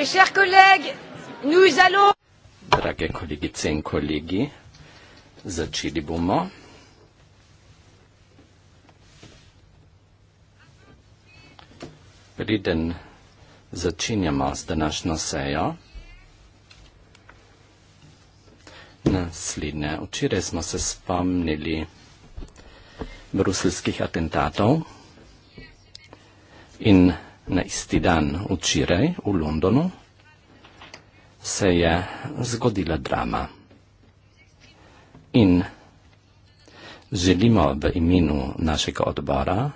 Mes chers collègues, nous allons. Drage kolegice in kolegi, začeli bomo. Preden začenjamo s današnjo sejo, naslednje. Včeraj smo se spomnili bruselskih atentatov in na isti dan včeraj v Londonu se je zgodila drama. In želimo v imenu našega odbora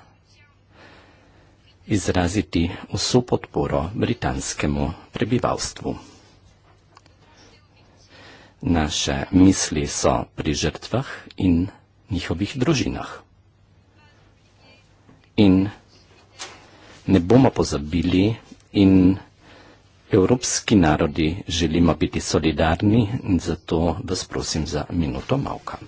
izraziti vso podporo britanskemu prebivalstvu. Naše misli so pri žrtvah in njihovih družinah. In ne bomo pozabili in evropski narodi želimo biti solidarni in zato vas prosim za minuto malka.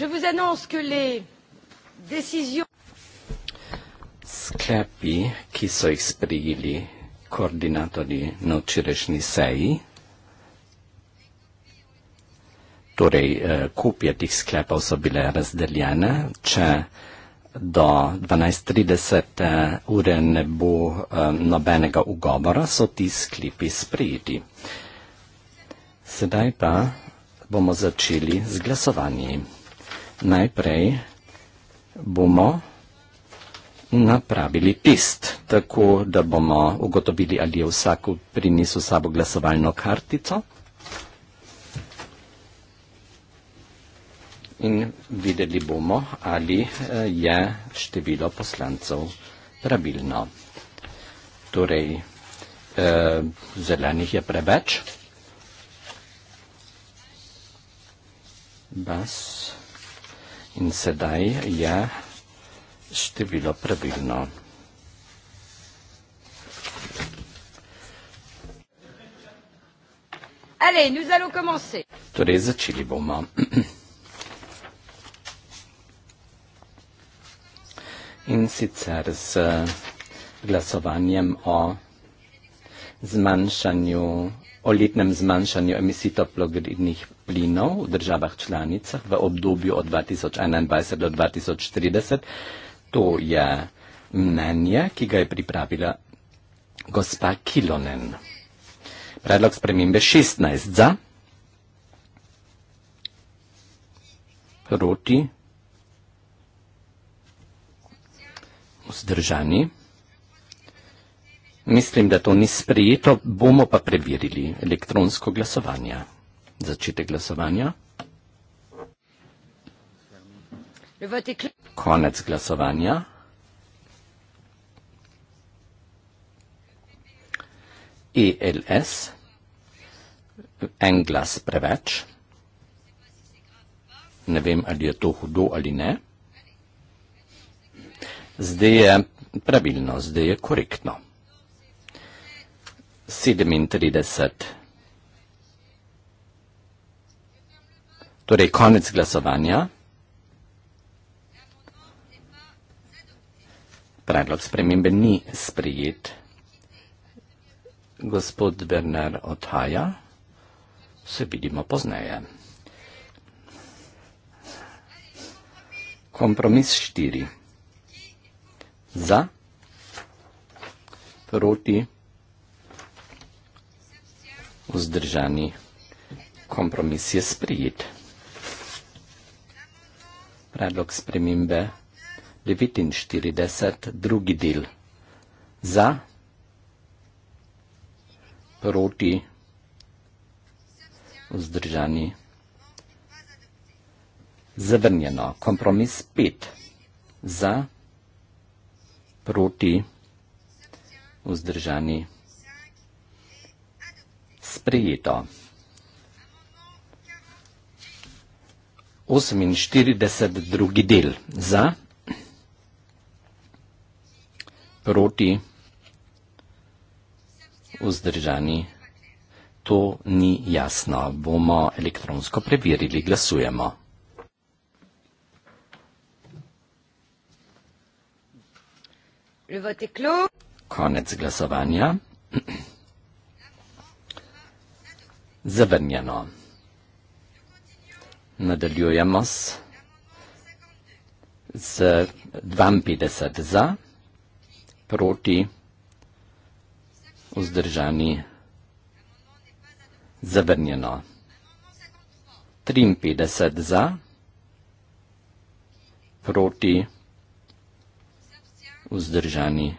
Je vous annonce que les décisions. Sklepi, ki so jih sprejeli koordinatorji na včerajšnji seji, torej eh, kupje teh sklepov so bile razdeljene, če do 12.30 eh, ure ne bo eh, nobenega ugovora, so ti sklepi sprejeti. Sedaj pa bomo začeli z glasovanjem najprej bomo napravili test, tako da bomo ugotovili, ali je vsak prinesel sabo glasovalno kartico. In videli bomo, ali eh, je število poslancev pravilno. Torej, eh, zelenih je preveč. Bas. Bas. In sedaj je število pravilno. Allez, nous allons commencer. Torej, začeli bomo. In sicer z glasovanjem o zmanjšanju o letnem zmanjšanju emisij toplogrednih plinov v državah članicah v obdobju od 2021 do 2030. To je mnenje, ki ga je pripravila gospa Kilonen. Predlog spremembe 16 za, proti, vzdržani. Mislim, da to ni sprejeto, bomo pa preverili elektronsko glasovanje. Začetek glasovanja. Konec glasovanja. ELS. En glas preveč. Ne vem, ali je to hudo ali ne. Zdaj je pravilno, zdaj je korektno. 37. Torej, konec glasovanja. Predlog spremembe ni sprejet. Gospod Werner odhaja. Se vidimo pozneje. Kompromis 4. Za. Proti vzdržani kompromis je sprijet. Predlog spremembe 49, drugi del. Za, proti, vzdržani, zavrnjeno. Kompromis 5. Za, proti, vzdržani, zavrnjeno sprejeto. 48 drugi del za, proti, vzdržani, to ni jasno, bomo elektronsko preverili, glasujemo. Konec glasovanja. zavrnjeno. Nadaljujemo s 52 za, proti, vzdržani, zavrnjeno. 53 za, proti, vzdržani,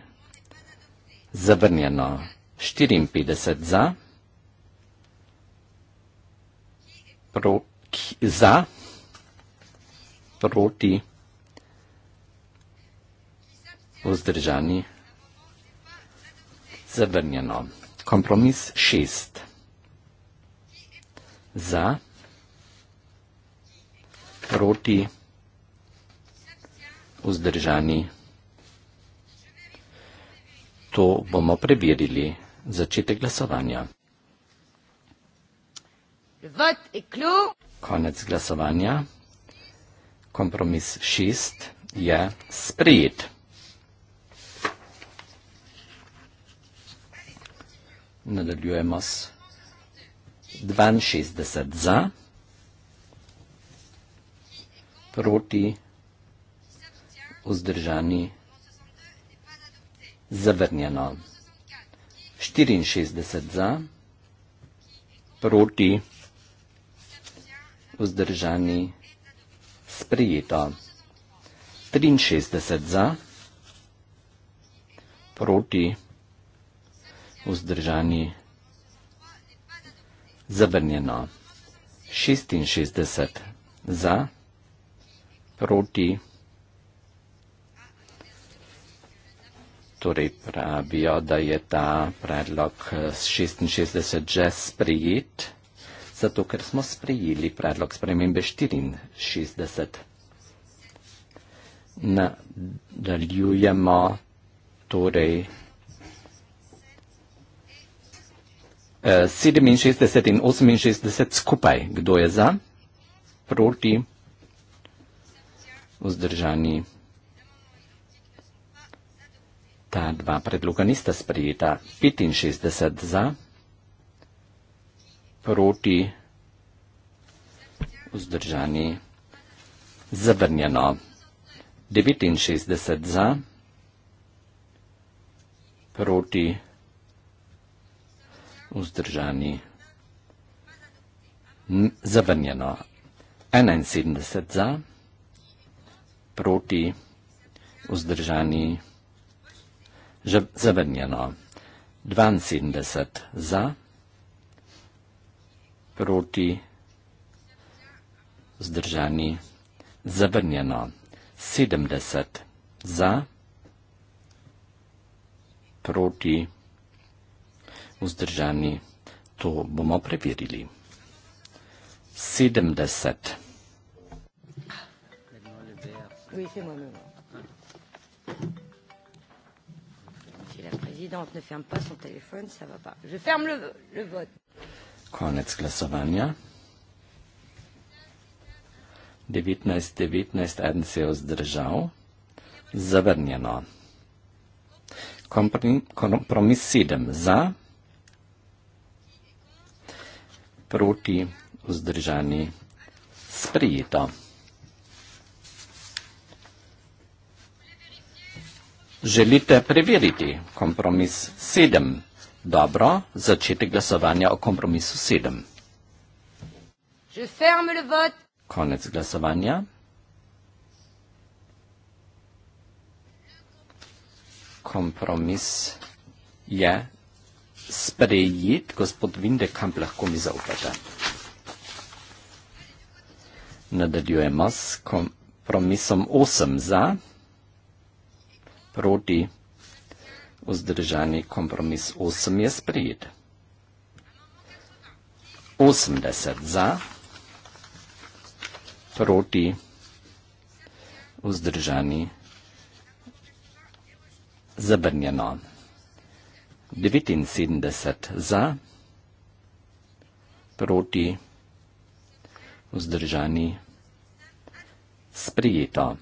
zavrnjeno. 54 za, proti, vzdržani, zavrnjeno. 54 za, pro, za, proti, vzdržani, zavrnjeno. Kompromis šest. Za, proti, vzdržani. To bomo preverili začetek glasovanja. Konec glasovanja. Kompromis šest je sprejet. Nadaljujemo s 62 za, proti, vzdržani, zavrnjeno. 64 za, proti, vzdržani vzdržani, sprijeto. 63 za, proti, vzdržani, zabrnjeno. 66 za, proti, Torej pravijo, da je ta predlog 66 že sprijet zato ker smo sprejeli predlog spremembe 64. Nadaljujemo torej 67 eh, in 68 skupaj. Kdo je za? Proti? Vzdržani? Ta dva predloga nista sprejeta. 65 za? Proti? proti vzdržani zavrnjeno. 69 za, proti vzdržani zavrnjeno. 71 za, proti vzdržani zavrnjeno. 72 za, proti vzdržani zavrnjeno proti zdržani zavrnjeno 70 za proti vzdržani to bomo preverili 70 Si la présidente ne ferme pas son téléphone, ça va pas. Je ferme le, le vote. Konec glasovanja. 19.19. Eden se je vzdržal. Zavrnjeno. Kompromis 7. Za. Proti. Vzdržani. Sprijeto. Želite preveriti kompromis 7. Zavrnjeno. Dobro, začetek glasovanja o kompromisu 7. Je ferme le vot. Konec glasovanja. Kompromis je sprejet, gospod Vindekamp lahko mi zaupate. Nadaljujemo s kompromisom 8 za, proti vzdržani kompromis 8 je sprejet. 80 za, proti, vzdržani, zabrnjeno. 79 za, proti, vzdržani, sprejeto. 81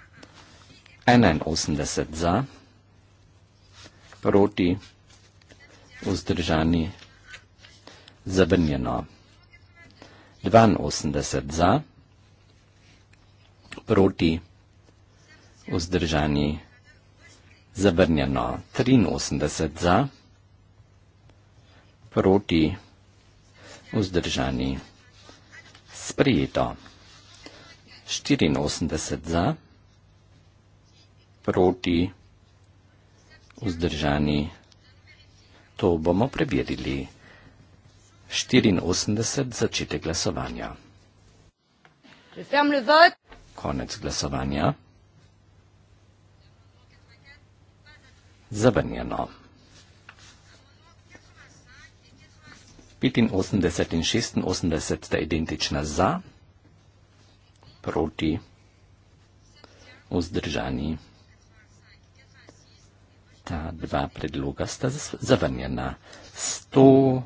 za, proti, vzdržani, zabrnjeno proti vzdržani zabrnjeno. 82 za proti vzdržani zabrnjeno. 83 za proti vzdržani sprijeto. 84 za proti vzdržani zabrnjeno vzdržani. To bomo preverili. 84 začetek glasovanja. Konec glasovanja. Zavrnjeno. 85 in 86 sta identična za, proti, vzdržani ta dva predloga sta zavrnjena. 100.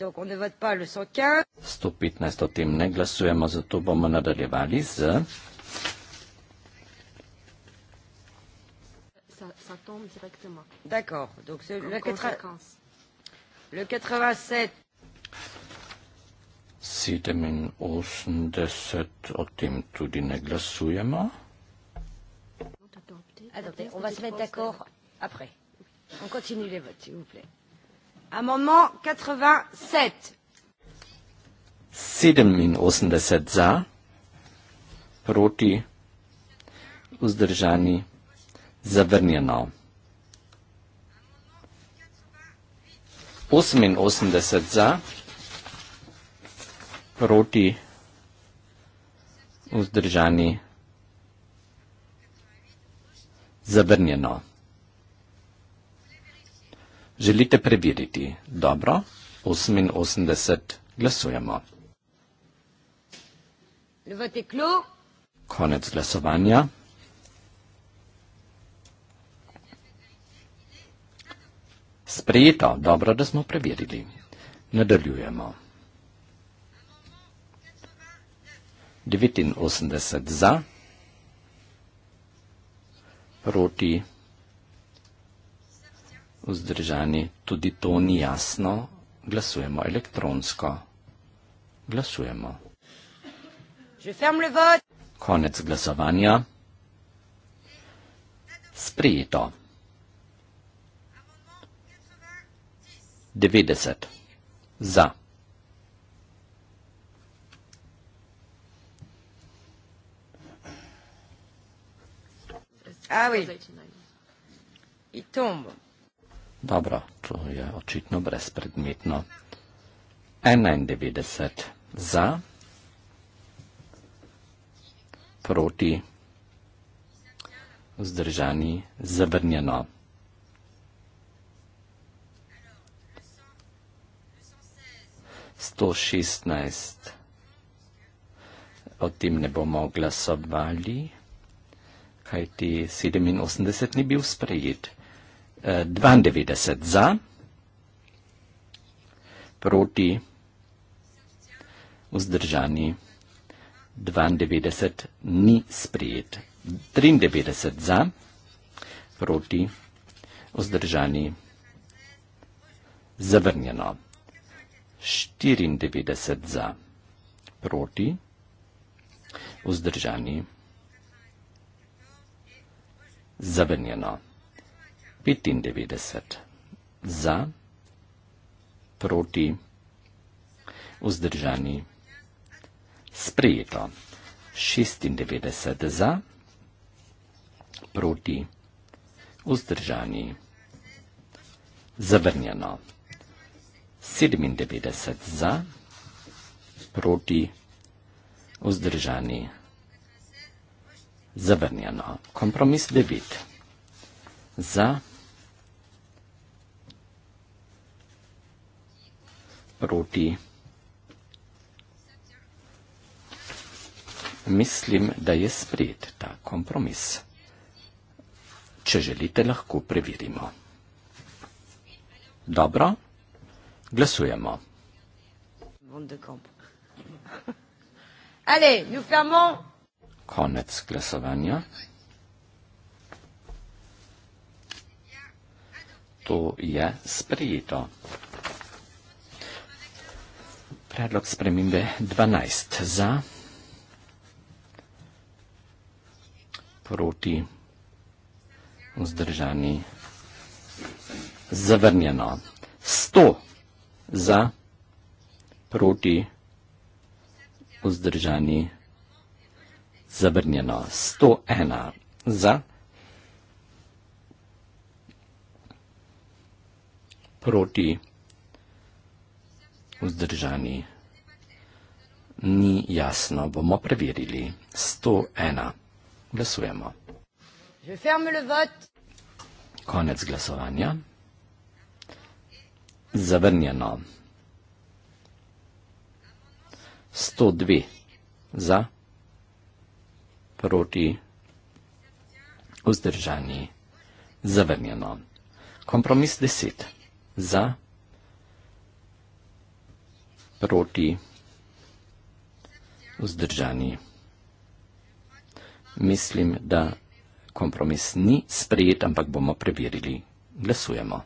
Donc on ne vote pas le 115. 115 ne glasujemo, zato bomo nadaljevali z... Ça, ça tombe directement. D'accord. Donc le, le 87. 87 o tem tudi ne glasujemo. Attendez, on va se mettre d'accord euh, après. On continue les votes, s'il vous plaît. Amendement 87. Sedem in 80 za, proti, vzdržani, zavrnjeno. 88 za, proti, vzdržani, zavrnjeno. Zavrnjeno. Želite preveriti? Dobro. 88. Glasujemo. Konec glasovanja. Sprejeto. Dobro, da smo preverili. Nadaljujemo. 89 za, proti vzdržani. Tudi to ni jasno. Glasujemo elektronsko. Glasujemo. Konec glasovanja. Sprijeto. 90. Za. Ali. I tombo. Dobro, to je očitno brezpredmetno. 91 za, proti, vzdržani, zabrnjeno. Sto šestnajst, o tem ne bomo glasovali kajti 87 ni bil sprejet. 92 eh, za, proti, vzdržani, 92 ni sprejet. 93 za, proti, vzdržani, zavrnjeno. 94 za, proti, vzdržani, zavrnjeno zavrnjeno. 95 za, proti, vzdržani, sprejeto. 96 za, proti, vzdržani, zavrnjeno. 97 za, proti, vzdržani, sprejeto. Zavrnjeno. Kompromis 9. Za. Proti. Mislim, da je sprejet ta kompromis. Če želite, lahko preverimo. Dobro. Glasujemo. Vondekom. Allez, nous fermons konec glasovanja. To je sprejeto. Predlog spremembe 12 za proti vzdržani zavrnjeno. 100 za proti vzdržani zavrnjeno zavrnjeno 101 za, proti vzdržani ni jasno, bomo preverili 101. Glasujemo. Konec glasovanja. Zavrnjeno. 102 za proti vzdržani zavrnjeno. Kompromis 10. Za proti vzdržani. Mislim, da kompromis ni sprejet, ampak bomo preverili. Glasujemo.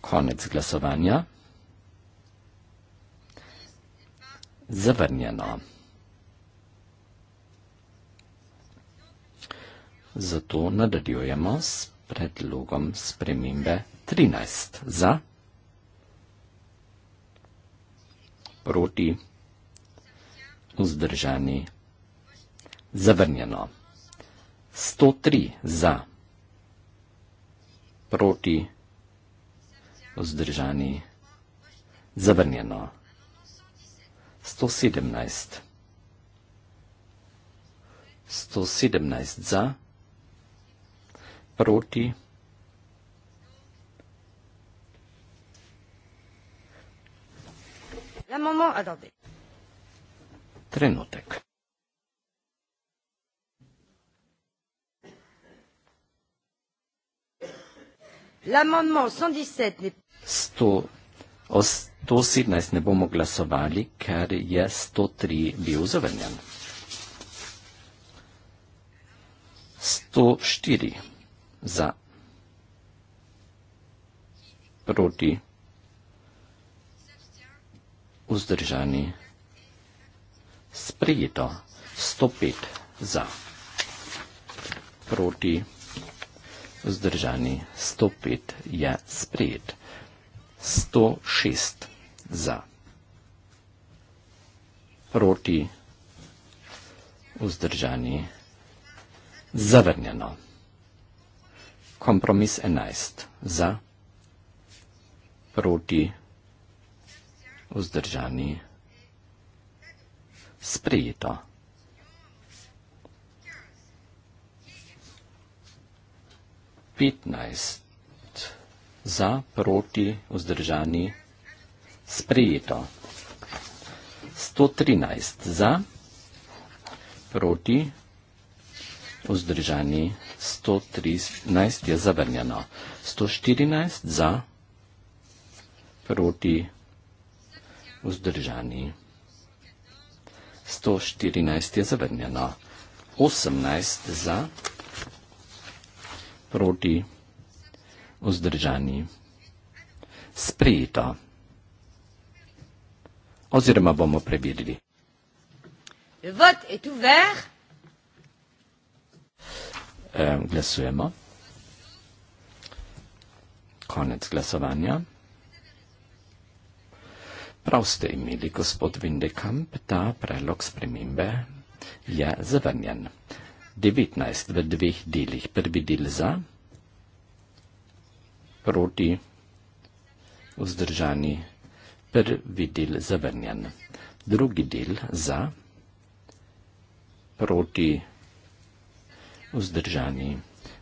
Konec glasovanja. Zavrnjeno. Zato nadaljujemo s predlogom spremembe 13. Za, proti, vzdržani, zavrnjeno. 103 za, proti, vzdržani, zavrnjeno. 117. 117 za, proti, vzdržani, zavrnjeno proti. Trenutek. L'amendement 117 ne bomo glasovali, ker je 103 bil zavrnjen. 104 za, proti, vzdržani, sprejeto, 105 za, proti, vzdržani, 105 je sprejet, 106 za, proti, vzdržani, zavrnjeno. Kompromis 11. Za, proti, vzdržani, sprejeto. Petnajst. Za, proti, vzdržani, sprejeto. Sto trinajst. Za, proti, vzdržani, sprejeto vzdržani 113 je zavrnjeno, 114 za, proti vzdržani 114 je zavrnjeno, 18 za, proti vzdržani sprejeto. Oziroma bomo preverili. Le vote est ouvert glasujemo. Konec glasovanja. Prav ste imeli, gospod Vindekamp, ta predlog spremembe je zavrnjen. 19 v dveh delih. Prvi del za, proti, vzdržani, prvi del zavrnjen. Drugi del za, proti, vzdržani vzdržani.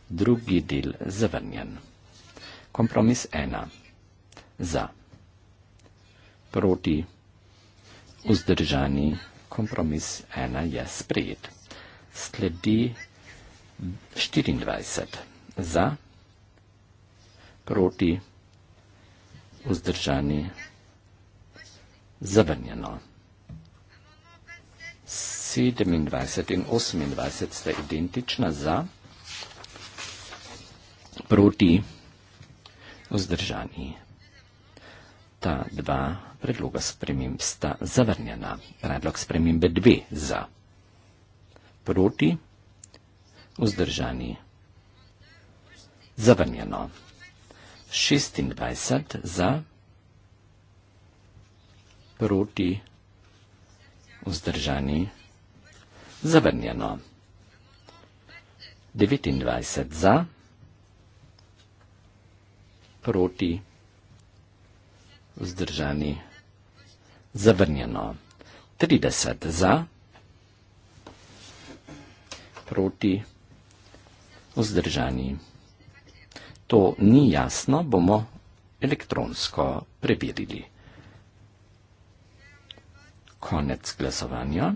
Drugi del zavrnjen. Kompromis ena. Za. Proti. Vzdržani. Kompromis ena je sprejet. Sledi 24. Za. Proti. Vzdržani. Zavrnjeno. 27 in 28 sta identična za, proti, vzdržani. Ta dva predloga sprememb sta zavrnjena. Predlog spremembe dve za, proti, vzdržani. Zavrnjeno. 26 za, proti, vzdržani. Zavrnjeno zavrnjeno. 29 za, proti, vzdržani, zavrnjeno. 30 za, proti, vzdržani. To ni jasno, bomo elektronsko preverili. Konec glasovanja.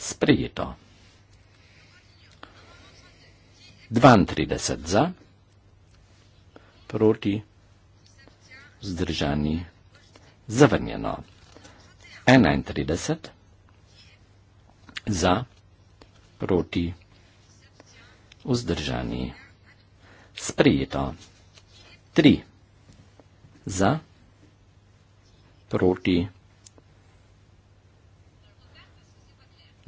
sprejeto. 32 za, proti, zdržani, zavrnjeno. 31 za, proti, vzdržani, sprejeto. 3 za, proti, vzdržani.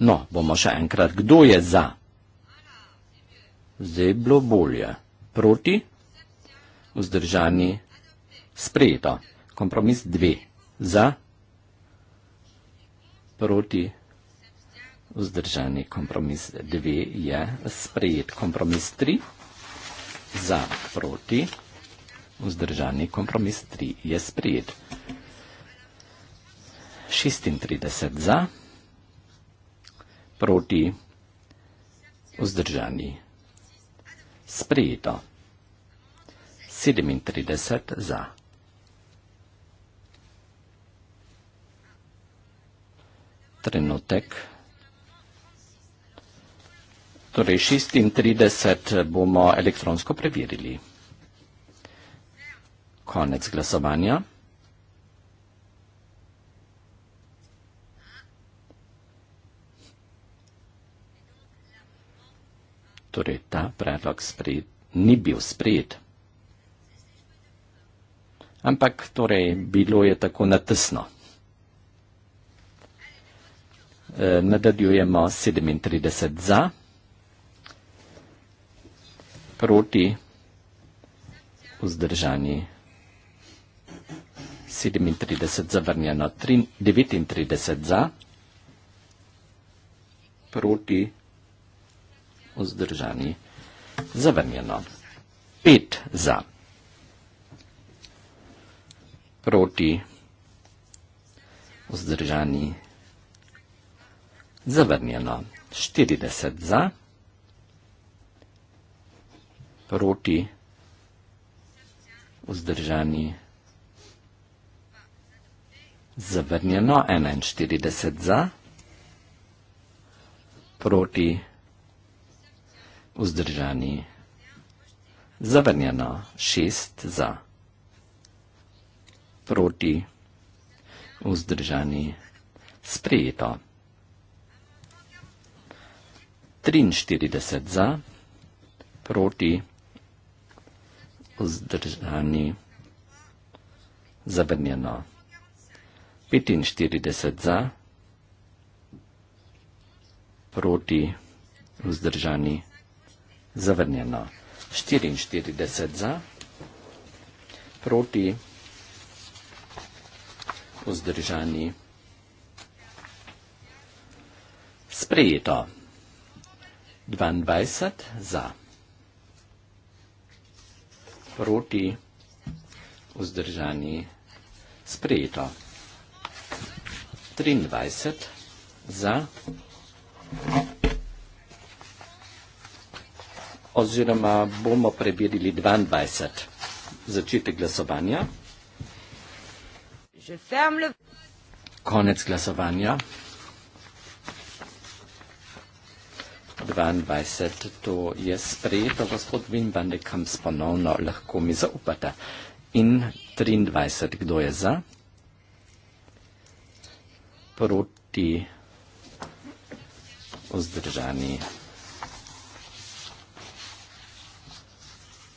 No, bomo še enkrat, kdo je za? Zdaj je bilo bolje. Proti? Vzdržani? Sprejeto. Kompromis dve. Za? Proti? Vzdržani kompromis 2 je sprejet. Kompromis 3 za proti. Vzdržani kompromis 3 je sprejet. 36 za proti proti vzdržani. Sprejeto. 37 za. Trenutek. Torej 36 bomo elektronsko preverili. Konec glasovanja. torej ta predlog sprejet, ni bil sprejet. Ampak torej bilo je tako natesno. E, nadaljujemo 37 za, proti vzdržani 37 zavrnjeno 39 za, proti vzdržani zavrnjeno. 5 za. Proti vzdržani zavrnjeno. 40 za. Proti vzdržani zavrnjeno. 41 za. Proti vzdržani zavrnjeno vzdržani. Zavrnjeno, šest za. Proti, vzdržani, sprejeto. 43 za, proti, vzdržani, zavrnjeno. 45 za, proti, vzdržani, sprejeto zavrnjeno. 44 za, proti, vzdržani, sprejeto. 22 za, proti, vzdržani, sprejeto. 23 za, proti, vzdržani, sprejeto oziroma bomo preverili 22. Začetek glasovanja. Konec glasovanja. 22. To je sprejeto, gospod Vimban, kam sponovno lahko mi zaupate. In 23. Kdo je za? Proti vzdržani.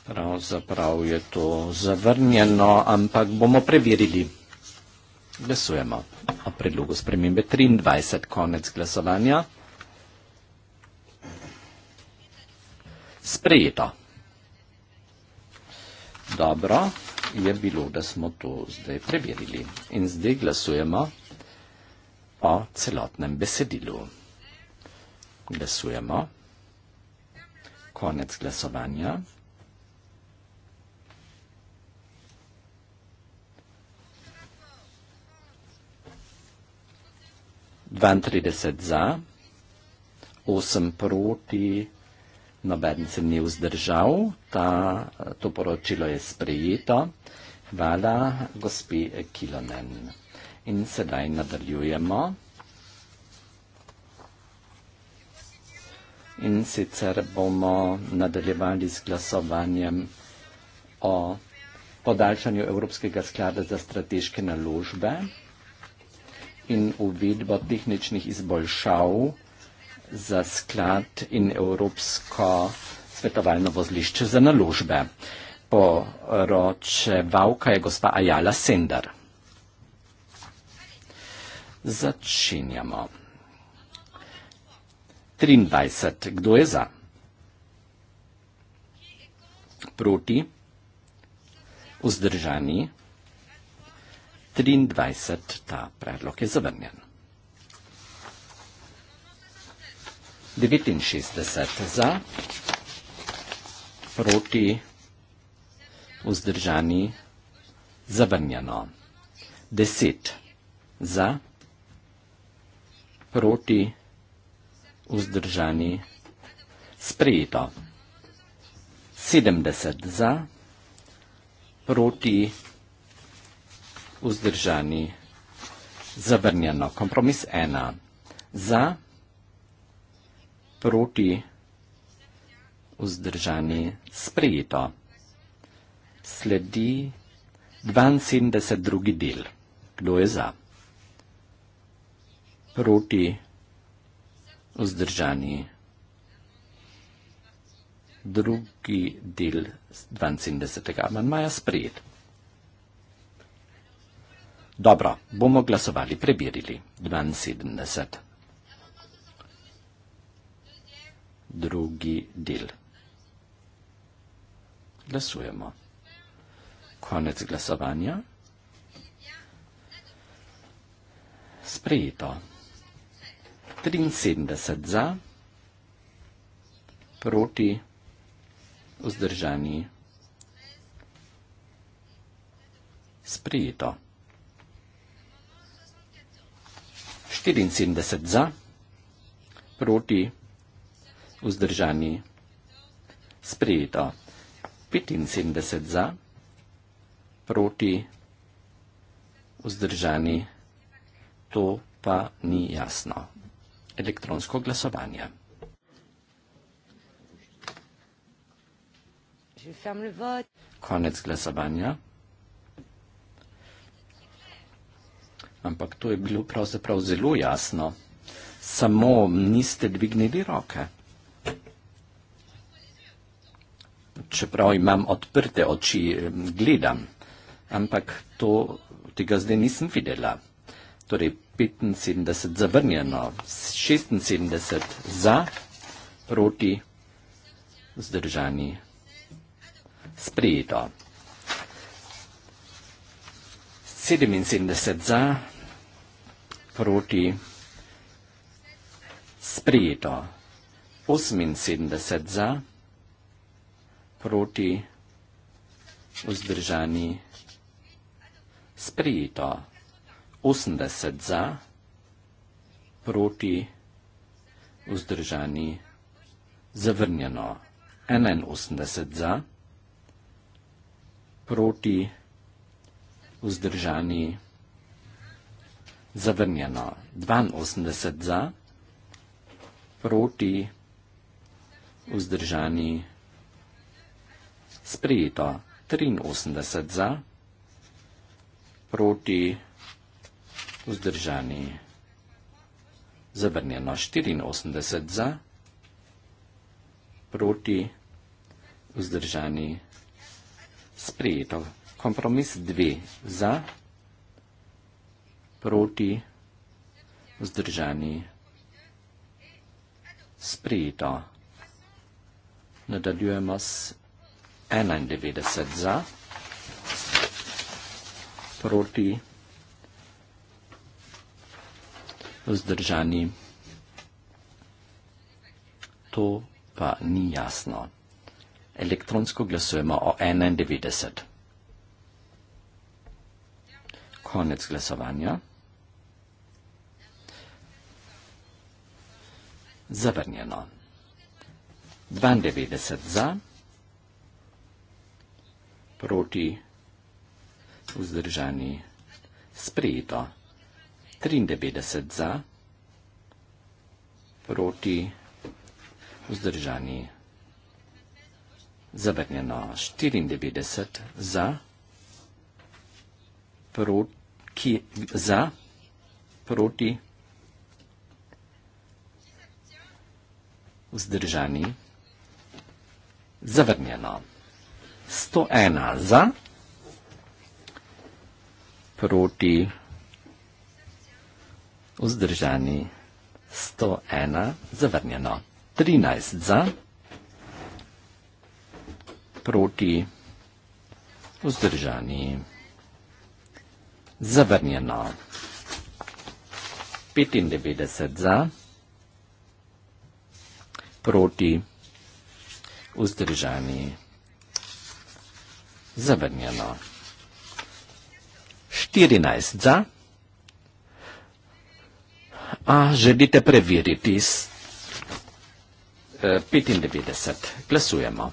Pravzaprav je to zavrnjeno, ampak bomo preverili. Glasujemo o predlogu spremembe 23, konec glasovanja. Sprejeto. Dobro, je bilo, da smo to zdaj preverili. In zdaj glasujemo o celotnem besedilu. Glasujemo. Konec glasovanja. 32 za, 8 proti, noben se ni vzdržal, ta, to poročilo je sprejeto. Hvala, gospe Kilonen. In sedaj nadaljujemo. In sicer bomo nadaljevali s glasovanjem o podaljšanju Evropskega sklada za strateške naložbe in uvedbo tehničnih izboljšav za sklad in Evropsko svetovalno vozlišče za naložbe. Poroče Vavka je gospa Ajala Sender. Začenjamo. 23. Kdo je za? Proti? Vzdržani? 23. Ta predlog je zavrnjen. 69 za, proti, vzdržani, zavrnjeno. 10 za, proti, vzdržani, sprejeto. 70 za, proti, vzdržani, zavrnjeno vzdržani. Zavrnjeno. Kompromis ena. Za, proti, vzdržani, sprejeto. Sledi 72. drugi del. Kdo je za? Proti, vzdržani, drugi del 72. manj maja sprejeto. Dobro, bomo glasovali, preberili. 72. Drugi del. Glasujemo. Konec glasovanja. Sprejeto. 73 za, proti, vzdržani. Sprejeto. 74 za, proti, vzdržani, sprejeto. 75 za, proti, vzdržani, to pa ni jasno. Elektronsko glasovanje. Konec glasovanja. Ampak to je bilo pravzaprav zelo jasno. Samo niste dvignili roke. Čeprav imam odprte oči, gledam, ampak to, tega zdaj nisem videla. Torej 75 zavrnjeno, 76 za, proti, zdržani, sprejeto. 77 za, proti sprejeto. 78 za, proti vzdržani sprejeto. 80 za, proti vzdržani zavrnjeno. 81 za, proti vzdržani zavrnjeno zavrnjeno 82 za, proti vzdržani sprejeto 83 za, proti vzdržani zavrnjeno 84 za, proti vzdržani sprejeto kompromis 2 za, proti vzdržani sprejeto proti vzdržani sprejeto. Nadaljujemo s 91 za, proti vzdržani. To pa ni jasno. Elektronsko glasujemo o 91. Konec glasovanja. zavrnjeno. 92 za, proti, vzdržani, sprejeto. 93 za, proti, vzdržani, zavrnjeno. 94 za, proti, za, proti, vzdržani. vzdržani. Zavrnjeno. 101 za, proti, vzdržani, 101, zavrnjeno. 13 za, proti, vzdržani, zavrnjeno. 95 za, proti, vzdržani proti, vzdržani, zavrnjeno. 14 za. A želite preveriti s 95. Eh, Glasujemo.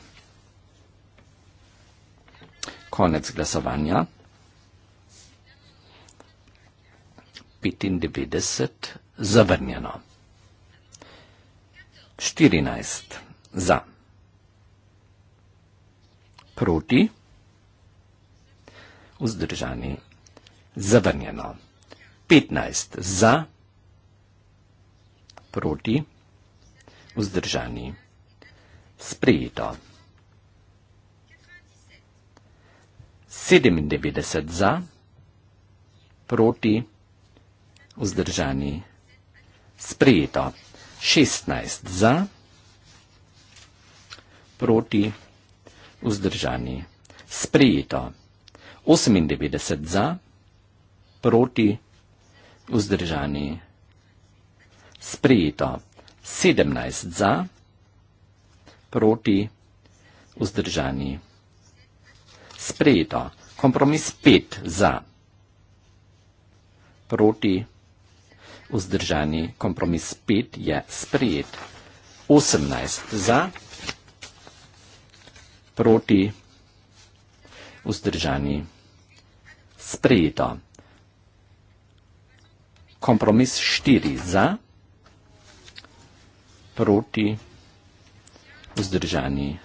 Konec glasovanja. 95. Zavrnjeno. 14 za, proti, vzdržani, zavrnjeno, 15 za, proti, vzdržani, sprejeto, 97 za, proti, vzdržani, sprejeto. 16 za, proti, vzdržani, sprejeto. 98 za, proti, vzdržani, sprejeto. 17 za, proti, vzdržani, sprejeto. Kompromis 5 za, proti, vzdržani vzdržani, kompromis 5 je sprejet. 18 za, proti, vzdržani, sprejeto. Kompromis 4 za, proti, vzdržani,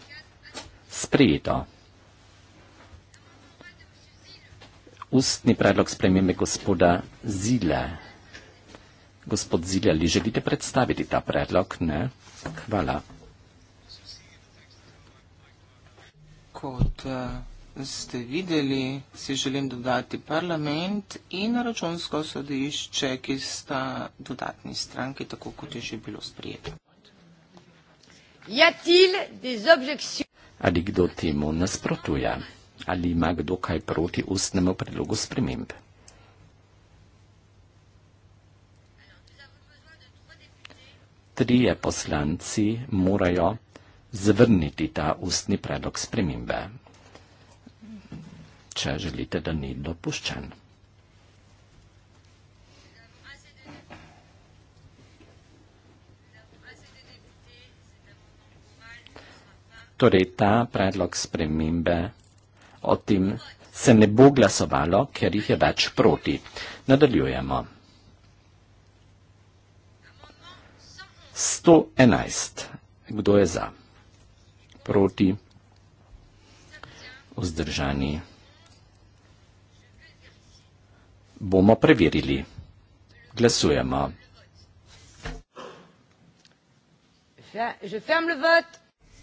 sprejeto. Ustni predlog spremembe gospoda Zile. Gospod Ziljali, želite predstaviti ta predlog? Ne. Hvala. Kot eh, ste videli, si želim dodati parlament in računsko sodišče, ki sta dodatni stranki, tako kot je že bilo sprijeto. Ali kdo temu nasprotuje? Ali ima kdo kaj proti ustnemu predlogu sprememb? trije poslanci morajo zvrniti ta ustni predlog spremembe, če želite, da ni dopuščen. Torej, ta predlog spremembe o tem se ne bo glasovalo, ker jih je več proti. Nadaljujemo. 111. Kdo je za? Proti? Vzdržani? Bomo preverili. Glasujemo.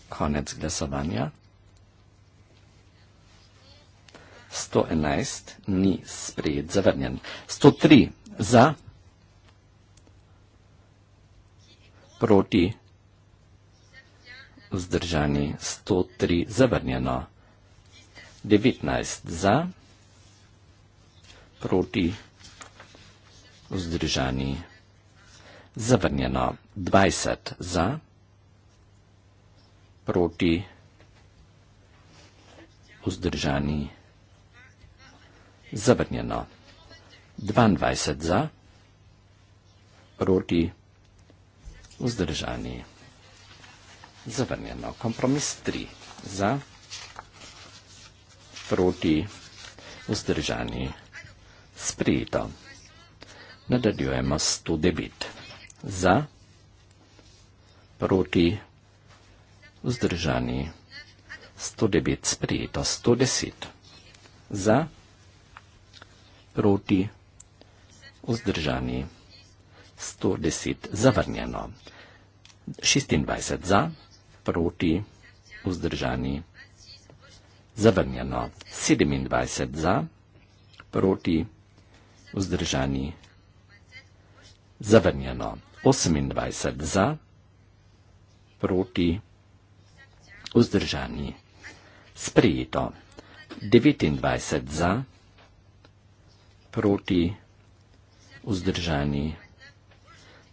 Konec glasovanja. 111 ni sprejet, zavrnjen. 103 za, proti, vzdržani 103, zavrnjeno 19 za, proti, vzdržani, zavrnjeno 20 za, proti, vzdržani, zavrnjeno 22 za, proti, vzdržani, vzdržani. Zavrnjeno. Kompromis 3. Za. Proti. Vzdržani. Sprijeto. Nadaljujemo 109. Za. Proti. Vzdržani. 109. Sprijeto. 110. Za. Proti. Vzdržani. Sprijeto. 110 zavrnjeno. 26 za, proti, vzdržani. Zavrnjeno. 27 za, proti, vzdržani. Zavrnjeno. 28 za, proti, vzdržani. Sprejeto. 29 za, proti, vzdržani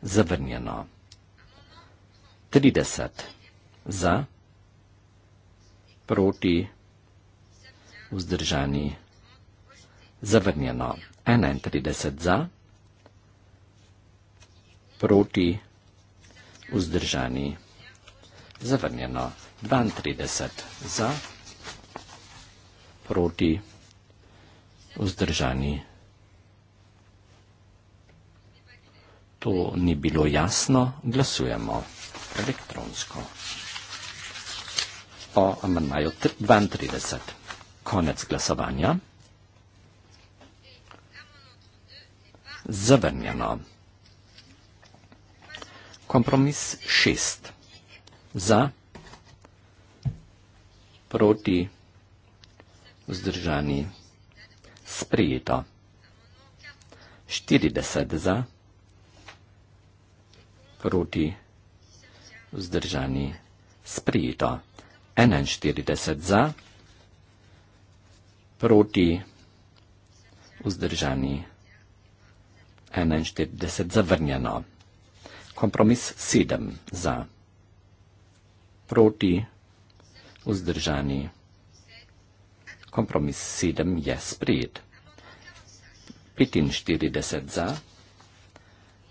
zavrnjeno. 30. Za, proti, vzdržani, zavrnjeno. 31. Za, proti, vzdržani, zavrnjeno. 32. Za, proti, vzdržani, zavrnjeno. to ni bilo jasno, glasujemo elektronsko. O amandmaju 32. Konec glasovanja. Zavrnjeno. Kompromis 6. Za. Proti. Vzdržani. Sprijeto. 40 za proti vzdržani sprijeto. 41 za, proti vzdržani 41 zavrnjeno. Kompromis 7 za, proti vzdržani. Kompromis 7 je sprijet. 45 za,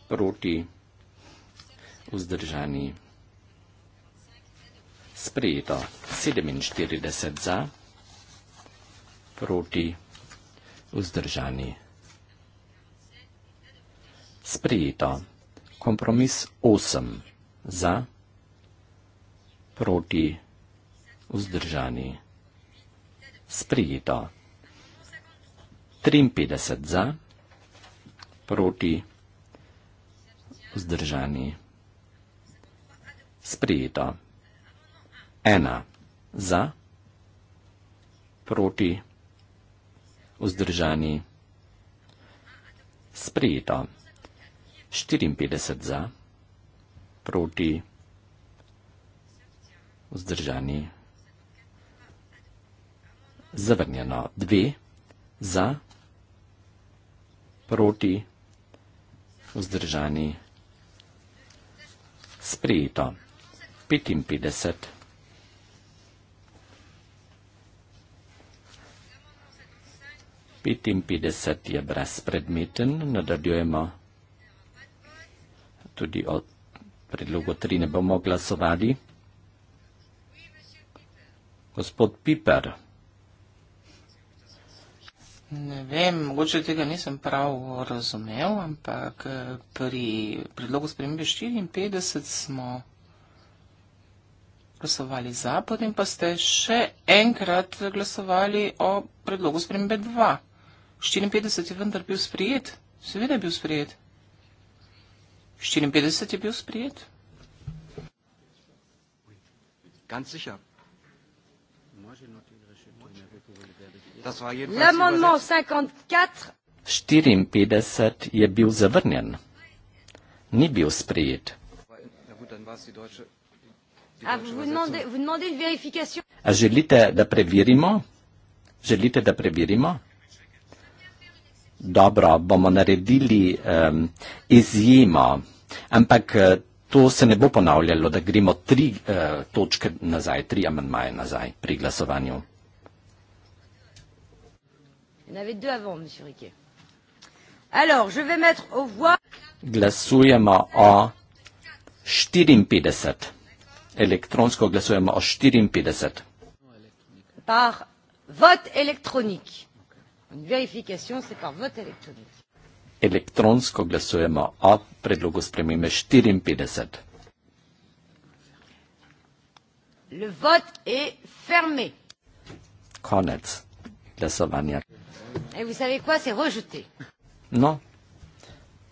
proti vzdržani vzdržani. Sprejeto 47 za, proti vzdržani. Sprejeto kompromis 8 za, proti vzdržani. Sprejeto 53 za, proti vzdržani sprejeto. Ena za, proti, vzdržani, sprejeto. 54 za, proti, vzdržani, zavrnjeno. Dve za, proti, vzdržani, sprejeto. 55. Petinpetdeset je brezpredmeten, nadaljujemo tudi o predlogu tri, ne bomo glasovali. Gospod Piper. Ne vem, mogoče tega nisem prav razumel, ampak eh, pri predlogu spremembe 54 smo glasovali za, potem pa ste še enkrat glasovali o predlogu spremembe 2. 54 je vendar bil sprijet, seveda je bil sprijet. 54 je bil sprijet. No, L'amendement 54. 54 je bil zavrnjen. Ni bil sprejet. A, ah, ah, vous, demandez, vous demandez une vérification. A, ah, želite, da preverimo? Želite, da preverimo? Dobro, bomo naredili um, izjemo, ampak eh, to se ne bo ponavljalo, da gremo tri uh, točke nazaj, tri amandmaje nazaj pri glasovanju. Alors, je vais mettre au voie... Glasujemo o 54 elektronsko glasujemo o 54. Par vot elektronik. Elektronsko glasujemo o predlogu spremembe 54. Le vot je fermé. Konec glasovanja. Et vous savez quoi, c'est rejeté. Non,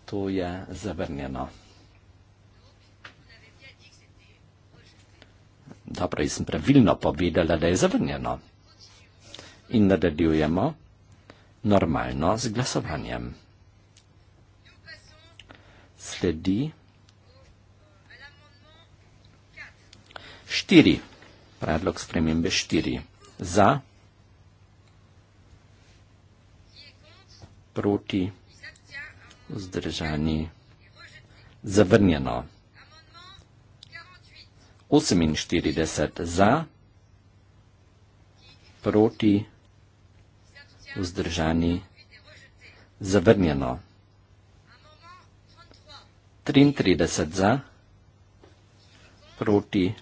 to je zavrnjeno. Dobro, jaz sem pravilno povedala, da je zavrnjeno. In nadaljujemo normalno z glasovanjem. Sledi štiri, predlog spremembe štiri, za, proti, vzdržani, zavrnjeno. 48 za, proti, vzdržani, zavrnjeno. 33 za, proti,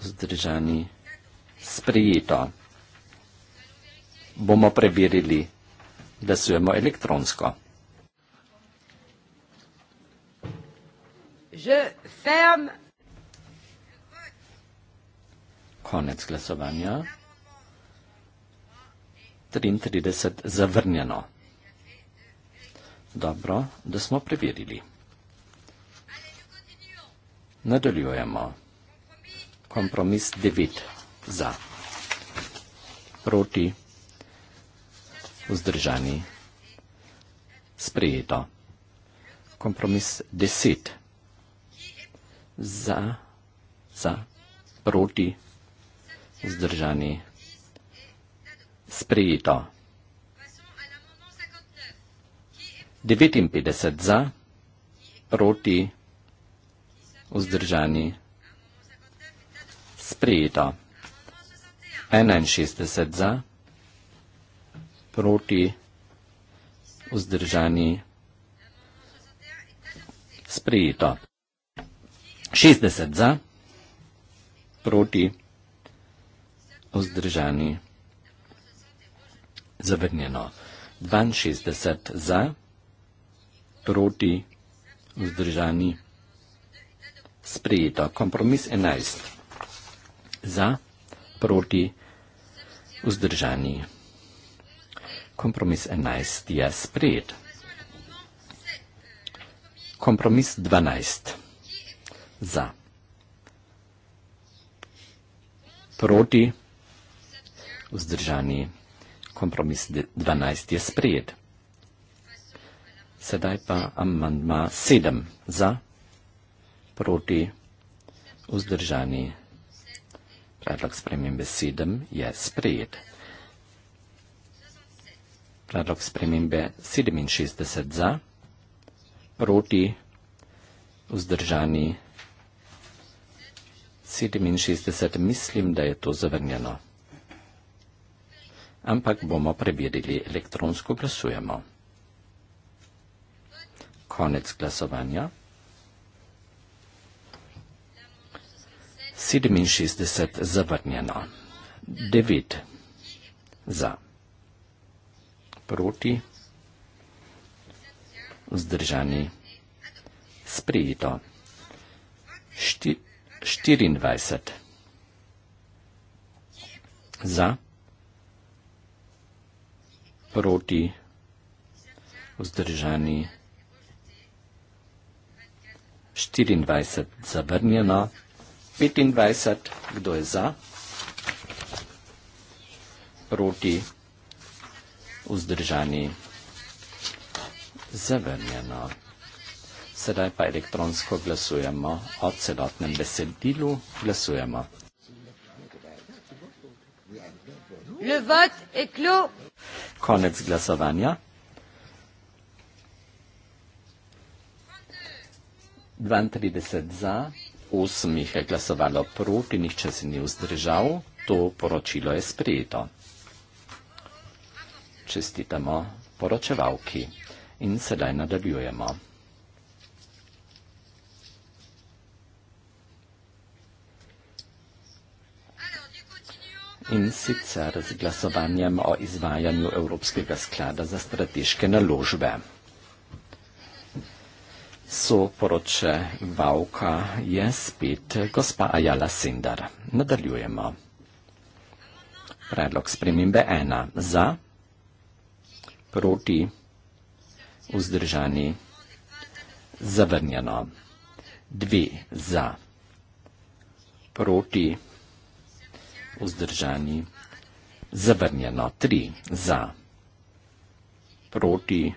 vzdržani, sprejeto. Bomo preverili, da sujemo elektronsko. Je ferme. konec glasovanja. 33 zavrnjeno. Dobro, da smo preverili. Nadaljujemo. Kompromis 9 za. Proti. Vzdržani. Sprejeto. Kompromis 10 za. Za. Proti zdržani. Sprejito. 59 za, proti, vzdržani. Sprejeto. 61 za, proti, vzdržani. Sprejeto. 60 za, proti, vzdržani vzdržani. Zavrnjeno. 62 za, proti, vzdržani. Sprejeto. Kompromis 11. Za, proti, vzdržani. Kompromis 11 je sprejet. Kompromis 12. Za. Proti vzdržani. Kompromis 12 je sprejet. Sedaj pa amandma 7 za proti vzdržani. Predlog spremembe 7 je sprejet. Predlog spremembe 67 za proti vzdržani 67. Mislim, da je to zavrnjeno ampak bomo preverili elektronsko glasujemo. Konec glasovanja. 67 zavrnjeno. 9 za. Proti. Vzdržani. Sprejito. 24. Za proti vzdržani 24 zavrnjeno 25 kdo je za proti vzdržani zavrnjeno sedaj pa elektronsko glasujemo o celotnem besedilu glasujemo Le vote est clos koniec głosowania. 32 za, 8 je glasovalo proti, nihče se ni vzdržal. To poročilo je sprejeto. Čestitamo poročevalki in sedaj nadaljujemo. in sicer z glasovanjem o izvajanju Evropskega sklada za strateške naložbe. Soporoče Vauka je spet gospa Ajala Sindar. Nadaljujemo. Predlog spremembe 1. Za, proti, vzdržani, zavrnjeno. 2. Za, proti, vzdržani vzdržani. Zavrnjeno 3 za, proti,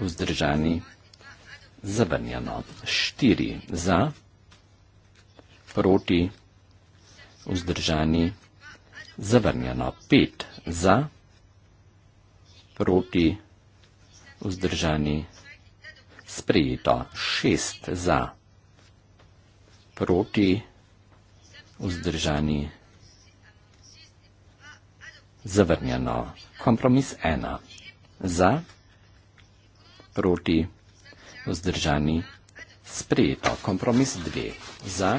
vzdržani, zavrnjeno 4 za, proti, vzdržani, zavrnjeno 5 za, proti, vzdržani, sprejeto 6 za, proti, vzdržani vzdržani. Zavrnjeno. Kompromis 1. Za. Proti. Vzdržani. Sprejeto. Kompromis 2. Za.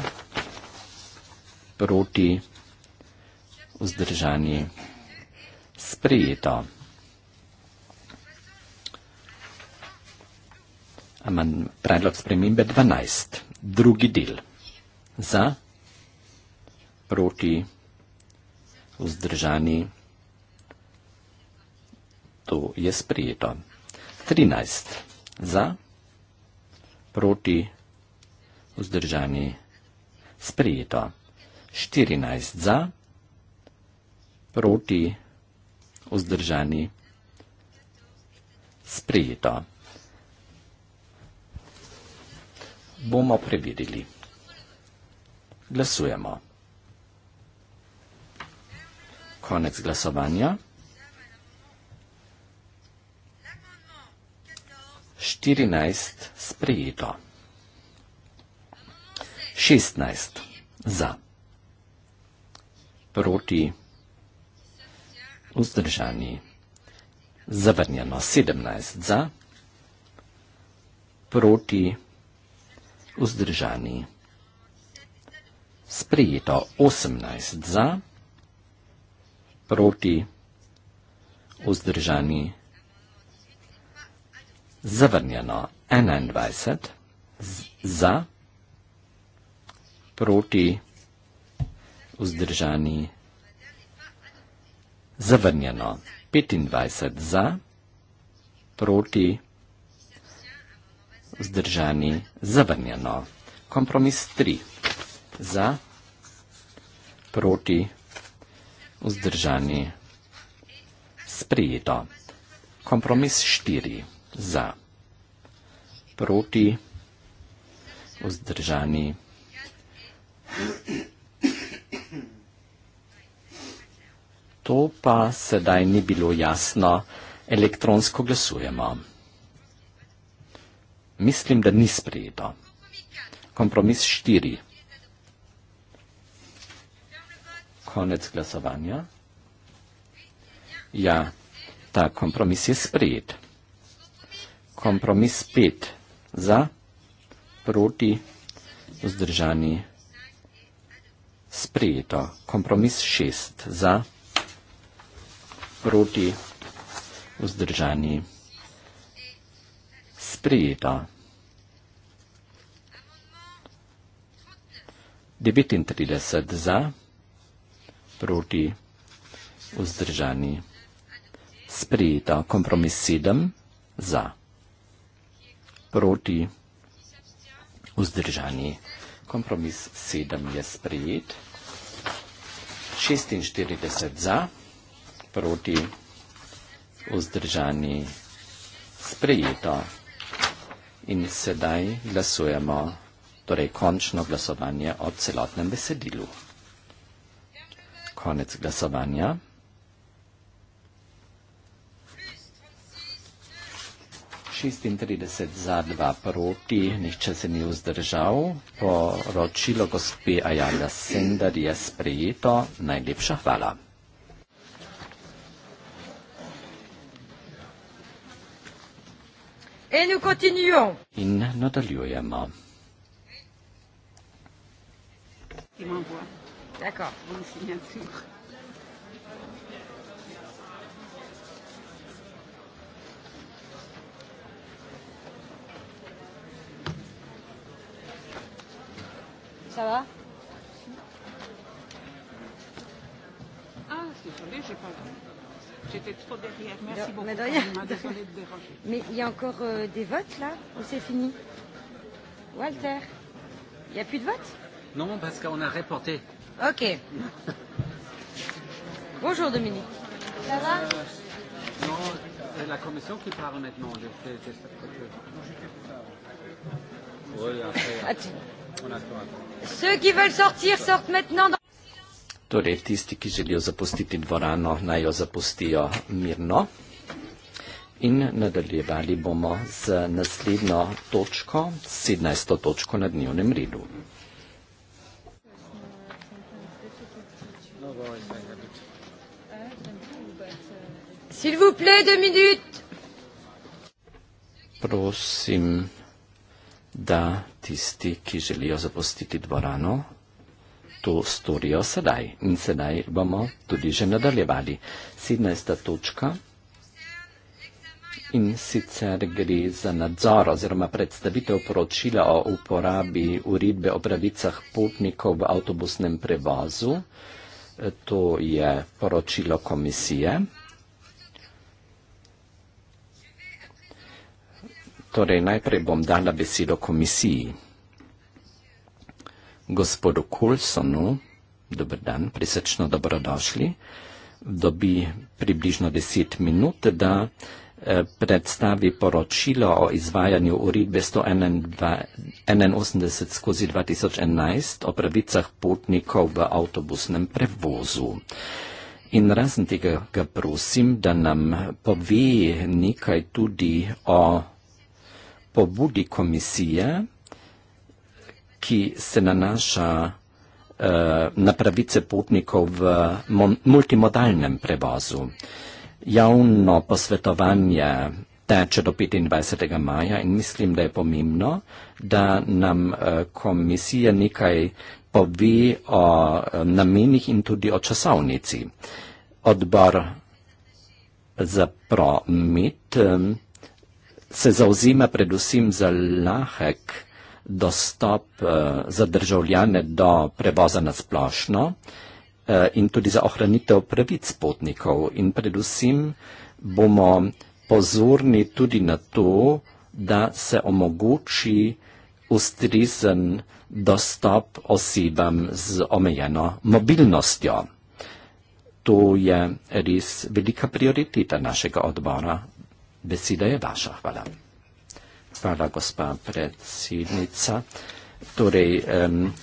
Proti. Vzdržani. Sprejeto. Predlog spremembe 12. Drugi del. Za. Proti proti, vzdržani. To je sprijeto. 13. Za, proti, vzdržani. Sprijeto. 14. Za, proti, vzdržani. Sprijeto. Bomo preverili. Glasujemo konec glasovanja. 14 sprejeto. 16 za. Proti. Vzdržani. Zavrnjeno. 17 za. Proti. Vzdržani. Sprejeto. 18 za. Proti proti, vzdržani, zavrnjeno 21, za, proti, vzdržani, zavrnjeno 25, za, proti, vzdržani, zavrnjeno. Kompromis 3, za, proti, vzdržani vzdržani. Sprejeto. Kompromis 4. Za. Proti. Vzdržani. To pa sedaj ni bilo jasno. Elektronsko glasujemo. Mislim, da ni sprejeto. Kompromis 4. Konec glasovanja. Ja, ta kompromis je sprejet. Kompromis pet za, proti, vzdržani, sprejeto. Kompromis šest za, proti, vzdržani, sprejeto. 39 za, proti, vzdržani, sprejeto proti vzdržani. Sprijeta kompromis sedem za proti vzdržani. Kompromis sedem je sprijet. 46 za proti vzdržani. Sprijeto. In sedaj glasujemo, torej končno glasovanje o celotnem besedilu. Koniec glasowania. Šestintrideset za dva proti, nihče se ni vzdržal. Poročilo gospe Ajala Sender je sprejeto. Najlepša hvala. In nadaljujemo. Imam bo. D'accord, bon, c'est bien sûr. Ça va Ah, désolé, j'ai pas vu. J'étais trop derrière. Merci non, beaucoup. Mais désolé de déranger. Mais il y a encore euh, des votes là ou c'est fini Walter, il n'y a plus de vote Non, parce qu'on a reporté. Okay. Bonjour Dominique. Ça va Non, c'est la commission qui parle maintenant. Je fais, je fais que... oui, après, on attend, attend. Ceux qui veulent sortir sortent maintenant dans... Torej, tisti, ki želijo zapustiti dvorano, naj jo zapustijo mirno. In nadaljevali bomo z naslednjo točko, 17. točko na dnevnem redu. S'il vous plaît, deux minutes. Prosim, da tisti, ki želijo zapustiti dvorano, to storijo sedaj. In sedaj bomo tudi že nadaljevali. 17. točka. In sicer gre za nadzor oziroma predstavitev poročila o uporabi uredbe o pravicah potnikov v avtobusnem prevozu. To je poročilo komisije. Torej, najprej bom dala besedo komisiji. Gospodu Kulsonu, dober dan, prisrčno dobrodošli, dobi približno deset minut, da eh, predstavi poročilo o izvajanju uredbe 181 skozi 2011 o pravicah potnikov v avtobusnem prevozu. In razen tega ga prosim, da nam pove nekaj tudi o pobudi komisije, ki se nanaša eh, na pravice potnikov v multimodalnem prevozu. Javno posvetovanje teče do 25. maja in mislim, da je pomembno, da nam eh, komisija nekaj pove o eh, namenih in tudi o časovnici. Odbor za promet se zauzima predvsem za lahek dostop eh, za državljane do prevoza na splošno eh, in tudi za ohranitev pravic potnikov. In predvsem bomo pozorni tudi na to, da se omogoči ustrezen dostop osebam z omejeno mobilnostjo. To je res velika prioriteta našega odbora Beseda je vaša, hvala. Hvala, gospa predsednica. Torej, um,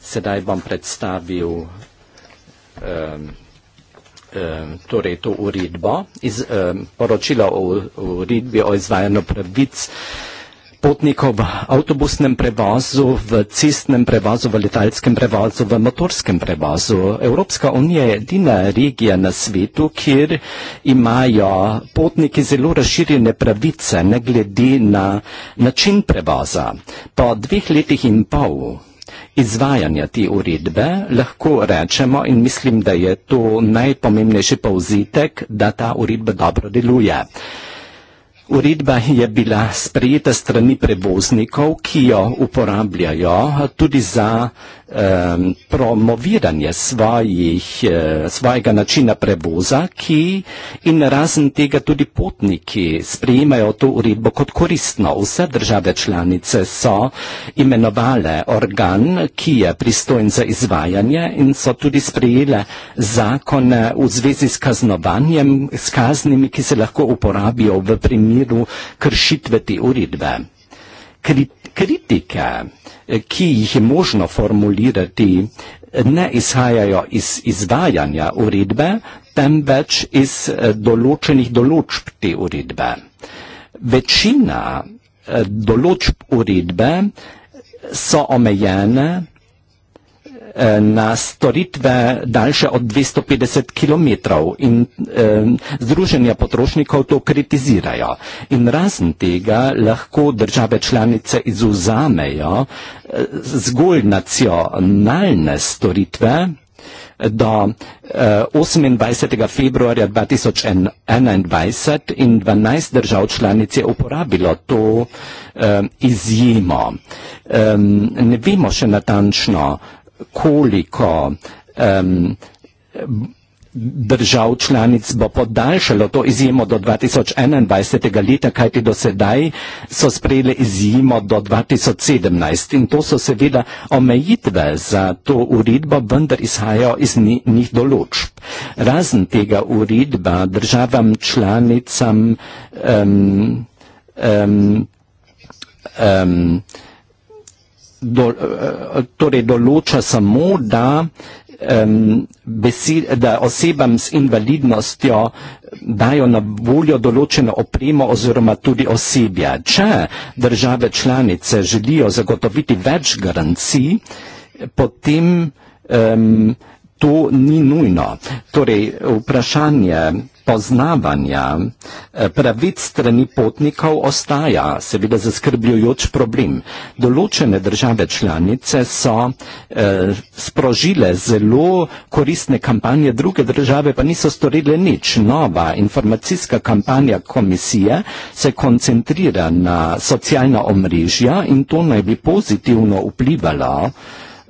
sedaj bom predstavil um, um, torej to uredbo, iz, um, poročilo o uredbi o izvajanju pravic potnikov v avtobusnem prevozu, v cestnem prevozu, v letalskem prevozu, v motorskem prevozu. Evropska unija je edina regija na svetu, kjer imajo potniki zelo razširjene pravice, ne glede na način prevoza. Po dveh letih in pol izvajanja te uredbe lahko rečemo in mislim, da je to najpomembnejši povzetek, da ta uredba dobro deluje. Uredba je bila sprejeta strani prevoznikov, ki jo uporabljajo tudi za Ehm, promoviranje svojih, eh, svojega načina prevoza, ki in razen tega tudi potniki sprejemajo to uredbo kot koristno. Vse države članice so imenovale organ, ki je pristojen za izvajanje in so tudi sprejele zakon v zvezi s kaznovanjem, s kaznimi, ki se lahko uporabijo v primeru kršitve te uredbe. Kriti kritike, eh, ki jih je možno formulirati, ne izhajajo iz izvajanja uredbe, temveč iz eh, določenih določb te uredbe. Večina eh, določb uredbe so omejene Eh, na storitve daljše od 250 km in eh, združenja potrošnikov to kritizirajo. In razen tega lahko države članice izuzamejo eh, zgolj nacionalne storitve do eh, 28. februarja 2021 in 12 držav članic je uporabilo to eh, izjemo. Eh, ne vemo še natančno, koliko um, držav članic bo podaljšalo to izjemo do 2021. leta, kajti do sedaj so sprejeli izjemo do 2017. In to so seveda omejitve za to uredbo, vendar izhajajo iz njih določb. Razen tega uredba državam članicam um, um, um, do, eh, torej določa samo, da, um, besed, da osebam s invalidnostjo dajo na voljo določeno opremo oziroma tudi osebja. Če države članice želijo zagotoviti več garancij, potem um, to ni nujno. Torej, vprašanje poznavanja eh, pravic strani potnikov ostaja seveda zaskrbljujoč problem. Določene države članice so eh, sprožile zelo koristne kampanje, druge države pa niso storile nič. Nova informacijska kampanja komisije se koncentrira na socialna omrežja in to naj bi pozitivno vplivalo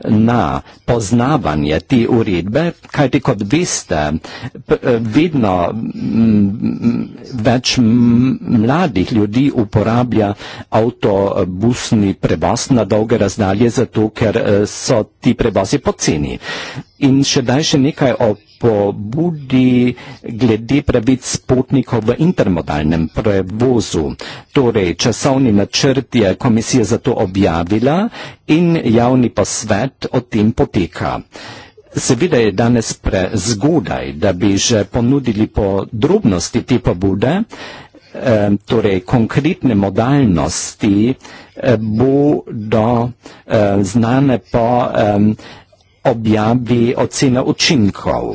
na poznavanje te uredbe, kajti kot veste, eh, vedno mm, več mladih ljudi uporablja avtobusni prevoz na dolge razdalje, zato ker eh, so ti prevozi poceni. In še daj še nekaj o pobudi glede pravic potnikov v intermodalnem prevozu. Torej, časovni načrt je komisija za to objavila in javni posvet o tem poteka. Seveda je danes prezgodaj, da bi že ponudili podrobnosti te pobude, torej konkretne modalnosti eh, bodo eh, znane po objavi ocene učinkov.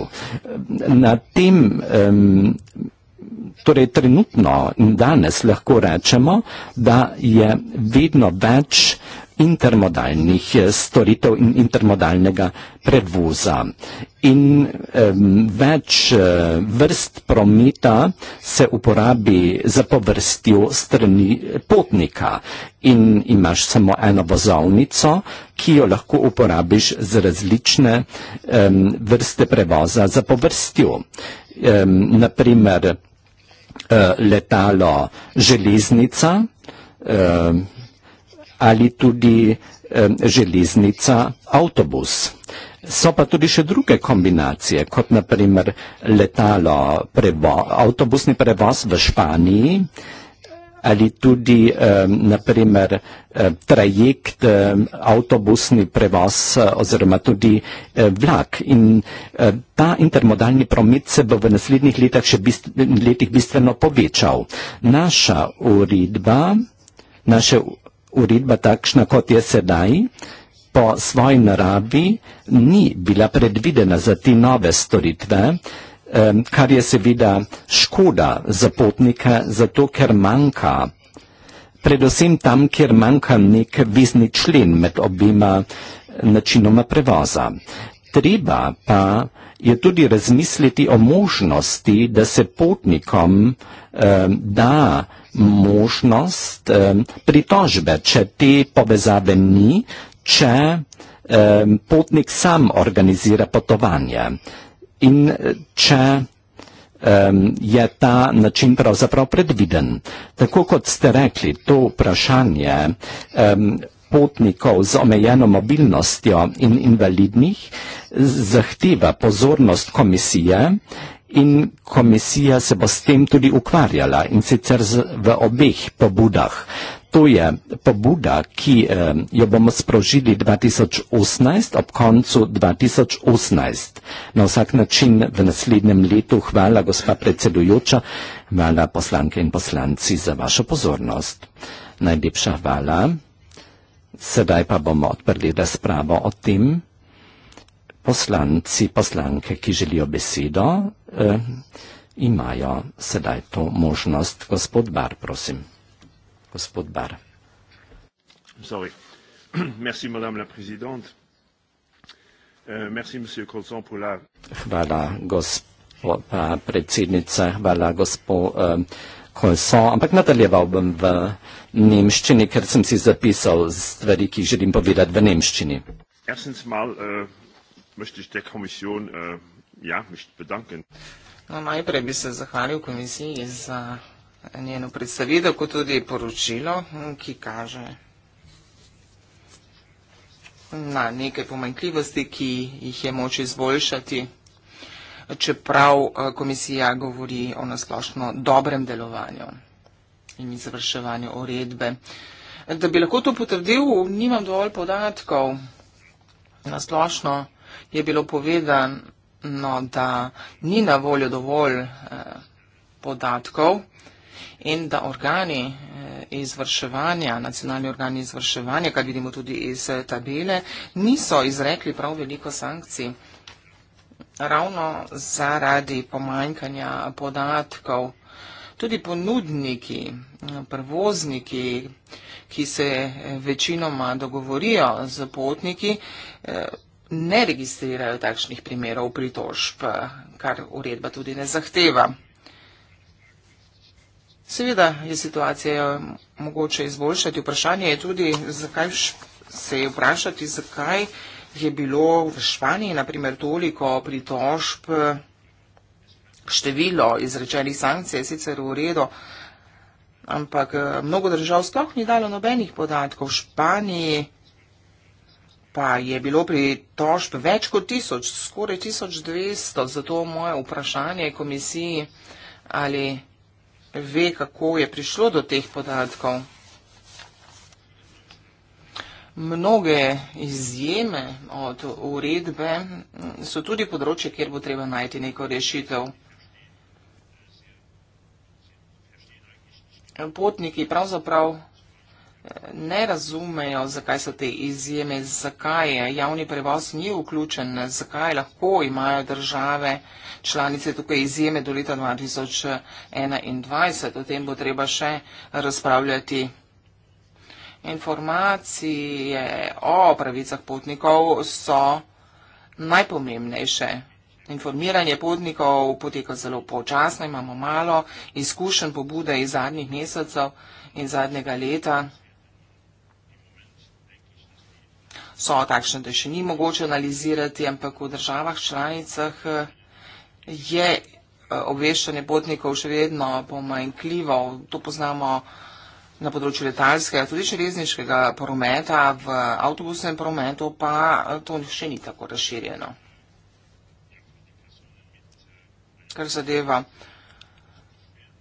Na tem um, torej trenutno in danes lahko rečemo, da je vedno več intermodalnih eh, storitev in intermodalnega prevoza. In eh, več eh, vrst prometa se uporabi za povrstjo strani potnika in imaš samo eno vozovnico, ki jo lahko uporabiš za različne eh, vrste prevoza za povrstjo. Eh, naprimer, eh, letalo železnica, eh, ali tudi eh, železnica, avtobus. So pa tudi še druge kombinacije, kot naprimer letalo, prevo, avtobusni prevoz v Španiji ali tudi eh, naprimer eh, trajekt, eh, avtobusni prevoz oziroma tudi eh, vlak. In eh, ta intermodalni promet se bo v naslednjih letih še bist, letih bistveno povečal. Naša uredba, naše uredba takšna, kot je sedaj, po svoji naravi ni bila predvidena za te nove storitve, kar je seveda škoda za potnike, zato ker manjka, predvsem tam, kjer manjka nek vizni člen med obima načinoma prevoza. Treba pa je tudi razmisliti o možnosti, da se potnikom eh, da možnost eh, pritožbe, če te povezave ni, če eh, potnik sam organizira potovanje in eh, če eh, je ta način pravzaprav predviden. Tako kot ste rekli, to vprašanje. Eh, potnikov z omejeno mobilnostjo in invalidnih zahteva pozornost komisije in komisija se bo s tem tudi ukvarjala in sicer z, v obeh pobudah. To je pobuda, ki eh, jo bomo sprožili 2018, ob koncu 2018. Na vsak način v naslednjem letu hvala gospa predsedujoča, hvala poslanke in poslanci za vašo pozornost. Najlepša hvala. Sedaj pa bomo odprli razpravo o tem. Poslanci, poslanke, ki želijo besedo, eh, imajo sedaj to možnost. Gospod Bar, prosim. Gospod Bar. Sorry. Merci, madame la présidente. Euh, merci, monsieur Colson, pour la... Hvala, gospod predsednica. Hvala, gospod. Eh, ko so, ampak nadaljeval bom v nemščini, ker sem si zapisal stvari, ki jih želim povedati v nemščini. Erstens mal uh, möchte ich der Kommission uh, ja, mich bedanken. No, najprej bi se zahvalil komisiji za njeno predstavitev, kot tudi poročilo, ki kaže na neke pomankljivosti, ki jih je moč izboljšati čeprav eh, komisija govori o nasplošno dobrem delovanju in izvrševanju uredbe. Da bi lahko to potrdil, nimam dovolj podatkov. Nasplošno je bilo povedano, da ni na voljo dovolj eh, podatkov in da organi eh, izvrševanja, nacionalni organi izvrševanja, kar vidimo tudi iz tabele, niso izrekli prav veliko sankcij ravno zaradi pomanjkanja podatkov. Tudi ponudniki, prevozniki, ki se večinoma dogovorijo z potniki, eh, ne registrirajo takšnih primerov pritožb, kar uredba tudi ne zahteva. Seveda je situacija eh, mogoče izboljšati. Vprašanje je tudi, zakaj se je vprašati, zakaj je bilo v Španiji naprimer toliko pritožb, število izrečenih sankcij je sicer v redu, ampak mnogo držav sploh ni dalo nobenih podatkov. V Španiji pa je bilo pritožb več kot tisoč, skoraj 1200, zato moje vprašanje komisiji ali ve, kako je prišlo do teh podatkov mnoge izjeme od uredbe, so tudi področje, kjer bo treba najti neko rešitev. Potniki pravzaprav eh, ne razumejo, zakaj so te izjeme, zakaj je javni prevoz ni vključen, zakaj lahko imajo države članice tukaj izjeme do leta 2021. O tem bo treba še razpravljati informacije o pravicah potnikov so najpomembnejše. Informiranje potnikov poteka zelo počasno, imamo malo izkušenj pobude iz zadnjih mesecev in zadnjega leta. So takšne, da še ni mogoče analizirati, ampak v državah članicah je eh, obveščanje potnikov še vedno pomanjkljivo. To poznamo na področju letalskega, tudi železniškega prometa, v avtobusnem prometu pa eh, to še ni tako razširjeno. Kar zadeva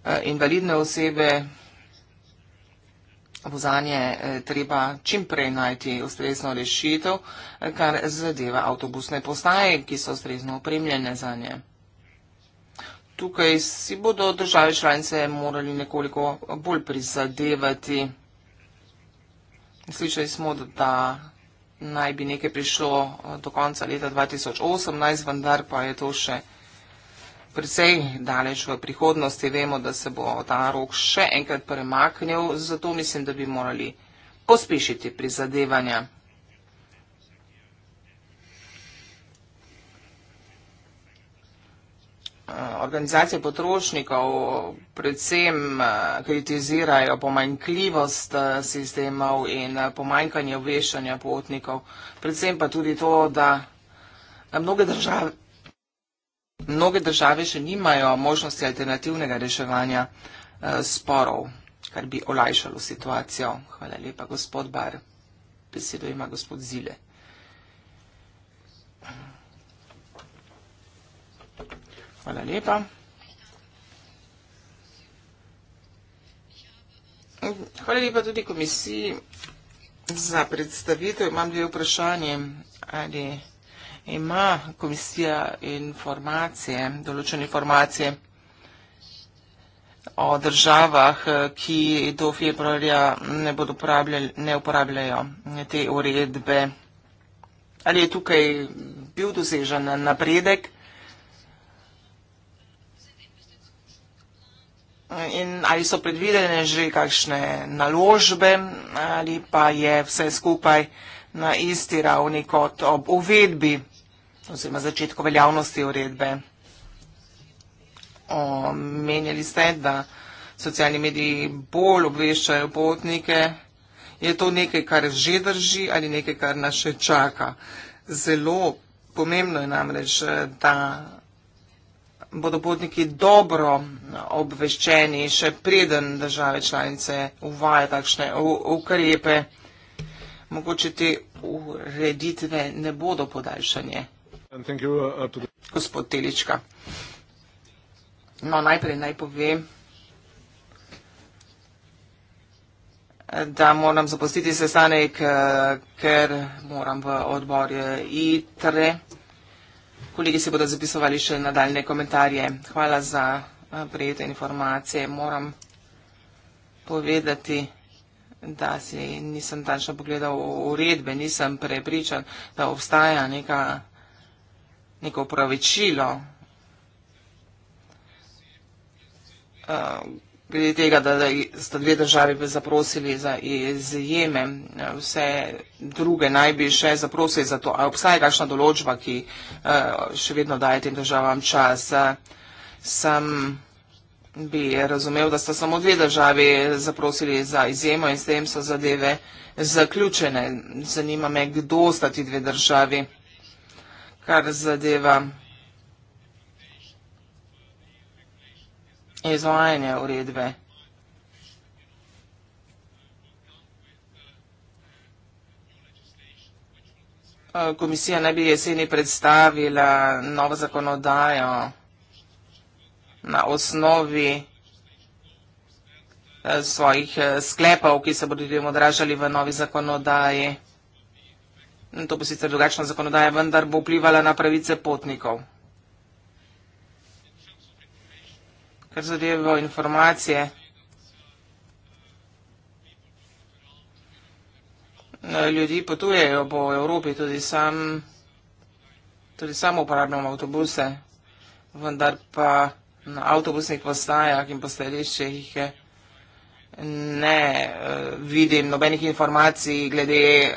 eh, invalidne osebe, vozanje eh, treba čim prej najti ustrezno rešitev, kar zadeva avtobusne postaje, ki so ustrezno opremljene za nje tukaj si bodo države članice morali nekoliko bolj prizadevati. Slišali smo, da naj bi nekaj prišlo eh, do konca leta 2018, vendar pa je to še precej daleč v prihodnosti. Vemo, da se bo ta rok še enkrat premaknil, zato mislim, da bi morali pospešiti prizadevanja. Eh, organizacije potrošnikov predvsem eh, kritizirajo pomanjkljivost eh, sistemov in pomanjkanje obveščanja potnikov, predvsem pa tudi to, da mnoge države, mnoge države še nimajo možnosti alternativnega reševanja sporov, kar bi olajšalo situacijo. Hvala lepa, gospod Bar. Besedo ima gospod Zile. Hvala lepa. Hvala lepa tudi komisiji za predstavitev. Imam dve vprašanje, ali ima komisija informacije, določene informacije o državah, ki do februarja ne, bodo ne uporabljajo te uredbe. Ali je tukaj bil dosežen napredek In ali so predvidene že kakšne naložbe ali pa je vse skupaj na isti ravni kot ob uvedbi oziroma začetku veljavnosti uredbe. Omenjali ste, da socialni mediji bolj obveščajo potnike. Je to nekaj, kar že drži ali nekaj, kar nas še čaka? Zelo pomembno je namreč, da bodo potniki dobro obveščeni, še preden države članice uvaja takšne ukrepe, mogoče te ureditve ne bodo podaljšanje. Uh, Gospod Telička. No, najprej naj povem, da moram zapustiti sestanek, eh, ker moram v odbor eh, ITRE. Kolegi se bodo zapisovali še nadaljne komentarje. Hvala za eh, prijete informacije. Moram povedati, da si nisem danšnja pogledal uredbe, nisem prepričan, da obstaja neka, neko upravičilo. Uh, eh, glede tega, da sta dve državi zaprosili za izjeme, vse druge naj bi še zaprosili za to. A obstaja kakšna določba, ki eh, še vedno daje tem državam čas? Sam bi razumel, da sta samo dve državi zaprosili za izjemo in s tem so zadeve zaključene. Zanima me, kdo sta ti dve državi, kar zadeva. izvajanje uredbe. Komisija ne bi jeseni predstavila novo zakonodajo na osnovi svojih sklepov, ki se bodo odražali v novi zakonodaji. To bo sicer drugačna zakonodaja, vendar bo vplivala na pravice potnikov. kar zadeva informacije. Ljudje potujejo po Evropi, tudi sam, tudi sam uporabljam avtobuse, vendar pa na avtobusnih postajah in postajališčih eh, ne eh, vidim nobenih informacij glede eh,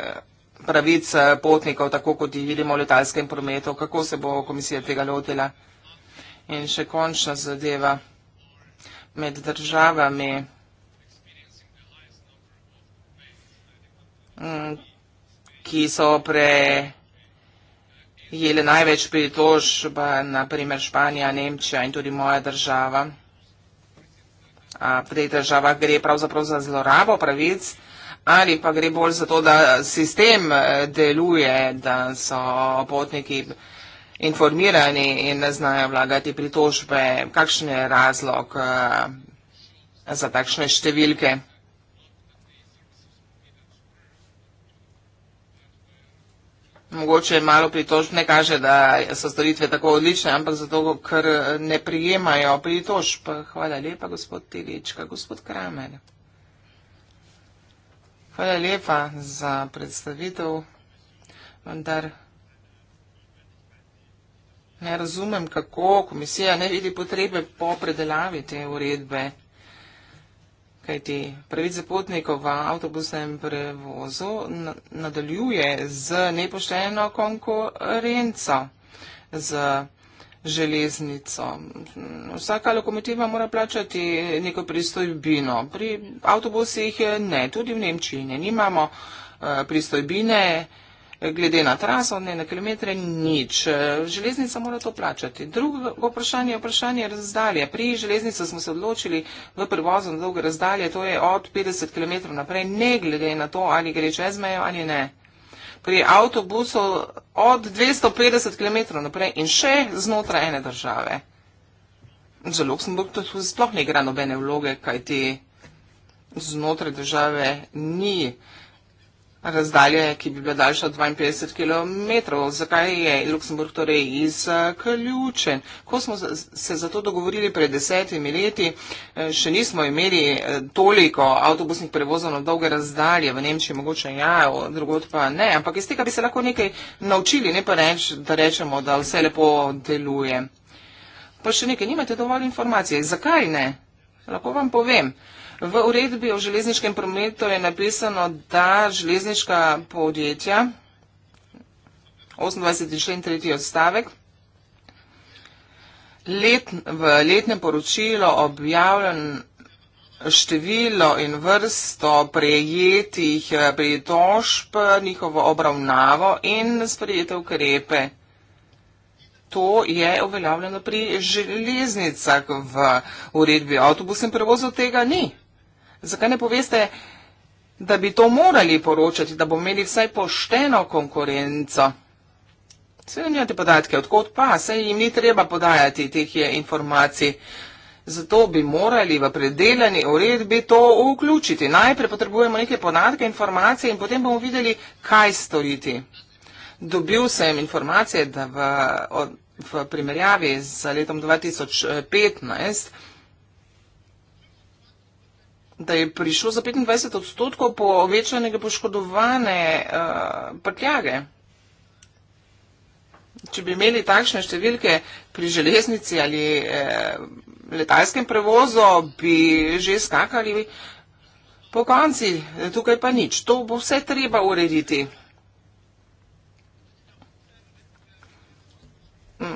pravic potnikov, tako kot jih vidimo v letalskem prometu, kako se bo komisija tega lotila. In še končna zadeva med državami. Mm, ki so prejeli največ pritožb, naprimer Španija, Nemčija in tudi moja država. Pri državah gre pravzaprav za zlorabo pravic ali pa gre bolj za to, da sistem eh, deluje, da so potniki pripravljeni informirani in ne znajo vlagati pritožbe, kakšen je razlog eh, za takšne številke. Mogoče malo pritožb ne kaže, da so storitve tako odlične, ampak zato, ker ne prijemajo pritožb. Hvala lepa, gospod Tilička, gospod Kramer. Hvala lepa za predstavitev. Vendar. Ne razumem, kako komisija ne vidi potrebe po predelavi te uredbe. Kajti pravic zapotnikov v avtobusnem prevozu nadaljuje z nepošteno konkurenco, z železnico. Vsaka lokomotiva mora plačati neko pristojbino. Pri avtobusih ne, tudi v Nemčiji ne. Nimamo eh, pristojbine glede na traso, ne na kilometre, nič. Železnica mora to plačati. Drugo vprašanje je vprašanje razdalje. Pri železnici smo se odločili v prevozu na dolge razdalje, to je od 50 km naprej, ne glede na to, ali gre čez mejo ali ne. Pri avtobusu od 250 km naprej in še znotraj ene države. Za Luksemburg to sploh ne igra nobene vloge, kajti znotraj države ni razdalje, ki bi bila daljša od 52 km. Zakaj je Luksemburg torej izključen? Ko smo se za to dogovorili pred desetimi leti, eh, še nismo imeli eh, toliko avtobusnih prevozov na dolge razdalje, v Nemčiji mogoče ja, drugot pa ne, ampak iz tega bi se lahko nekaj naučili, ne pa reč, da rečemo, da vse lepo deluje. Pa še nekaj, nimate dovolj informacije. Zakaj ne? Lahko vam povem. V uredbi o železniškem prometu je napisano, da železniška podjetja, 28. in 3. odstavek, let, v letnem poročilu objavljen število in vrsto prejetih eh, pritožb, njihovo obravnavo in sprejete ukrepe. To je uveljavljeno pri železnicah v uredbi avtobusnem prevozu, tega ni. Zakaj ne poveste, da bi to morali poročati, da bo imeli vsaj pošteno konkurenco? Vse nimate podatke, odkot pa, saj jim ni treba podajati teh informacij. Zato bi morali v predeljeni uredbi to vključiti. Najprej potrebujemo neke podatke, informacije in potem bomo videli, kaj storiti. Dobil sem informacije, da v, v primerjavi z letom 2015 da je prišlo za 25 odstotkov povečanega poškodovane uh, prtljage. Če bi imeli takšne številke pri železnici ali eh, letalskem prevozu, bi že skakali po konci, tukaj pa nič. To bo vse treba urediti.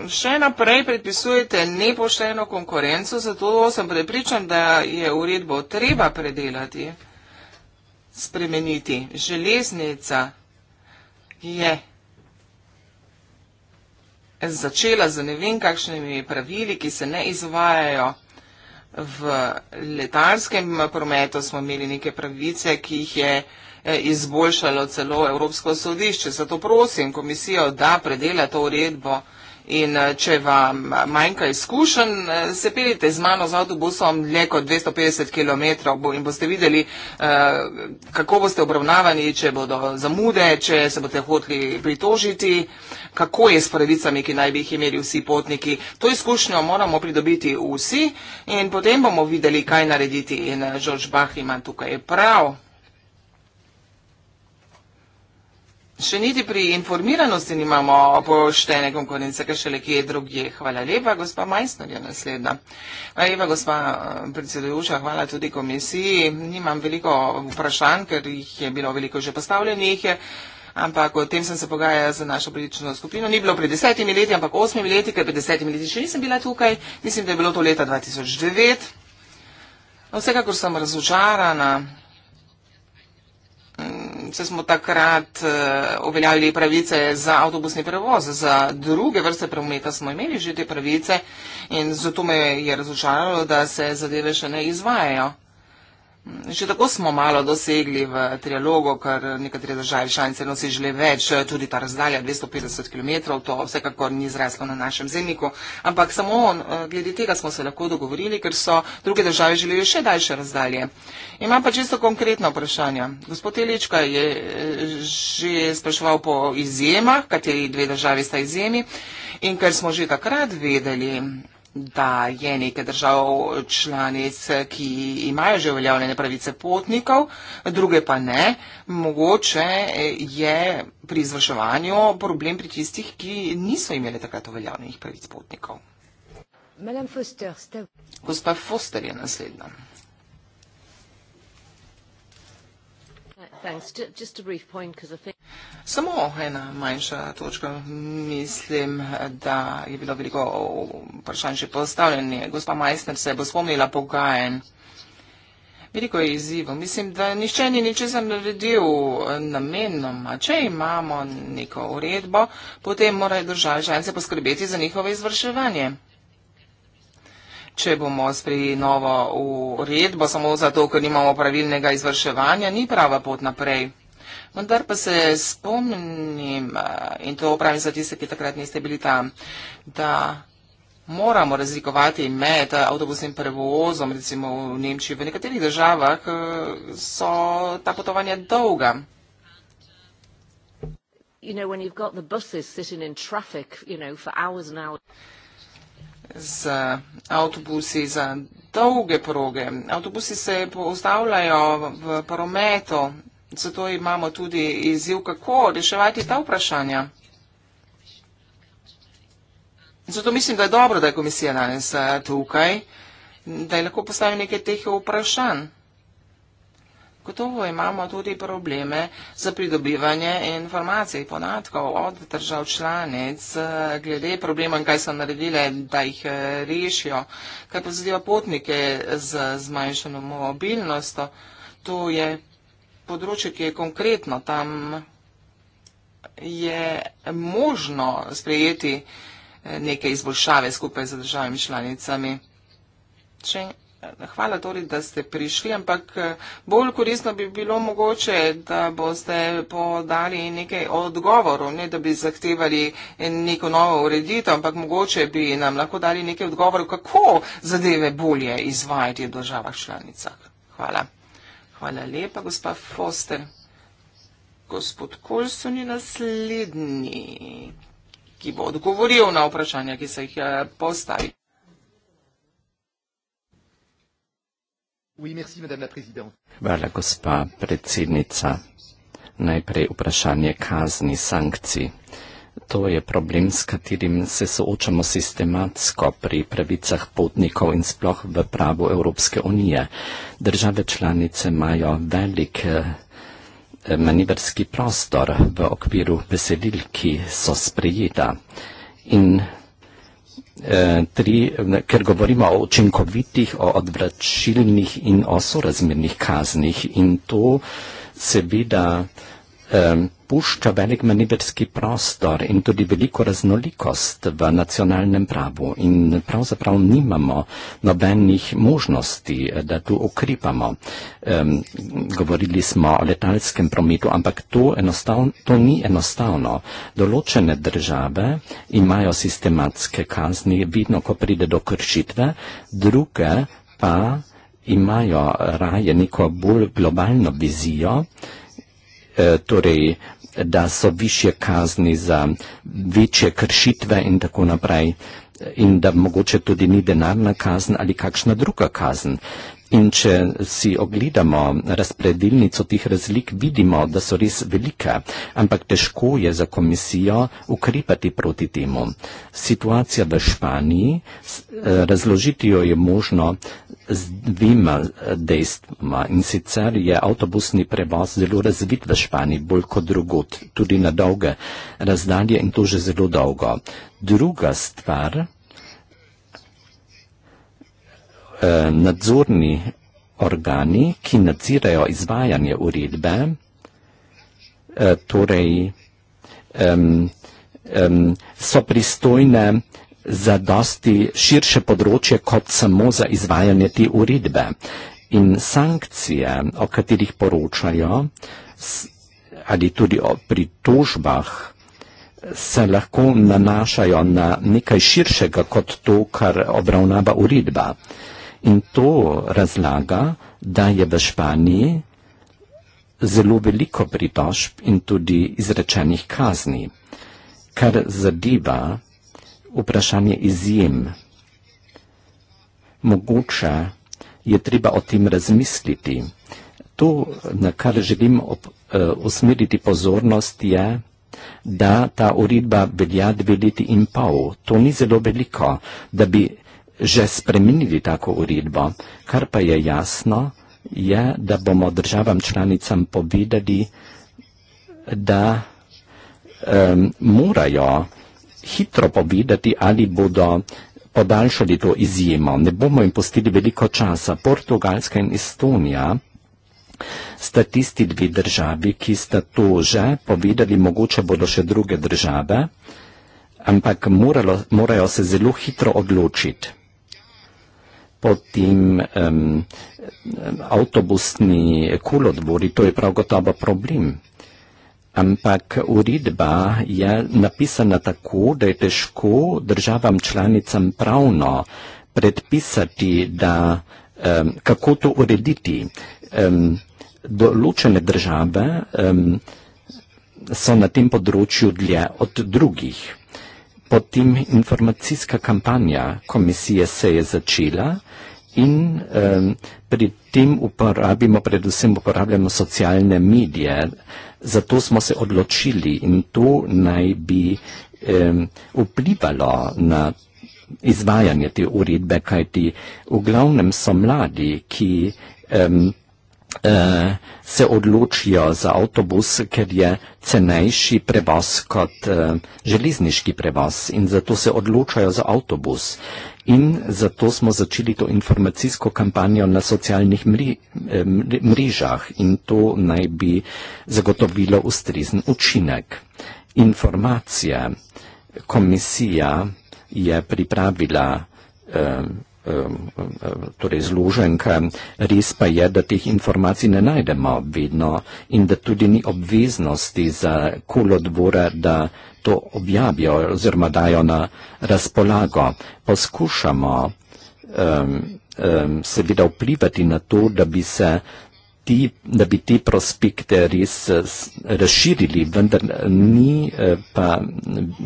še naprej predpisujete nepošteno konkurenco, zato sem prepričan, da je uredbo treba predelati, spremeniti. Železnica je začela z ne vem kakšnimi pravili, ki se ne izvajajo. V letalskem prometu smo imeli neke pravice, ki jih je eh, izboljšalo celo Evropsko sodišče. Zato prosim komisijo, da predela to uredbo. In eh, če vam manjka izkušenj, eh, se pelite z mano z avtobusom dlje kot 250 km in boste videli, eh, kako boste obravnavani, če bodo zamude, če se boste hoteli pritožiti, kako je s pravicami, ki naj bi jih imeli vsi potniki. To izkušnjo moramo pridobiti vsi in potem bomo videli, kaj narediti. In George Bach ima tukaj prav. še niti pri informiranosti nimamo poštene konkurence, ker še le kje drugje. Hvala lepa, gospa Majstor je naslednja. Hvala lepa, gospa eh, predsedujoča, hvala tudi komisiji. Nimam veliko vprašanj, ker jih je bilo veliko že postavljenih. Ampak o tem sem se pogajala z našo politično skupino. Ni bilo pred desetimi leti, ampak osmimi leti, ker pred desetimi leti še nisem bila tukaj. Mislim, da je bilo to leta 2009. No, vsekakor sem razočarana se smo takrat eh, uveljavili pravice za avtobusni prevoz, za druge vrste prometa smo imeli že te pravice in zato me je razočaralo, da se zadeve še ne izvajajo. Že tako smo malo dosegli v trialogu, ker nekatere države članice nosi žele več, tudi ta razdalja 250 km, to vsekakor ni zraslo na našem zemljiku, ampak samo eh, glede tega smo se lahko dogovorili, ker so druge države želeli še daljše razdalje. Imam pa čisto konkretno vprašanje. Gospod Telička je eh, že spraševal po izjemah, kateri dve državi sta izjemi in ker smo že takrat vedeli, da je nekaj držav članic, ki imajo že uveljavljene pravice potnikov, druge pa ne. Mogoče je pri izvrševanju problem pri tistih, ki niso imeli takrat uveljavljenih pravic potnikov. Gospa Foster je naslednja. Samo ena manjša točka. Mislim, da je bilo veliko vprašanj že postavljenih. Gospa Majstner se bo spomnila pogajen. Veliko je izzivo. Mislim, da nišče ni ničesar naredil namenoma. Če imamo neko uredbo, potem morajo države članice poskrbeti za njihovo izvrševanje če bomo sprejeli novo uredbo, samo zato, ker nimamo pravilnega izvrševanja, ni prava pot naprej. Vendar pa se spomnim, eh, in to pravim za tiste, ki takrat niste bili tam, da moramo razlikovati med eh, avtobusnim prevozom, recimo v Nemčiji, v nekaterih državah eh, so ta potovanja dolga. You know, traffic, you know, hours hours z avtobusi za dolge proge. Avtobusi se ustavljajo v prometu, zato imamo tudi izziv, kako reševati ta vprašanja. Zato mislim, da je dobro, da je komisija danes eh, tukaj, da je lahko postavila nekaj teh vprašanj. Gotovo imamo tudi probleme za pridobivanje informacij, podatkov od držav članic, eh, glede problema, kaj so naredile, da jih eh, rešijo, kaj pa zadeva potnike z zmanjšano mobilnost. To je področje, ki je konkretno tam je možno sprejeti eh, neke izboljšave skupaj z državami članicami. Če Hvala torej, da ste prišli, ampak eh, bolj koristno bi bilo mogoče, da boste podali nekaj odgovorov, ne da bi zahtevali neko novo ureditev, ampak mogoče bi nam lahko dali nekaj odgovorov, kako zadeve bolje izvajati v državah članicah. Hvala. Hvala lepa, gospa Foster. Gospod Kolson je naslednji, ki bo odgovoril na vprašanja, ki se jih eh, postavi. Oui, merci, madame la présidente. Hvala, gospa predsednica. Najprej vprašanje kazni sankcij. To je problem, s katerim se soočamo sistematsko pri pravicah potnikov in sploh v pravu Evropske unije. Države članice imajo velik eh, manevrski prostor v okviru besedil, ki so sprejeta. In tri, ker govorimo o učinkovitih, o odvračilnih in o sorazmernih kaznih in to seveda dopušča velik manevrski prostor in tudi veliko raznolikost v nacionalnem pravu in pravzaprav nimamo nobenih možnosti, da tu okripamo. Um, govorili smo o letalskem prometu, ampak to, to ni enostavno. Določene države imajo sistematske kazni, vidno, ko pride do kršitve, druge pa imajo raje neko bolj globalno vizijo, eh, torej da so više kazni za večje kršitve in tako naprej in da mogoče tudi ni denarna kazen ali kakšna druga kazen. In če si ogledamo razpredelnico tih razlik, vidimo, da so res velike, ampak težko je za komisijo ukrepati proti temu. Situacija v Španiji, eh, razložiti jo je možno z dvema eh, dejstvama. In sicer je avtobusni prevoz zelo razvit v Španiji, bolj kot drugot, tudi na dolge razdalje in to že zelo dolgo. Druga stvar, Eh, nadzorni organi, ki nadzirajo izvajanje uredbe, eh, torej so pristojne za dosti širše področje kot samo za izvajanje te uredbe. In sankcije, o katerih poročajo, ali tudi o pritožbah, se lahko nanašajo na nekaj širšega kot to, kar obravnava uredba. In to razlaga, da je v Španiji zelo veliko pritožb in tudi izrečenih kazni, kar zadeva vprašanje izjem. Mogoče je treba o tem razmisliti. To, na kar želim ob, uh, usmeriti pozornost, je, da ta uredba velja dve leti in pol. To ni zelo veliko, da bi že spremenili tako uredbo, kar pa je jasno, je, da bomo državam članicam povedali, da um, morajo hitro povedati, ali bodo podaljšali to izjemo. Ne bomo jim postili veliko časa. Portugalska in Estonija sta tisti dve državi, ki sta to že povedali, mogoče bodo še druge države, ampak moralo, morajo se zelo hitro odločiti pod tým um, autobusný kulodvor, to je prav gotovo problém. Ampak uredba je napisana tako, da je težko državam članicam pravno predpisati, da, um, kako to urediti. Um, določene države um, so na tem področju dlje od drugih. Potem informacijska kampanja komisije se je začela in um, pri tem uporabimo, predvsem uporabljamo socialne medije. Zato smo se odločili in to naj bi um, vplivalo na izvajanje te uredbe, kajti v glavnem so mladi, ki um, Eh, se odločijo za avtobus, ker je cenejši prevoz kot eh, železniški prevoz in zato se odločajo za avtobus. In zato smo začeli to informacijsko kampanjo na socialnih eh, mrežah in to naj bi zagotovilo ustrezen učinek. Informacije komisija je pripravila eh, Ehm, torej zloženka. Res pa je, da teh informacij ne najdemo vedno in da tudi ni obveznosti za kolodvora, da to objavijo oziroma dajo na razpolago. Poskušamo um, um, seveda vplivati na to, da bi se ti, da bi te prospekte res razširili, vendar ni, eh, pa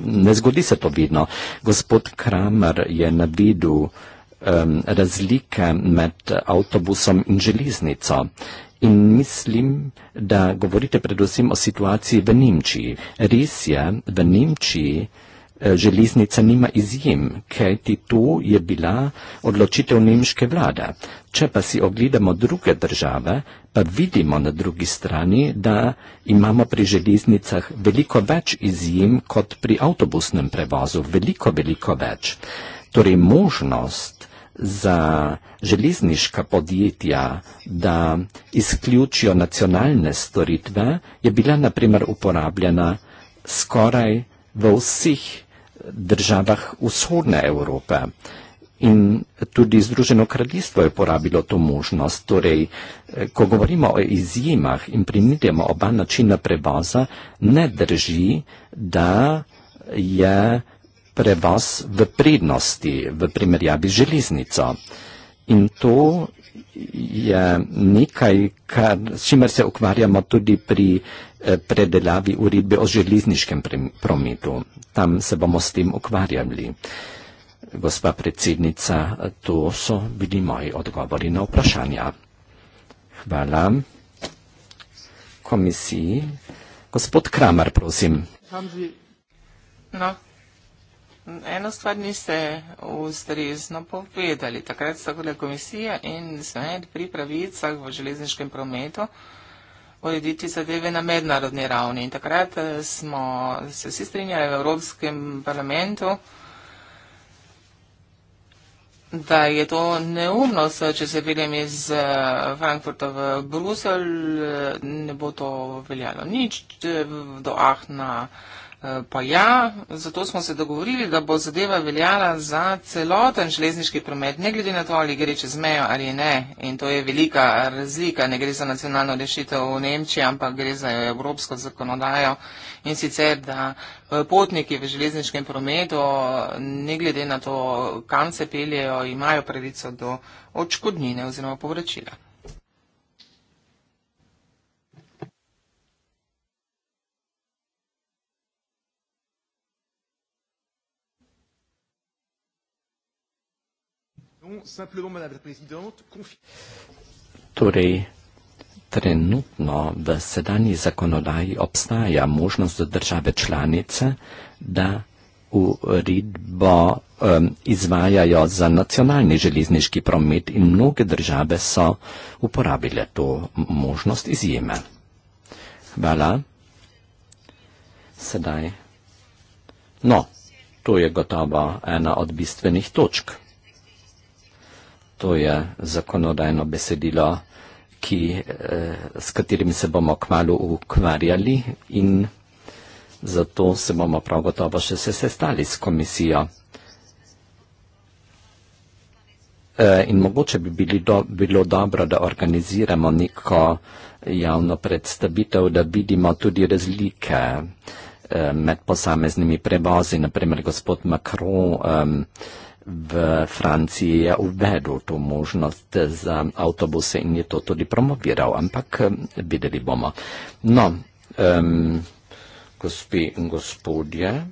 ne zgodi se to vedno. Gospod Kramer je navedel, um, razlike med avtobusom in železnico. In mislim, da govorite predvsem o situaciji v Nemčiji. Res je, v Nemčiji eh, železnica nima izjem, kajti to je bila odločitev nemške vlade. Če pa si ogledamo druge države, pa vidimo na drugi strani, da imamo pri železnicah veliko več izjem kot pri avtobusnem prevozu. Veliko, veliko več. Torej možnost za železniška podjetja, da izključijo nacionalne storitve, je bila naprimer uporabljena skoraj v vseh državah vzhodne Evrope. In tudi Združeno kraljestvo je uporabilo to možnost. Torej, ko govorimo o izjemah in primitemo oba načina prevoza, ne drži, da je prevoz v prednosti v primerjavi železnico. In to je nekaj, kar, s čimer se ukvarjamo tudi pri eh, predelavi uredbe o železniškem prometu. Tam se bomo s tem ukvarjali. Gospa predsednica, to so bili moji odgovori na vprašanja. Hvala. Komisiji. Gospod Kramer, prosim. No eno stvar niste ustrezno povedali. Takrat so bile komisija in svet pri pravicah v železniškem prometu urediti zadeve na mednarodni ravni. In takrat eh, smo se vsi strinjali v Evropskem parlamentu, da je to neumno, če se vidim iz eh, Frankfurta v Bruselj, eh, ne bo to veljalo nič do Ahna. Eh, pa ja, zato smo se dogovorili, da bo zadeva veljala za celoten železniški promet, ne glede na to, ali gre čez mejo ali ne. In to je velika razlika, ne gre za nacionalno rešitev v Nemčiji, ampak gre za evropsko zakonodajo. In sicer, da eh, potniki v železniškem prometu, ne glede na to, kam se peljejo, imajo pravico do odškodnine oziroma povračila. Torej, trenutno v sedanji zakonodaji obstaja možnost države članice, da uredbo um, izvajajo za nacionalni železniški promet in mnoge države so uporabile to možnost izjeme. Hvala. Sedaj. No, to je gotovo ena od bistvenih točk to je zakonodajno besedilo, ki, eh, s katerim se bomo kmalo ukvarjali in zato se bomo prav gotovo še se sestali s komisijo. Eh, in mogoče bi bili do, bilo dobro, da organiziramo neko javno predstavitev, da vidimo tudi razlike eh, med posameznimi prevozi. Naprimer, gospod Macron um, uh, v Franciji je uvedel to možnost za avtobuse in je to tudi promoviral, ampak eh, videli bomo. No, um, gospi in gospodje,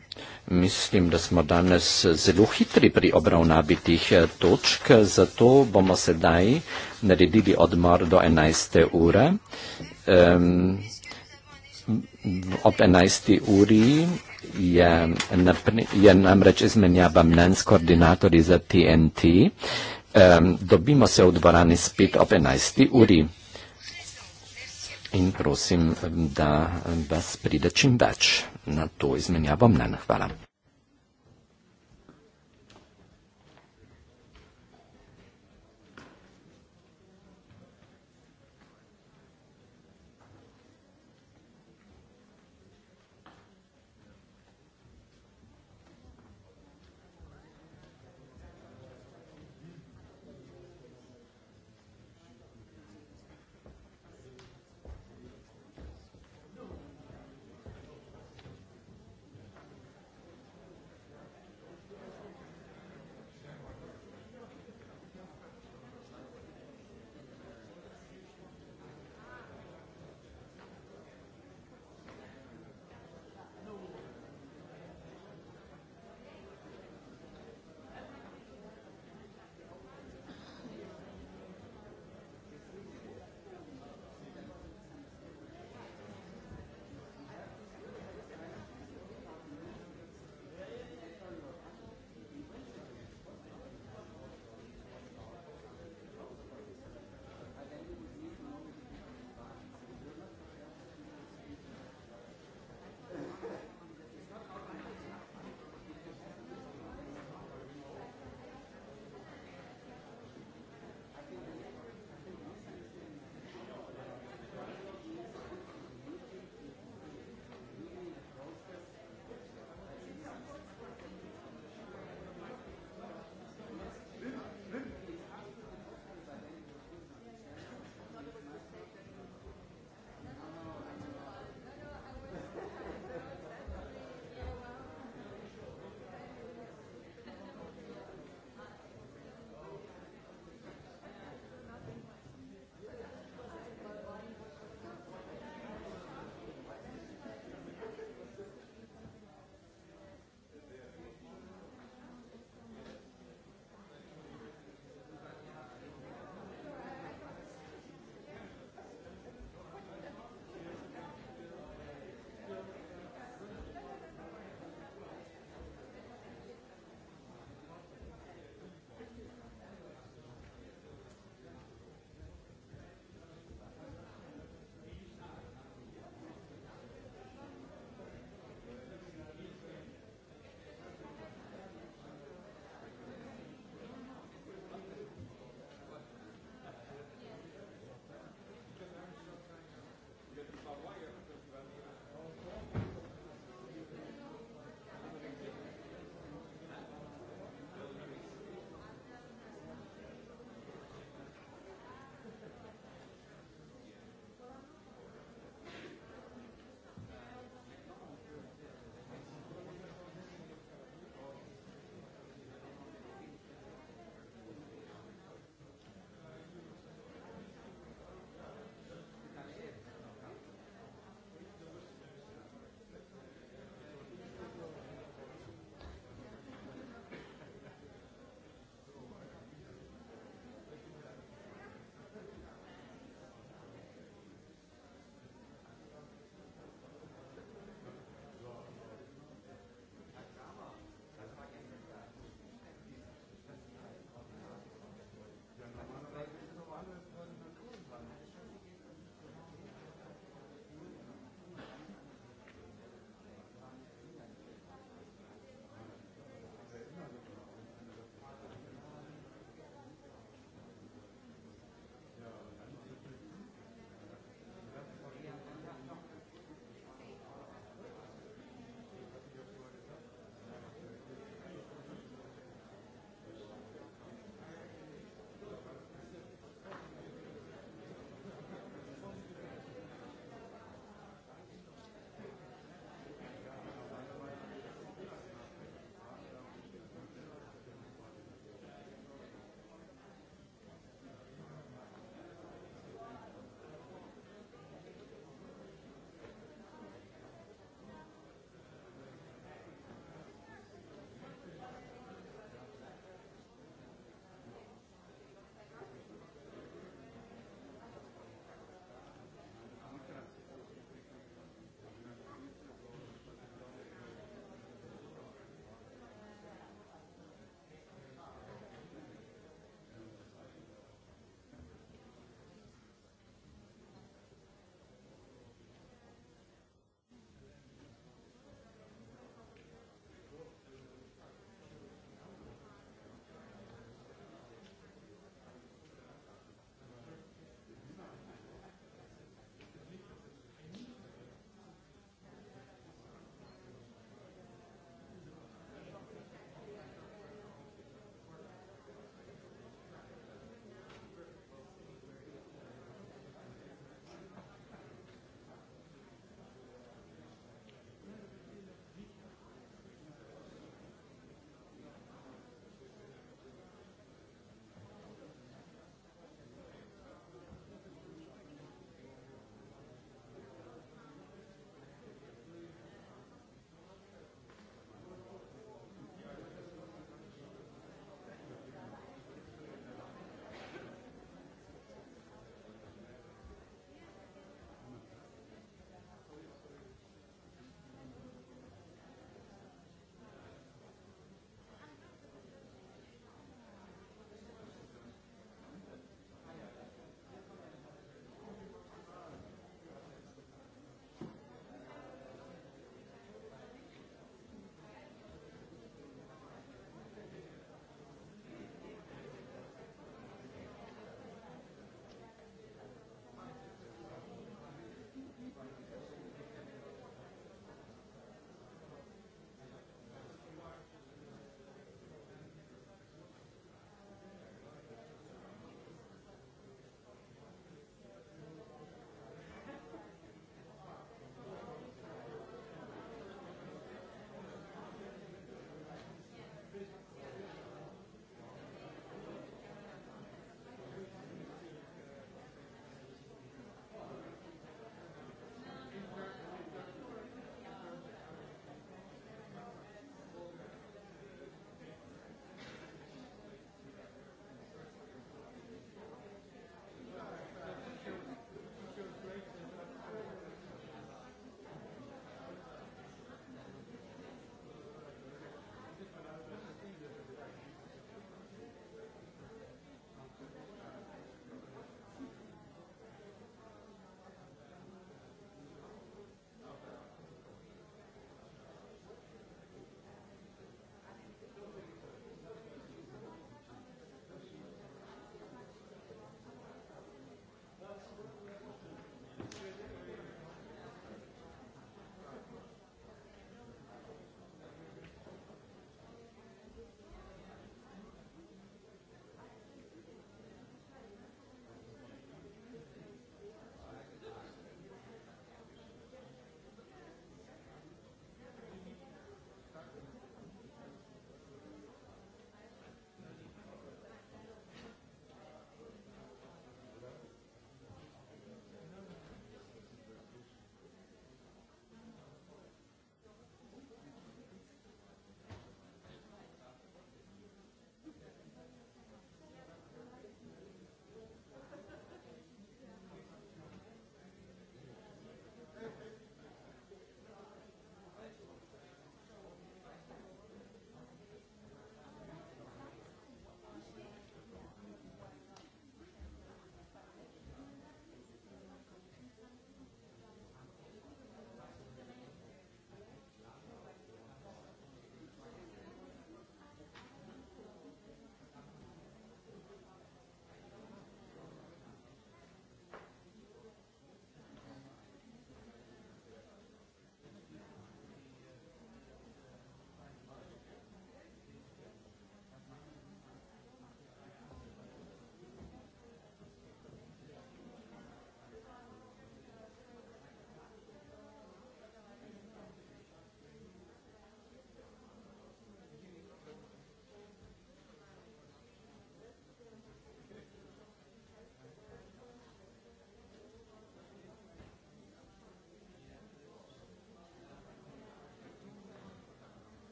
mislim, da smo danes zelo hitri pri obravnavi tih eh, točk, zato bomo sedaj naredili odmor do 11. ure. Um, ob 11. uri je, je namreč izmenjava mnen s koordinatorji za TNT. Um, dobimo se v dvorani spet ob 11. uri in prosim, da vas pride čim več na to izmenjavo mnen. Hvala.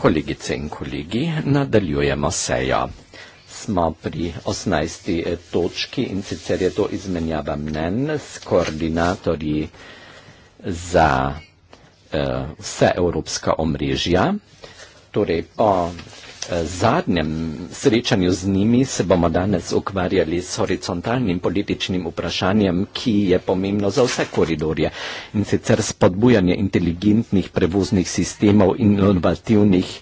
Kolegice in kolegi, nadaljujemo sejo. Smo pri 18. Eh, točki in sicer je to izmenjava mnen s koordinatorji za uh, vse evropska omrežja. Torej, po zadnjem srečanju z njimi se bomo danes ukvarjali s horizontalnim političnim vprašanjem, ki je pomembno za vse koridorje in sicer spodbujanje inteligentnih prevoznih sistemov in inovativnih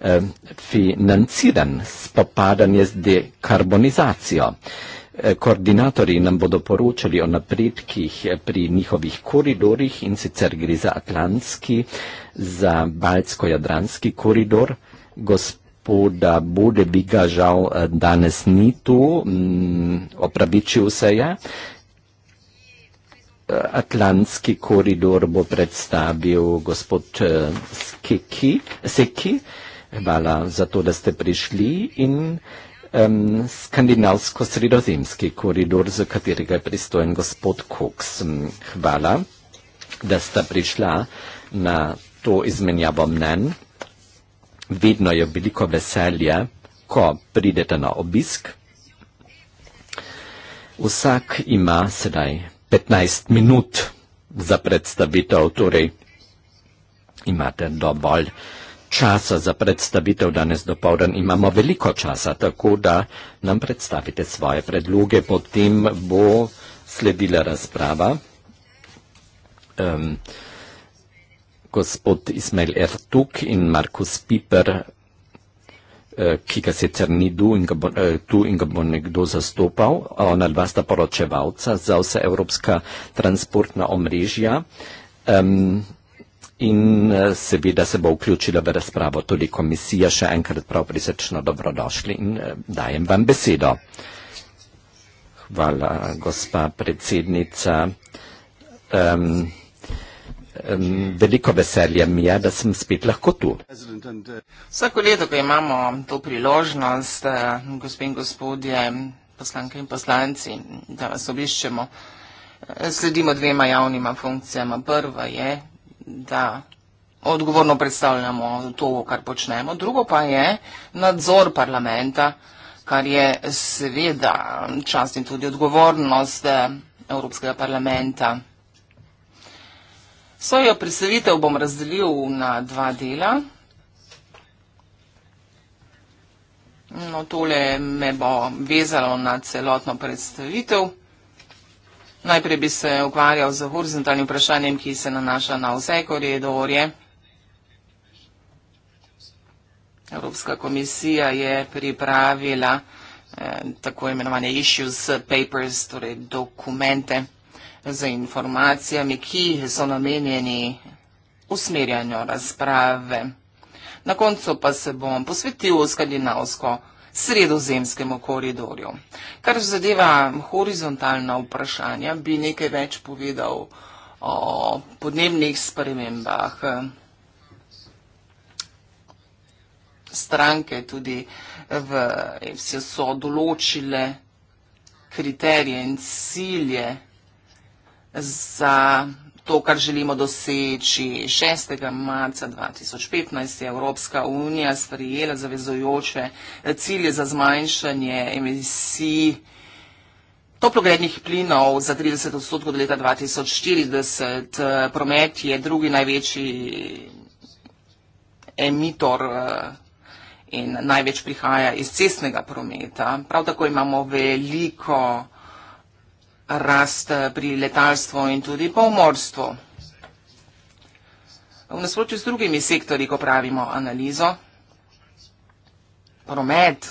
eh, financiranj, spopadanje z dekarbonizacijo. Eh, koordinatorji nam bodo poročali o napredkih eh, pri njihovih koridorjih in sicer gre za Atlantski, za Baltsko-Jadranski koridor. Gosp lepo, da bude bi ga žal eh, danes ni tu, mm, opravičil se je. Eh, Atlantski koridor bo predstavil gospod eh, Skiki, Siki. Hvala za to, da ste prišli in um, skandinavsko-sredozemski koridor, za katerega je pristojen gospod Koks. Mm, hvala, da ste prišla na to izmenjavo mnen vedno je veliko veselje, ko pridete na obisk. Vsak ima sedaj 15 minut za predstavitev, torej imate dovolj časa za predstavitev danes do povdan. Imamo veliko časa, tako da nam predstavite svoje predloge, potem bo sledila razprava. Um, gospod Ismail Ertuk in Markus Piper, eh, ki ga sicer ni tu in ga bo, eh, tu in ga bo nekdo zastopal, ona dva sta poročevalca za vse evropska transportna omrežja. Um, in eh, seveda se bo vključila v razpravo tudi komisija, še enkrat prav prisrčno dobrodošli in dajem vam besedo. Hvala, gospa predsednica. Um, veliko veselje mi je, da sem spet lahko tu. Vsako leto, ko imamo to priložnost, eh, gospe in gospodje, poslanke in poslanci, da vas obiščemo, eh, sledimo dvema javnima funkcijama. Prva je, da odgovorno predstavljamo to, kar počnemo. Drugo pa je nadzor parlamenta, kar je seveda čast in tudi odgovornost eh, Evropskega parlamenta. Svojo predstavitev bom razdelil na dva dela. No, tole me bo vezalo na celotno predstavitev. Najprej bi se ukvarjal z horizontalnim vprašanjem, ki se nanaša na vse koridorje. Evropska komisija je pripravila eh, tako imenovane issues papers, torej dokumente z informacijami, ki so namenjeni usmerjanju razprave. Na koncu pa se bom posvetil skandinavsko sredozemskemu koridorju. Kar zadeva horizontalna vprašanja, bi nekaj več povedal o podnebnih spremembah. Stranke tudi v EFSI so določile kriterije in cilje za to, kar želimo doseči. 6. marca 2015 je Evropska unija sprejela zavezojoče cilje za zmanjšanje emisij toplogrednih plinov za 30 odstotkov do leta 2040. Promet je drugi največji emitor eh, in največ prihaja iz cestnega prometa. Prav tako imamo veliko rast eh, pri letalstvu in tudi pomorstvu. V nasprotju s drugimi sektori, ko pravimo analizo, promet,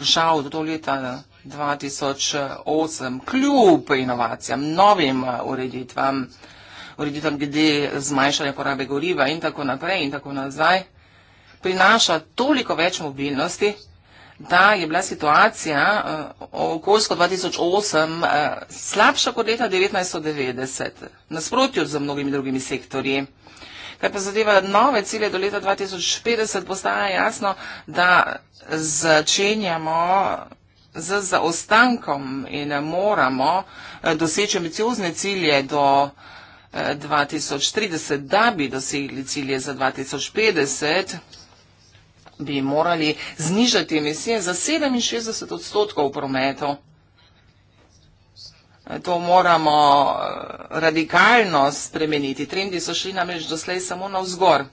žal do leta 2008, kljub inovacijam, novim eh, ureditvam, ureditvam glede zmanjšanja porabe goriva in tako naprej in tako nazaj, prinaša toliko več mobilnosti, da je bila situacija uh, okoljsko 2008 uh, eh, slabša kot leta 1990, nasprotju z mnogimi drugimi sektorji. Kar pa zadeva nove cilje do leta 2050, postaja jasno, da začenjamo z zaostankom in moramo eh, doseči ambiciozne cilje do 2030, da bi dosegli cilje za 2050 bi morali znižati emisije za 67 odstotkov v prometu. To moramo eh, radikalno spremeniti. Trendi so šli namreč doslej samo na vzgor.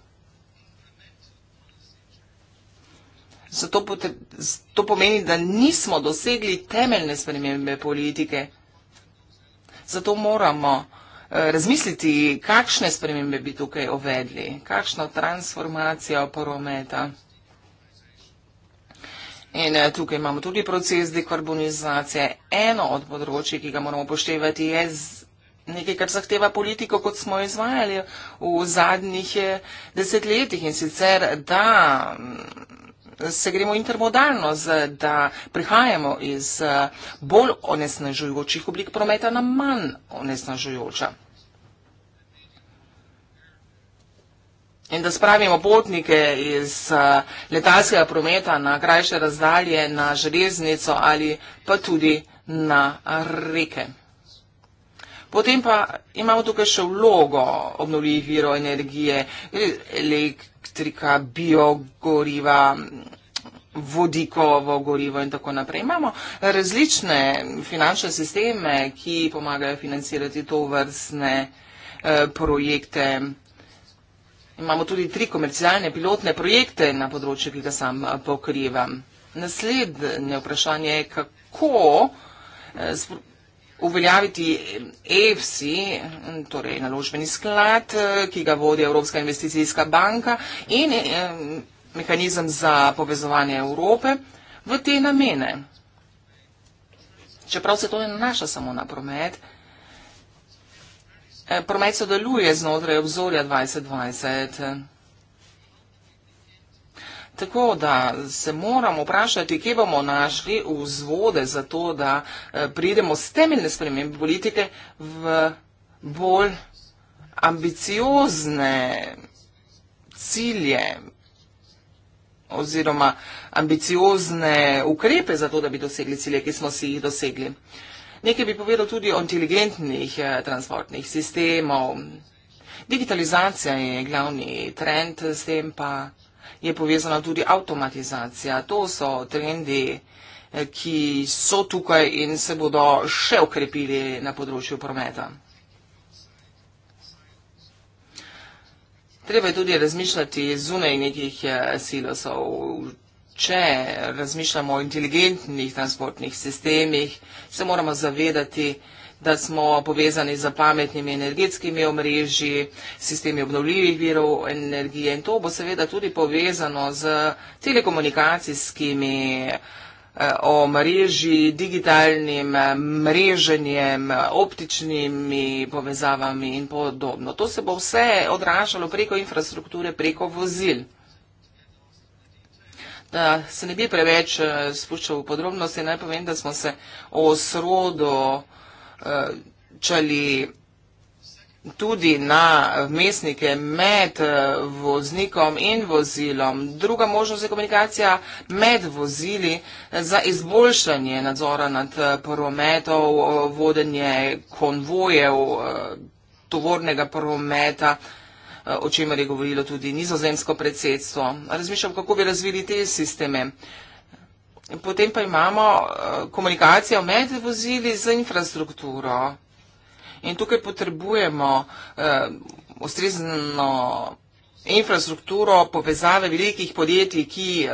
Zato to pomeni, da nismo dosegli temeljne spremembe politike. Zato moramo eh, razmisliti, kakšne spremembe bi tukaj uvedli, kakšno transformacijo prometa. In eh, tukaj imamo tudi proces dekarbonizacije. Eno od področji, ki ga moramo upoštevati, je nekaj, kar zahteva politiko, kot smo izvajali v zadnjih eh, desetletjih in sicer, da mm, se gremo intermodalno, da prihajamo iz eh, bolj onesnažujočih oblik prometa na manj onesnažujoča. in da spravimo potnike iz eh, letalskega prometa na krajše razdalje, na železnico ali pa tudi na reke. Potem pa imamo tukaj še vlogo obnovljivih virov energije, elektrika, biogoriva, vodikovo gorivo in tako naprej. Imamo različne finančne sisteme, ki pomagajo financirati to vrstne eh, projekte. Imamo tudi tri komercialne pilotne projekte na področju, ki ga sam eh, pokrivam. Naslednje vprašanje je, kako eh, uveljaviti EFSI, eh, e hm, torej naložbeni sklad, ki ga vodi Evropska investicijska banka in mehanizem za povezovanje Evrope v te namene. Čeprav se to ne nanaša samo na promet, Eh, promet sodeluje znotraj obzorja 2020. Tako da se moramo vprašati, kje bomo našli vzvode za to, da eh, pridemo s temeljne spremembe politike v bolj ambiciozne cilje oziroma ambiciozne ukrepe za to, da bi dosegli cilje, ki smo si jih dosegli. Nekaj bi povedal tudi o inteligentnih eh, transportnih sistemov. Digitalizacija je glavni trend, s tem pa je povezana tudi avtomatizacija. To so trendi, eh, ki so tukaj in se bodo še ukrepili na področju prometa. Treba je tudi razmišljati zunaj nekih eh, silosov če razmišljamo o inteligentnih transportnih sistemih, se moramo zavedati, da smo povezani z pametnimi energetskimi omrežji, sistemi obnovljivih virov energije in to bo seveda tudi povezano z telekomunikacijskimi eh, o mreži, digitalnim eh, mreženjem, optičnimi povezavami in podobno. To se bo vse odražalo preko infrastrukture, preko vozil. Da se ne bi preveč eh, spuščal v podrobnosti, naj povem, da smo se o srodo eh, čali tudi na vmesnike med eh, voznikom in vozilom. Druga možnost je komunikacija med vozili za izboljšanje nadzora nad prometov, vodenje konvojev, tovornega prometa. Eh, o čemer je govorilo tudi nizozemsko predsedstvo. Razmišljam, kako bi razvili te sisteme. Potem pa imamo eh, komunikacijo med vozili z infrastrukturo. In tukaj potrebujemo eh, ustrezno infrastrukturo povezave velikih podjetij, ki eh,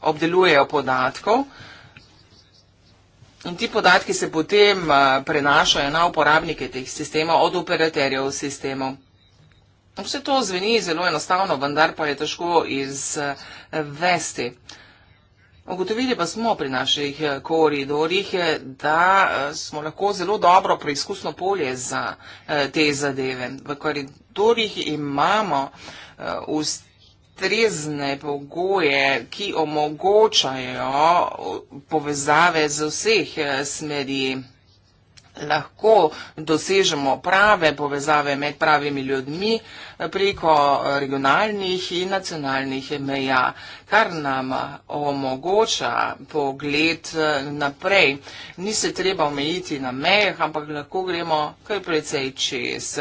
obdelujejo podatkov. In ti podatki se potem eh, prenašajo na uporabnike teh sistemov, od operaterjev sistemov. No, vse to zveni zelo enostavno, vendar pa je težko izvesti. Ogotovili pa smo pri naših koridorjih, da eh, smo lahko zelo dobro preizkusno polje za eh, te zadeve. V koridorjih imamo eh, ustrezne pogoje, ki omogočajo povezave z vseh smeri lahko dosežemo prave povezave med pravimi ljudmi preko regionalnih in nacionalnih meja, kar nam omogoča pogled naprej. Ni se treba omejiti na mejah, ampak lahko gremo kar precej čez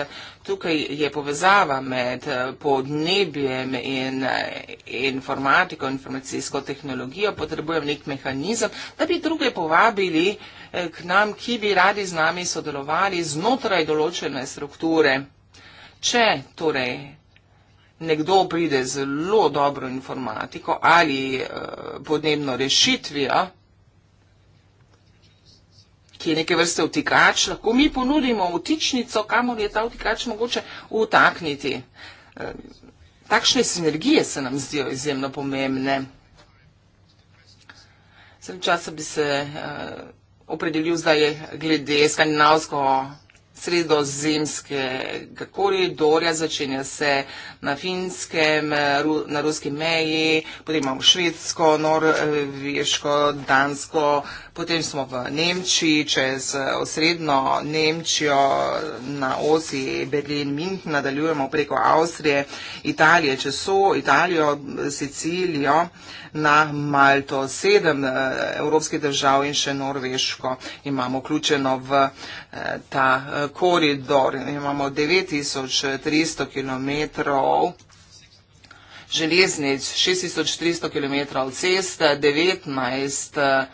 tukaj je povezava med eh, podnebjem in eh, informatiko, informacijsko tehnologijo, potrebujem nek mehanizem, da bi druge povabili eh, k nam, ki bi radi z nami sodelovali znotraj določene strukture. Če torej nekdo pride z zelo dobro informatiko ali podnebno rešitvijo, ki je neke vrste vtikač, lahko mi ponudimo vtičnico, kamor je ta vtikač mogoče utakniti. E, takšne sinergije se nam zdijo izjemno pomembne. Sem časa bi se uh, opredelil zdaj glede skandinavsko sredozemskega koridorja, začenja se na finskem, na ruski meji, potem imamo švedsko, norveško, dansko, potem smo v Nemčiji, čez eh, osrednjo Nemčijo na osi Berlin-Mint, nadaljujemo preko Avstrije, Italije, čez so Italijo, Sicilijo, eh, na Malto. Sedem eh, evropskih držav in še Norveško imamo vključeno v eh, ta eh, koridor. Imamo 9300 kilometrov železnic, 6300 kilometrov cest, 19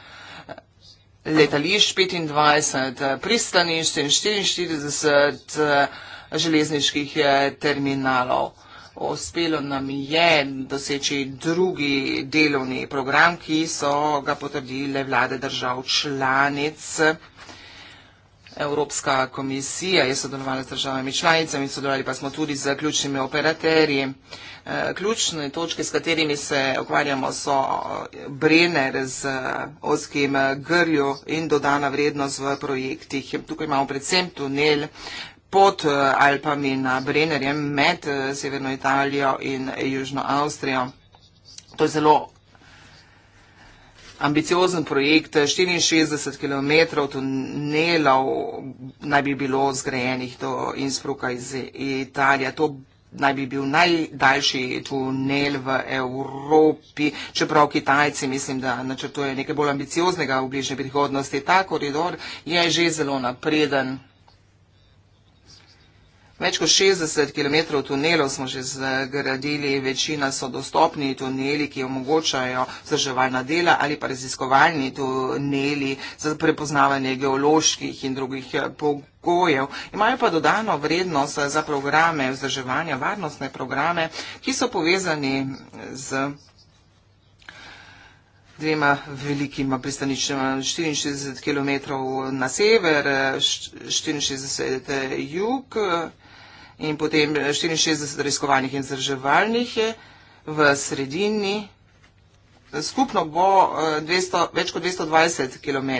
letališč, 25 pristanišč in 44 železniških terminalov uspelo nam je doseči drugi delovni program, ki so ga potrdile vlade držav članic. Evropska komisija je sodelovala z državami članicami, sodelovali pa smo tudi z ključnimi operaterji. Eh, ključne točke, s katerimi se ukvarjamo, so eh, Brenner z eh, oskim grljo in dodana vrednost v projektih. Tukaj imamo predvsem tunel pod eh, Alpami na Brennerjem med eh, Severno Italijo in Južno Avstrijo. To je zelo ambiciozen projekt, 64 km tunelov naj bi bilo zgrajenih do Innsbrucka iz Italije. To naj bi bil najdaljši tunel v Evropi, čeprav Kitajci mislim, da načrtuje nekaj bolj ambicioznega v bližnji prihodnosti. Ta koridor je že zelo napreden. Več kot 60 km tunelov smo že zgradili, večina so dostopni tuneli, ki omogočajo vzdrževalna dela ali pa raziskovalni tuneli za prepoznavanje geoloških in drugih eh, pogojev. Imajo pa dodano vrednost eh, za programe vzdrževanja, varnostne programe, ki so povezani eh, z dvema velikima pristaničnjama, 64 km na sever, 64 jug in potem 64 raziskovalnih in zdrževalnih je eh, v sredini. Eh, skupno bo 200, eh, več kot 220 km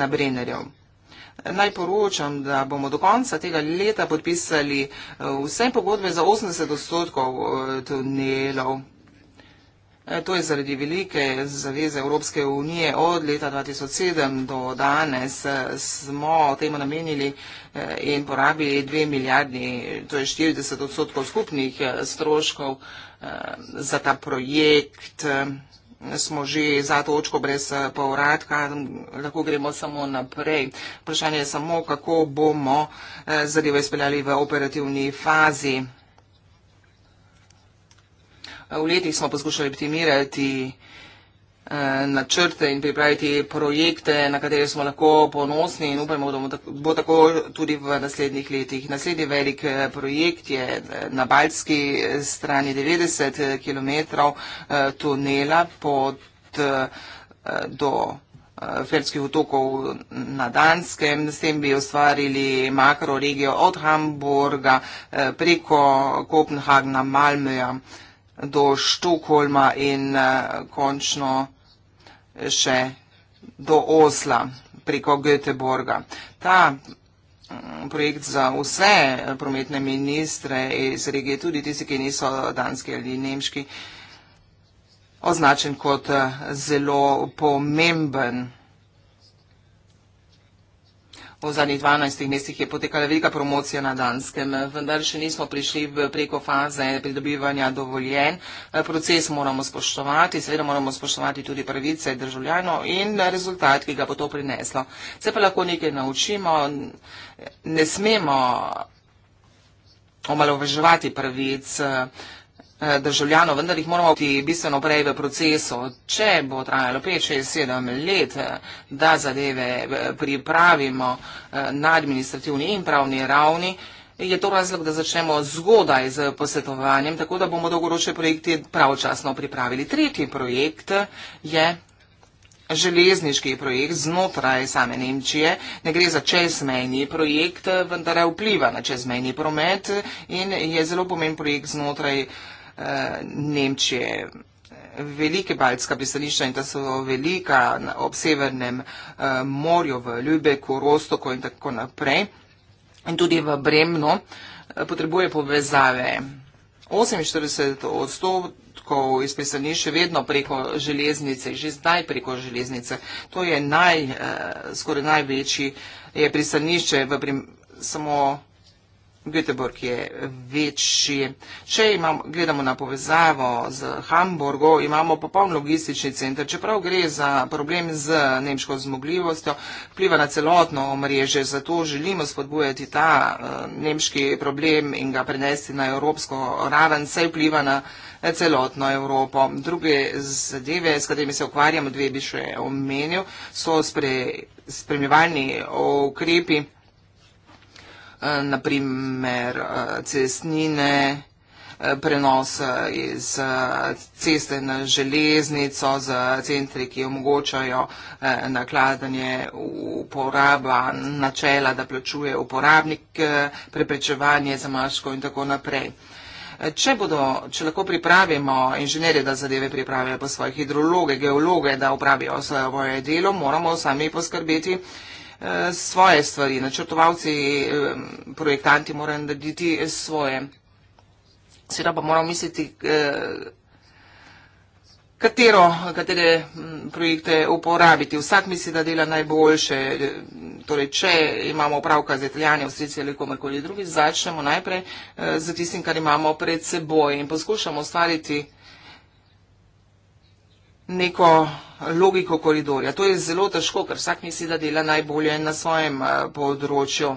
na Brennerjev. Naj poročam, da bomo do konca tega leta podpisali vse pogodbe za 80 odstotkov tunelov. E, to je zaradi velike zaveze Evropske unije od leta 2007 do danes e, smo temu namenili e, in porabili 2 milijardi, to je 40 odstotkov skupnih stroškov za ta projekt. Smo že za točko brez povratka, lahko gremo samo naprej. Vprašanje je samo, kako bomo zadeve izpeljali v operativni fazi v letih smo poskušali optimirati eh, načrte in pripraviti projekte, na katere smo lahko ponosni in upajmo, da bo tako tudi v naslednjih letih. Naslednji velik eh, projekt je eh, na baljski strani 90 km tunela pod, do Ferskih otokov na Danskem. S tem bi ustvarili makroregijo od Hamburga preko Kopenhagna, Malmöja do Štokholma in eh, končno še do Osla preko Göteborga. Ta mm, projekt za vse prometne ministre iz regije, tudi tisti, ki niso danski ali nemški, označen kot eh, zelo pomemben projekt v zadnjih 12 mesecih je potekala velika promocija na Danskem, vendar še nismo prišli preko faze pridobivanja dovoljen. Proces moramo spoštovati, seveda moramo spoštovati tudi pravice državljanov in rezultat, ki ga bo to prineslo. Se pa lahko nekaj naučimo, ne smemo omalovaževati pravic. Eh, državljanov, vendar jih moramo biti bistveno prej v procesu. Če bo trajalo 5, 6, 7 let, eh, da zadeve eh, pripravimo na administrativni in pravni ravni, je to razlog, da začnemo zgodaj z posvetovanjem, tako da bomo dolgoročne projekte pravočasno pripravili. Tretji projekt je železniški projekt znotraj same Nemčije. Ne gre za čezmejni projekt, vendar je vpliva na čezmejni promet in je zelo pomemben projekt znotraj. Nemčije. Velike baljska pristanišča in ta so velika ob Severnem eh, morju v Ljubeku, Rostoko in tako naprej. In tudi v Bremno eh, potrebuje povezave. 48 odstotkov iz pristanišča vedno preko železnice, že zdaj preko železnice. To je naj, eh, skoraj največji je pristanišče v Bremno. Samo Göteborg je večji. Če imamo, gledamo na povezavo z Hamburgo, imamo popoln logistični center. Čeprav gre za problem z nemško zmogljivostjo, vpliva na celotno omrežje, zato želimo spodbujati ta uh, nemški problem in ga prenesti na evropsko raven, saj vpliva na eh, celotno Evropo. Druge zadeve, s katerimi se ukvarjamo, dve bi še omenil, so spremljevalni ukrepi. Eh, naprimer eh, cestnine, eh, prenos iz ceste na železnico z centri, ki omogočajo nakladanje uporaba načela, da plačuje uporabnik, preprečevanje zamaškov in tako naprej. Če, bodo, če lahko pripravimo inženirje, da zadeve pripravijo po svoje hidrologe, geologe, da upravijo svoje delo, moramo sami poskrbeti, Eh, svoje stvari. Načrtovalci, projektanti morajo narediti svoje. Seveda pa moramo misliti, eh, katero, katere projekte uporabiti. Vsak misli, da dela najboljše. Torej, če imamo opravka z italijani, avstrici ali komerkoli drugi, začnemo najprej z eh, tistim, kar imamo pred seboj in poskušamo ustvariti neko logiko koridorja. To je zelo težko, ker vsak misli, da dela najbolje na svojem eh, področju.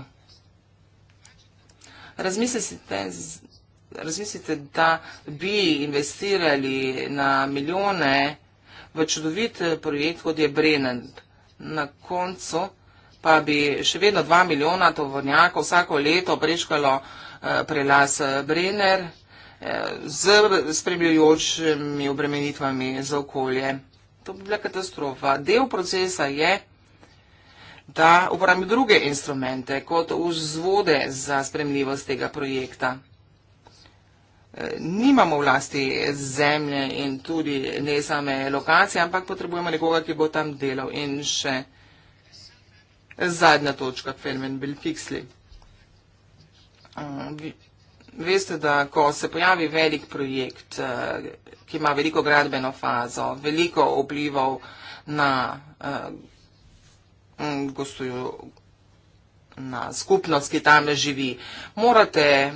Razmislite, razmislite da bi investirali na milijone v čudovit eh, projekt, kot je Brennan. Na koncu pa bi še vedno dva milijona tovornjakov vsako leto prečkalo eh, prelaz Brenner z spremljujočimi obremenitvami za okolje to bi bila katastrofa. Del procesa je, da uporabim druge instrumente kot vzvode za spremljivost tega projekta. E, nimamo vlasti zemlje in tudi ne same lokacije, ampak potrebujemo nekoga, ki bo tam delal. In še zadnja točka, Fermen Bilfixli. E, veste, da ko se pojavi velik projekt, eh, ki ima veliko gradbeno fazo, veliko vplivov na, eh, na skupnost, ki tam živi, morate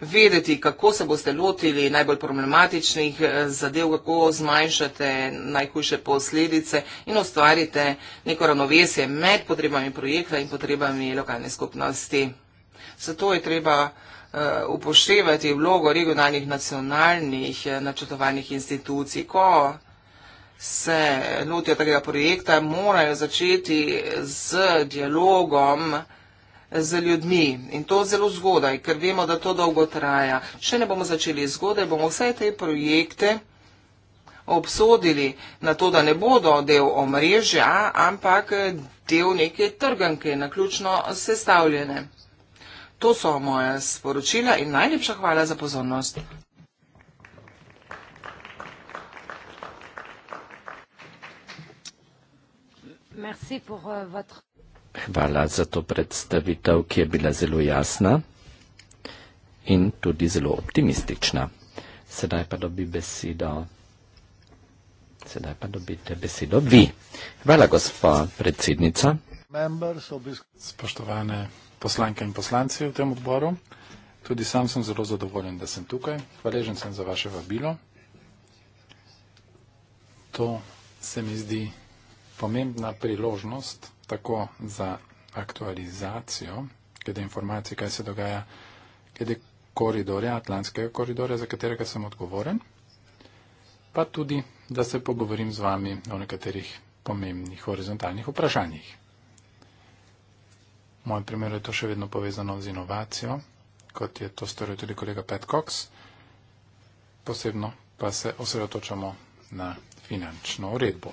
vedeti, kako se boste lotili najbolj problematičnih eh, zadev, kako zmanjšate najhujše posledice in ustvarite neko ravnovesje med potrebami projekta in potrebami lokalne skupnosti. Zato je treba uh, Eh, upoštevati vlogo regionalnih nacionalnih eh, načrtovalnih institucij. Ko se lotijo takega projekta, morajo začeti z dialogom z ljudmi in to zelo zgodaj, ker vemo, da to dolgo traja. Če ne bomo začeli zgodaj, bomo vse te projekte obsodili na to, da ne bodo del omrežja, ampak del neke trganke, naključno sestavljene. To so moje sporočila in najlepša hvala za pozornost. Euh, hvala za to predstavitev, ki je bila zelo jasna in tudi zelo optimistična. Sedaj pa dobi besedo. Sedaj pa dobite besedo vi. Hvala, gospod predsednica. Spoštovane poslanke in poslanci v tem odboru. Tudi sam sem zelo zadovoljen, da sem tukaj. Hvaležen sem za vaše vabilo. To se mi zdi pomembna priložnost tako za aktualizacijo, glede informacij, kaj se dogaja, glede koridorja, atlantskega koridorja, za katerega sem odgovoren, pa tudi, da se pogovorim z vami o nekaterih pomembnih horizontalnih vprašanjih mojem primeru je to še vedno povezano z inovacijo, kot je to storil tudi kolega Pat Cox. Posebno pa se osredotočamo na finančno uredbo.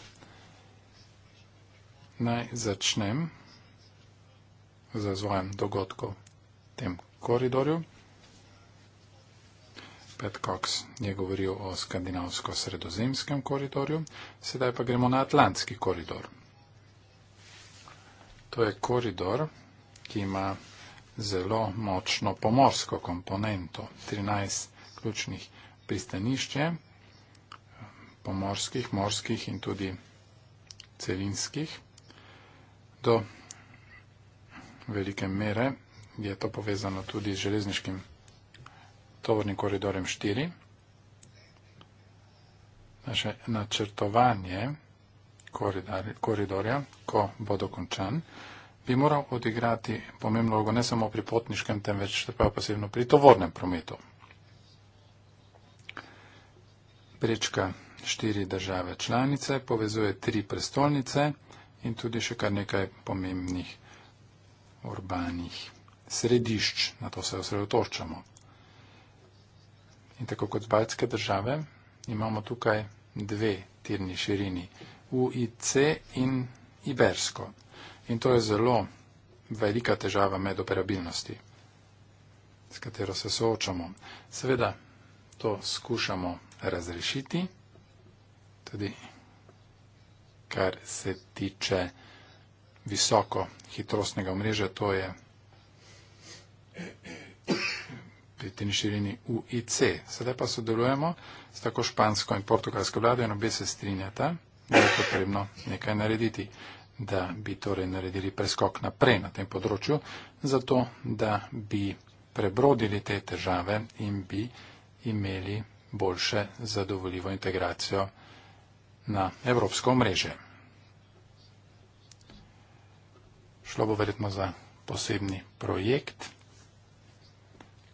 Naj začnem z razvojem dogodkov v tem koridorju. Pat Cox je govoril o skandinavsko-sredozemskem koridorju, sedaj pa gremo na atlantski koridor. To je koridor, ki ima zelo močno pomorsko komponento. 13 ključnih pristanišče, pomorskih, morskih in tudi celinskih. Do velike mere je to povezano tudi z železniškim tovornim koridorjem 4. Naše načrtovanje koridorja, ko bo dokončan, bi moral odigrati pomembno vlogo ne samo pri potniškem, temveč posebno pri tovornem prometu. Prečka štiri države članice, povezuje tri prestolnice in tudi še kar nekaj pomembnih urbanih središč, na to se osredotočamo. In tako kot baljske države, imamo tukaj dve tirni širini, UIC in Ibersko. In to je zelo velika težava medoperabilnosti, s katero se soočamo. Seveda to skušamo razrešiti, tudi kar se tiče visoko hitrostnega omrežja, to je pri tini širini UIC. Sedaj pa sodelujemo s tako špansko in portugalsko vlado in obe se strinjata, da je potrebno nekaj narediti da bi torej naredili preskok naprej na tem področju, zato da bi prebrodili te težave in bi imeli boljše zadovoljivo integracijo na evropsko mreže. Šlo bo verjetno za posebni projekt,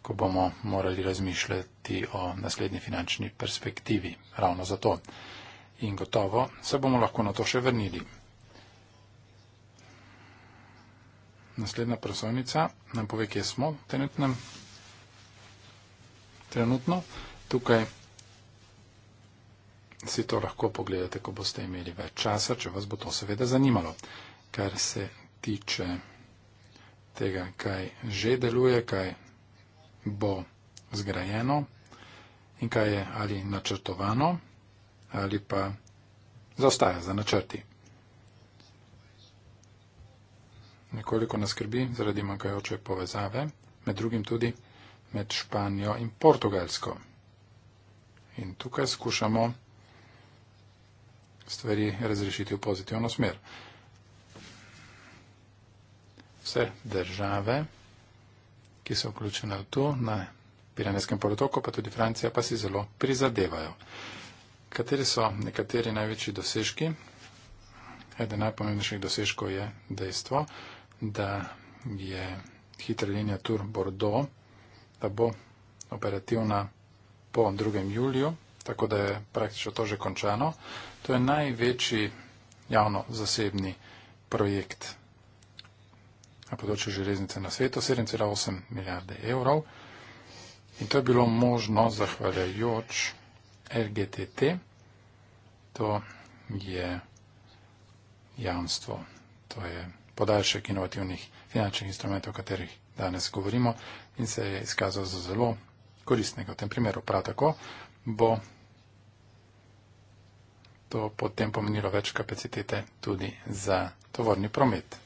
ko bomo morali razmišljati o naslednji finančni perspektivi ravno za to. In gotovo se bomo lahko na to še vrnili. Naslednja prosojnica nam pove, kje smo trenutnem. trenutno. Tukaj si to lahko pogledate, ko boste imeli več časa, če vas bo to seveda zanimalo. Kar se tiče tega, kaj že deluje, kaj bo zgrajeno in kaj je ali načrtovano ali pa zaostaja za načrti. nekoliko naskrbi zaradi manjkajoče povezave, med drugim tudi med Španijo in Portugalsko. In tukaj skušamo stvari razrešiti v pozitivno smer. Vse države, ki so vključene v to, na Piranijskem polotoku, pa tudi Francija, pa si zelo prizadevajo. Kateri so nekateri največji dosežki? Eden najpomembnejših dosežkov je dejstvo, da je hitra linija Tour Bordeaux, da bo operativna po 2. juliju, tako da je praktično to že končano. To je največji javno-zasebni projekt na področju železnice na svetu, 7,8 milijarde evrov. In to je bilo možno zahvaljajoč RGTT, to je jamstvo, to je podaljšek inovativnih finančnih instrumentov, o katerih danes govorimo in se je izkazal za zelo koristnega. V tem primeru prav tako bo to potem pomenilo več kapacitete tudi za tovorni promet.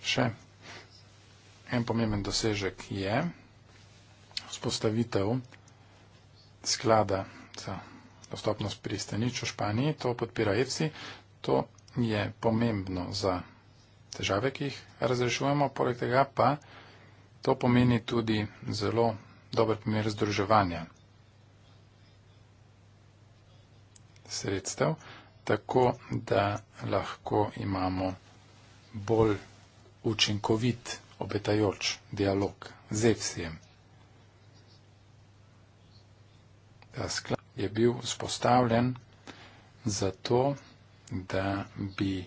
Še en pomemben dosežek je vzpostavitev sklada za dostopnost pri staničju v Španiji. To podpira EFSI. To je pomembno za težave, ki jih razrešujemo, poleg tega pa to pomeni tudi zelo dober primer združevanja sredstev, tako da lahko imamo bolj učinkovit, obetajoč dialog z Evsijem. Ta sklad je bil spostavljen zato, da da bi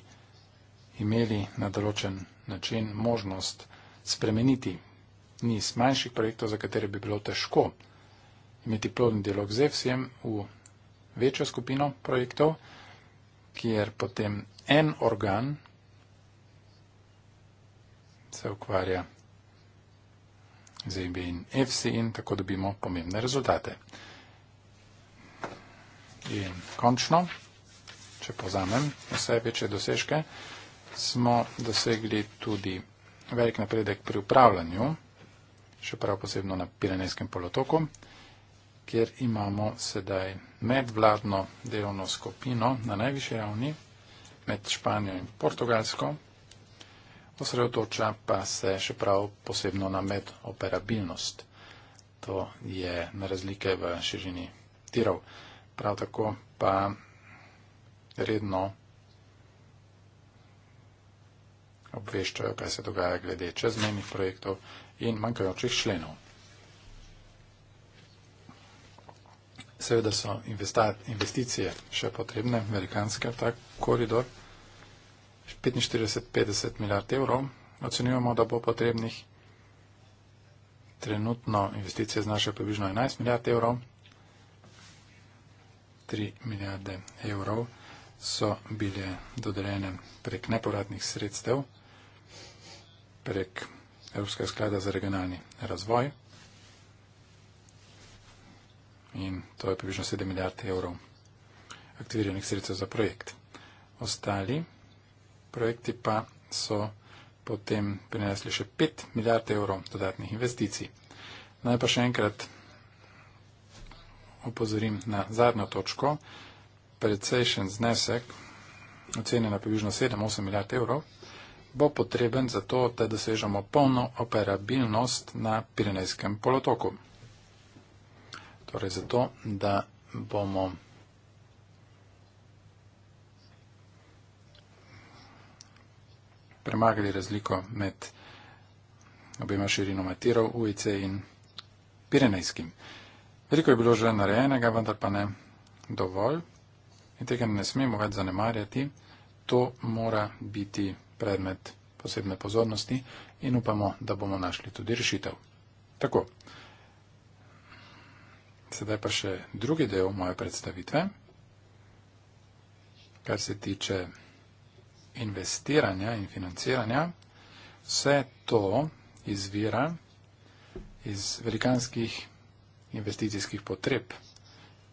imeli na določen način možnost spremeniti niz manjših projektov, za katere bi bilo težko imeti plodni dialog z EFSI-jem v večjo skupino projektov, kjer potem en organ se ukvarja z EIB in EFSI in tako dobimo pomembne rezultate. In končno če povzamem vse večje dosežke, smo dosegli tudi velik napredek pri upravljanju, še prav posebno na Pirenejskem polotoku, kjer imamo sedaj medvladno delovno skupino na najvišji ravni med Španijo in Portugalsko, osredotoča pa se še prav posebno na medoperabilnost. To je na razlike v širini tirov. Prav tako pa redno obveščajo, kaj se dogaja glede čezmejnih projektov in manjkajočih členov. Seveda so investicije še potrebne, amerikanske, ta koridor 45-50 milijard evrov. Ocenjujemo, da bo potrebnih trenutno investicije znašajo približno 11 milijard evrov. 3 milijarde evrov so bile dodeljene prek nepovratnih sredstev, prek Evropskega sklada za regionalni razvoj. In to je približno 7 milijard evrov aktiviranih sredstev za projekt. Ostali projekti pa so potem prinesli še 5 milijard evrov dodatnih investicij. Naj pa še enkrat opozorim na zadnjo točko, precejšen znesek, ocenjena približno 7-8 milijard evrov, bo potreben za to, da dosežemo polno operabilnost na Pirinejskem polotoku. Torej zato, da bomo premagali razliko med obima širinoma tirov UIC in Pirenejskim. Veliko je bilo že narejenega, vendar pa ne dovolj in tega ne smemo več zanemarjati, to mora biti predmet posebne pozornosti in upamo, da bomo našli tudi rešitev. Tako. Sedaj pa še drugi del moje predstavitve, kar se tiče investiranja in financiranja. Vse to izvira iz velikanskih investicijskih potreb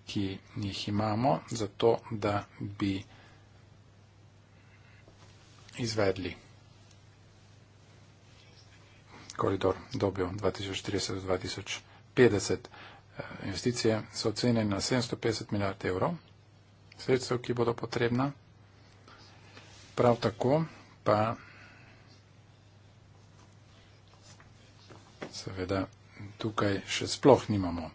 ki jih imamo, zato da bi izvedli koridor dobil 2040-2050. Eh, investicije so ocenjene na 750 milijard evrov, sredstev, ki bodo potrebna. Prav tako pa seveda tukaj še sploh nimamo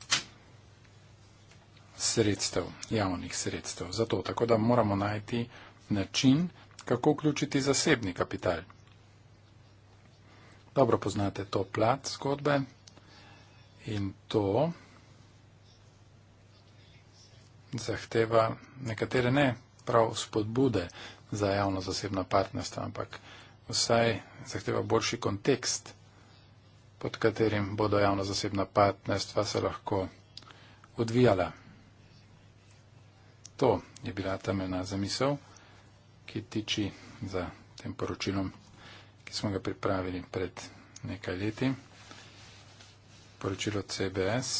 sredstev, javnih sredstev. Zato tako da moramo najti način, kako vključiti zasebni kapital. Dobro poznate to plat zgodbe in to zahteva nekatere ne prav spodbude za javno-zasebna partnerstva, ampak vsaj zahteva boljši kontekst, pod katerim bodo javno-zasebna partnerstva se lahko odvijala To je bila temeljna zamisel, ki tiči za tem poročilom, ki smo ga pripravili pred nekaj leti. Poročilo CBS,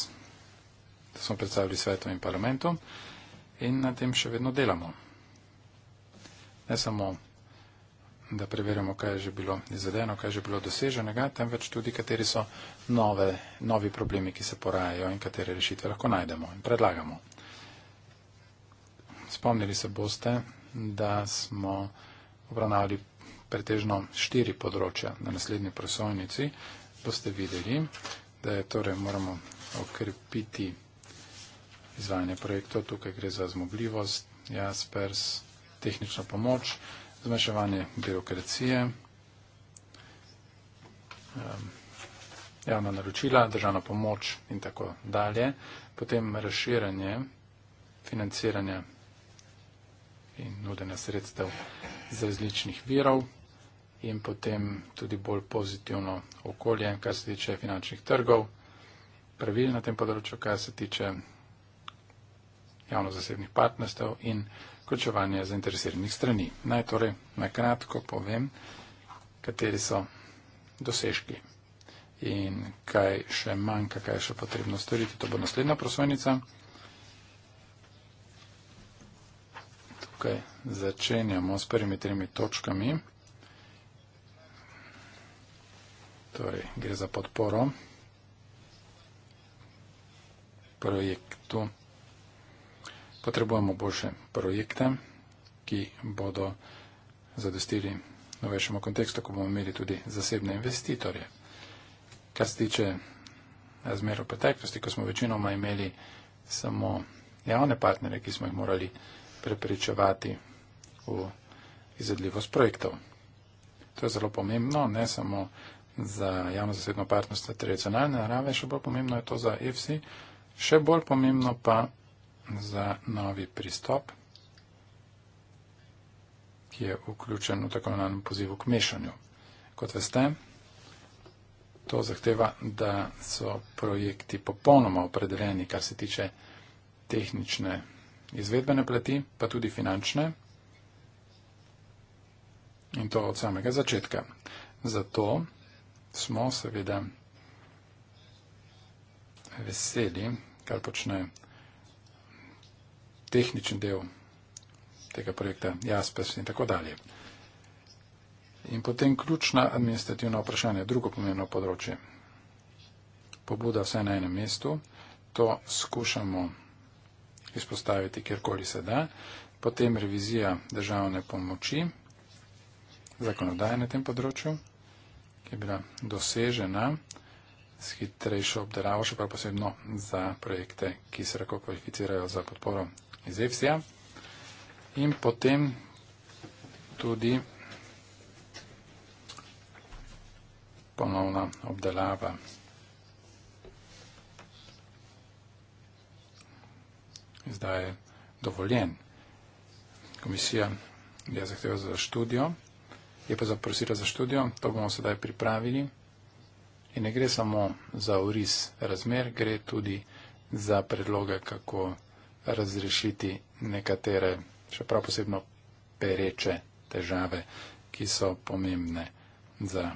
da smo predstavili svetu in parlamentu in na tem še vedno delamo. Ne samo, da preverjamo, kaj je že bilo izvedeno, kaj je že bilo doseženega, temveč tudi, kateri so nove, novi problemi, ki se porajajo in katere rešitve lahko najdemo in predlagamo. Spomnili se boste, da smo obravnavali pretežno štiri področja na naslednji prosojnici. Boste videli, da je torej moramo okrepiti izvajanje projektov. Tukaj gre za zmogljivost, jaspers, tehnično pomoč, zmanjševanje birokracije, ehm, javna naročila, državna pomoč in tako dalje. Potem razširanje financiranja in nudenja sredstev iz različnih virov in potem tudi bolj pozitivno okolje, kar se tiče finančnih trgov, pravil na tem področju, kar se tiče javno-zasebnih partnerstev in vključevanje zainteresiranih strani. Naj torej nakratko povem, kateri so dosežki in kaj še manjka, kaj je še potrebno storiti. To bo naslednja prosojnica. tukaj začenjamo s prvimi tremi točkami. Torej, gre za podporo projektu. Potrebujemo boljše projekte, ki bodo zadostili novejšemu kontekstu, ko bomo imeli tudi zasebne investitorje. Kar se tiče razmer v preteklosti, ko smo večinoma imeli samo javne partnere, ki smo jih morali prepričevati v izvedljivost projektov. To je zelo pomembno, ne samo za javno zasebno partnerstvo tradicionalne narave, še bolj pomembno je to za EFSI, še bolj pomembno pa za novi pristop, ki je vključen v tako imenovanem pozivu k mešanju. Kot veste, to zahteva, da so projekti popolnoma opredeljeni, kar se tiče tehnične izvedbene plati, pa tudi finančne. In to od samega začetka. Zato smo seveda veseli, kar počne tehničen del tega projekta Jaspers in tako dalje. In potem ključna administrativna vprašanja, drugo pomembno področje. Pobuda vse na enem mestu, to skušamo izpostaviti, kjerkoli se da. Potem revizija državne pomoči, zakonodaje na tem področju, ki je bila dosežena s hitrejšo obdelavo, še pa posebno za projekte, ki se lahko kvalificirajo za podporo iz EFSI-ja. In potem tudi ponovna obdelava zdaj dovoljen. Komisija je zahtevala za študijo, je pa zaprosila za študijo, to bomo sedaj pripravili. In ne gre samo za uris razmer, gre tudi za predloge, kako razrešiti nekatere, še prav posebno pereče težave, ki so pomembne za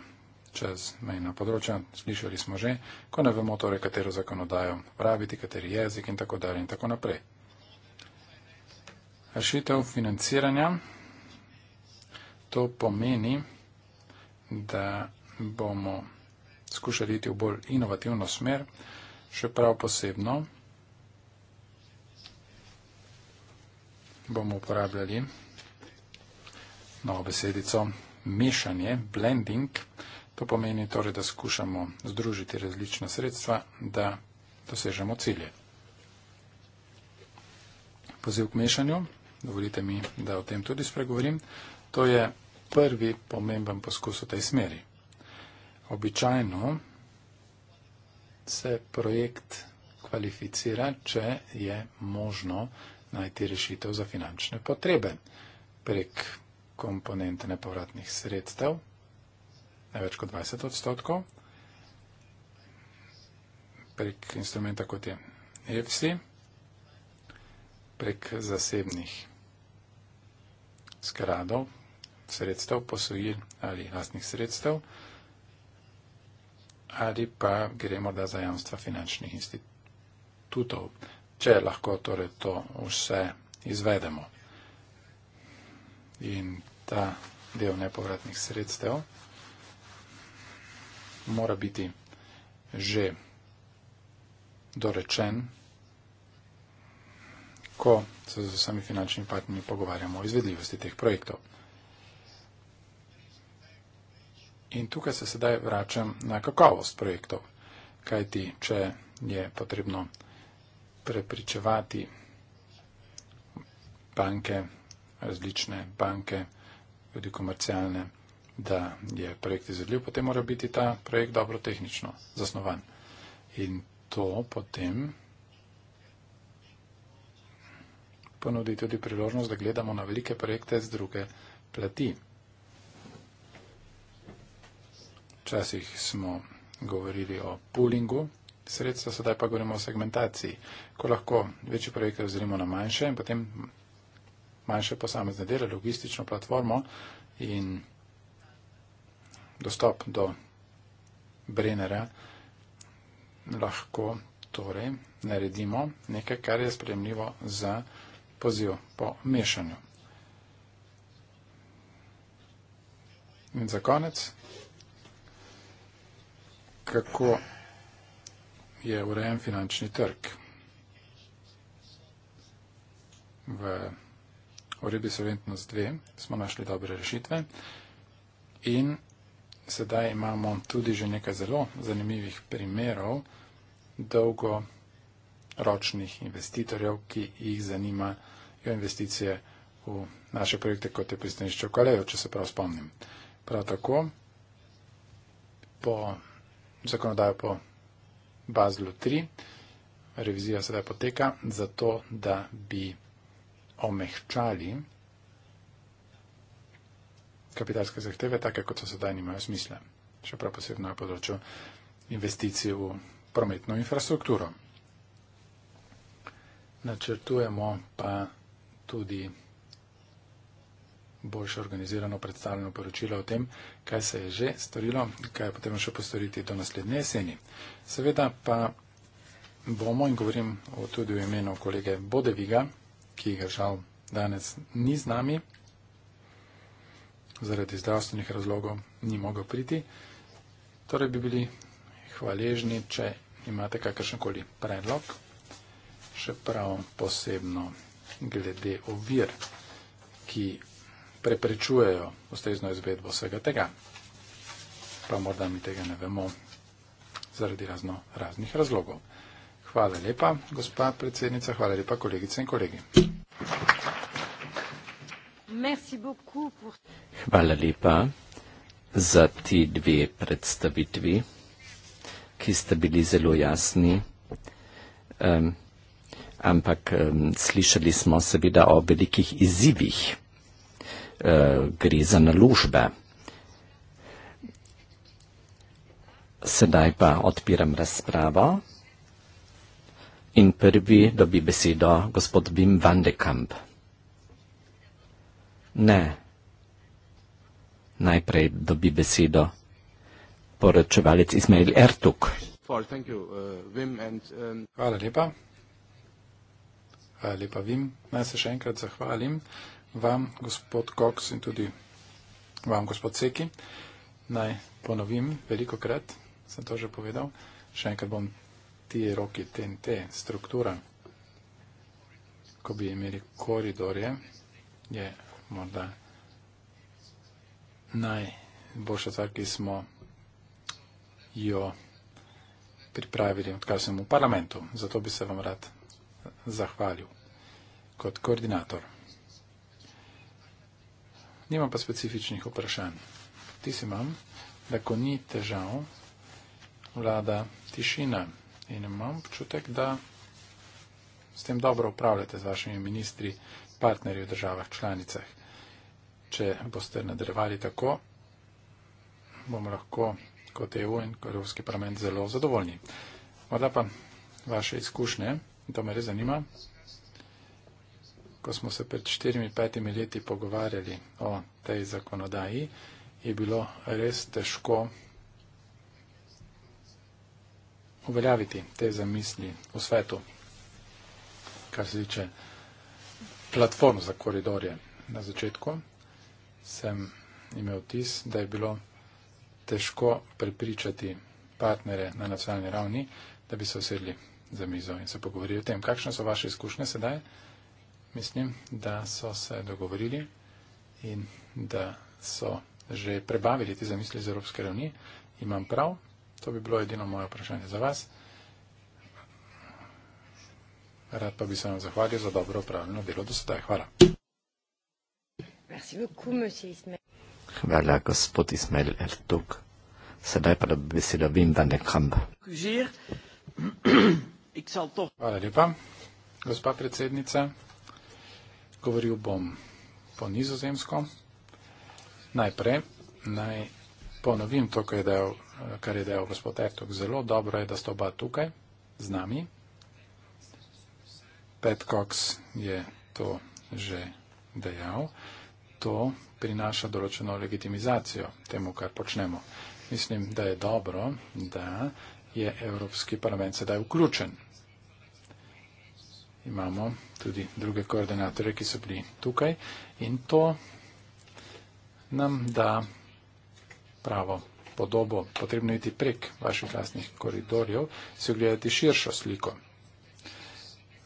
čez mejna področja. Slišali smo že, ko ne vemo torej, katero zakonodajo praviti, kateri jezik in tako dalje in tako naprej. Rešitev financiranja. To pomeni, da bomo skušali iti v bolj inovativno smer, še prav posebno bomo uporabljali novo besedico mešanje, blending. To pomeni torej, da skušamo združiti različna sredstva, da dosežemo cilje. Poziv k mešanju dovolite mi, da o tem tudi spregovorim, to je prvi pomemben poskus v tej smeri. Običajno se projekt kvalificira, če je možno najti rešitev za finančne potrebe prek komponente nepovratnih sredstev, največ kot 20 odstotkov, prek instrumenta kot je EFSI, prek zasebnih skradov, sredstev, posojil ali lastnih sredstev, ali pa gre morda za jamstva finančnih institutov, če lahko torej to vse izvedemo. In ta del nepovratnih sredstev mora biti že dorečen ko se z vsemi finančnimi partnerji pogovarjamo o izvedljivosti teh projektov. In tukaj se sedaj vračam na kakovost projektov, kajti če je potrebno prepričevati banke, različne banke, tudi komercialne, da je projekt izvedljiv, potem mora biti ta projekt dobro tehnično zasnovan. In to potem ponudi tudi priložnost, da gledamo na velike projekte z druge plati. Včasih smo govorili o poolingu sredstva, sedaj pa govorimo o segmentaciji. Ko lahko večji projekt razdelimo na manjše in potem manjše posamezne dele, logistično platformo in dostop do Brennera, lahko torej naredimo nekaj, kar je spremljivo za projekte poziv po mešanju. In za konec, kako je urejen finančni trg v uredbi Solventnost 2, smo našli dobre rešitve in sedaj imamo tudi že nekaj zelo zanimivih primerov dolgo ročnih investitorjev, ki jih zanimajo investicije v naše projekte, kot je pristanišče v Kalejo, če se prav spomnim. Prav tako po zakonodaju po Bazlu 3 revizija sedaj poteka zato, da bi omehčali kapitalske zahteve, take kot so sedaj nimajo smisla, še prav posebno na področju investicij v prometno infrastrukturo načrtujemo pa tudi boljše organizirano predstavljeno poročilo o tem, kaj se je že storilo, kaj je potrebno še postoriti do naslednje jeseni. Seveda pa bomo, in govorim o tudi v imenu kolege Bodeviga, ki ga žal danes ni z nami, zaradi zdravstvenih razlogov ni mogel priti, torej bi bili hvaležni, če imate kakršenkoli predlog še prav posebno glede ovir, ki preprečujejo ustrezno izvedbo vsega tega. Pa morda mi tega ne vemo zaradi razno raznih razlogov. Hvala lepa, gospa predsednica, hvala lepa, kolegice in kolegi. Hvala lepa za ti dve predstavitvi, ki ste bili zelo jasni. Um, ampak um, slišali smo seveda o velikih izzivih. Uh, gre za naložbe. Sedaj pa odpiram razpravo. In prvi dobi besedo gospod Bim van de Kamp. Ne. Najprej dobi besedo poročevalec Ismail Ertuk. Eh, Hvala lepa. Hvala lepa vim. Naj se še enkrat zahvalim vam, gospod Cox in tudi vam, gospod Seki. Naj ponovim veliko krat, sem to že povedal, še enkrat bom ti roki TNT struktura, ko bi imeli koridorje, je morda najboljša stvar, ki smo jo pripravili, odkar sem v parlamentu. Zato bi se vam rad zahvalil kot koordinator. Nimam pa specifičnih vprašanj. Ti si imam, da ko ni težav, vlada tišina in imam občutek, da s tem dobro upravljate z vašimi ministri, partnerji v državah, članicah. Če boste nadrevali tako, bomo lahko kot EU in kot Evropski parlament zelo zadovoljni. Morda pa vaše izkušnje. To me res zanima. Ko smo se pred 4-5 leti pogovarjali o tej zakonodaji, je bilo res težko uveljaviti te zamisli v svetu, kar se tiče platform za koridorje. Na začetku sem imel tis, da je bilo težko prepričati partnere na nacionalni ravni, da bi se usedli za mizo in se pogovorili o tem, kakšne so vaše izkušnje sedaj. Mislim, da so se dogovorili in da so že prebavili te zamisli z Evropske ravni. Imam prav, to bi bilo edino moje vprašanje za vas. Rad pa bi se vam zahvalil za dobro upravljeno delo do sedaj. Hvala. Hvala, gospod Ismail Ertug. Sedaj pa da bi se dobim, da ne kam. Ik zal toch... Hvala lepa, gospa predsednica. Govoril bom po nizozemsko. Najprej naj ponovim to, kar je dejal, kar je dejal gospod Ertok. Zelo dobro je, da sta oba tukaj z nami. Pat Cox je to že dejal. To prinaša določeno legitimizacijo temu, kar počnemo. Mislim, da je dobro, da je Evropski parlament sedaj vključen imamo tudi druge koordinatorje, ki so bili tukaj in to nam da pravo podobo. Potrebno je iti prek vaših vlastnih koridorjev, si ogledati širšo sliko.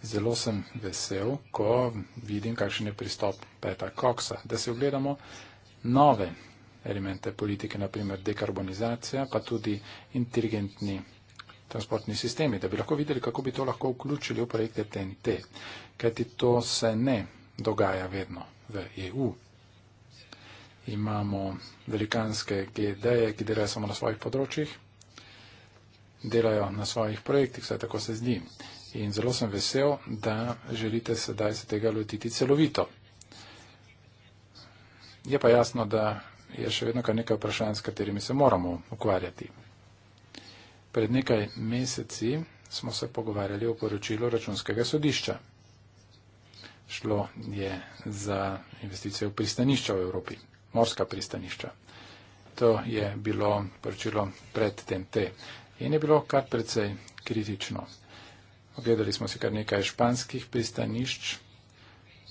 Zelo sem vesel, ko vidim, kakšen je pristop Peta Coxa, da se ogledamo nove elemente politike, naprimer dekarbonizacija, pa tudi inteligentni transportni sistemi, da bi lahko videli, kako bi to lahko vključili v projekte TNT, kajti to se ne dogaja vedno v EU. Imamo velikanske GD-je, ki delajo samo na svojih področjih, delajo na svojih projektih, vsaj tako se zdi. In zelo sem vesel, da želite sedaj se tega lotiti celovito. Je pa jasno, da je še vedno kar nekaj vprašanj, s katerimi se moramo ukvarjati. Pred nekaj meseci smo se pogovarjali o poročilu računskega sodišča. Šlo je za investicije v pristanišča v Evropi, morska pristanišča. To je bilo poročilo pred TNT in je bilo kar precej kritično. Ogledali smo si kar nekaj španskih pristanišč,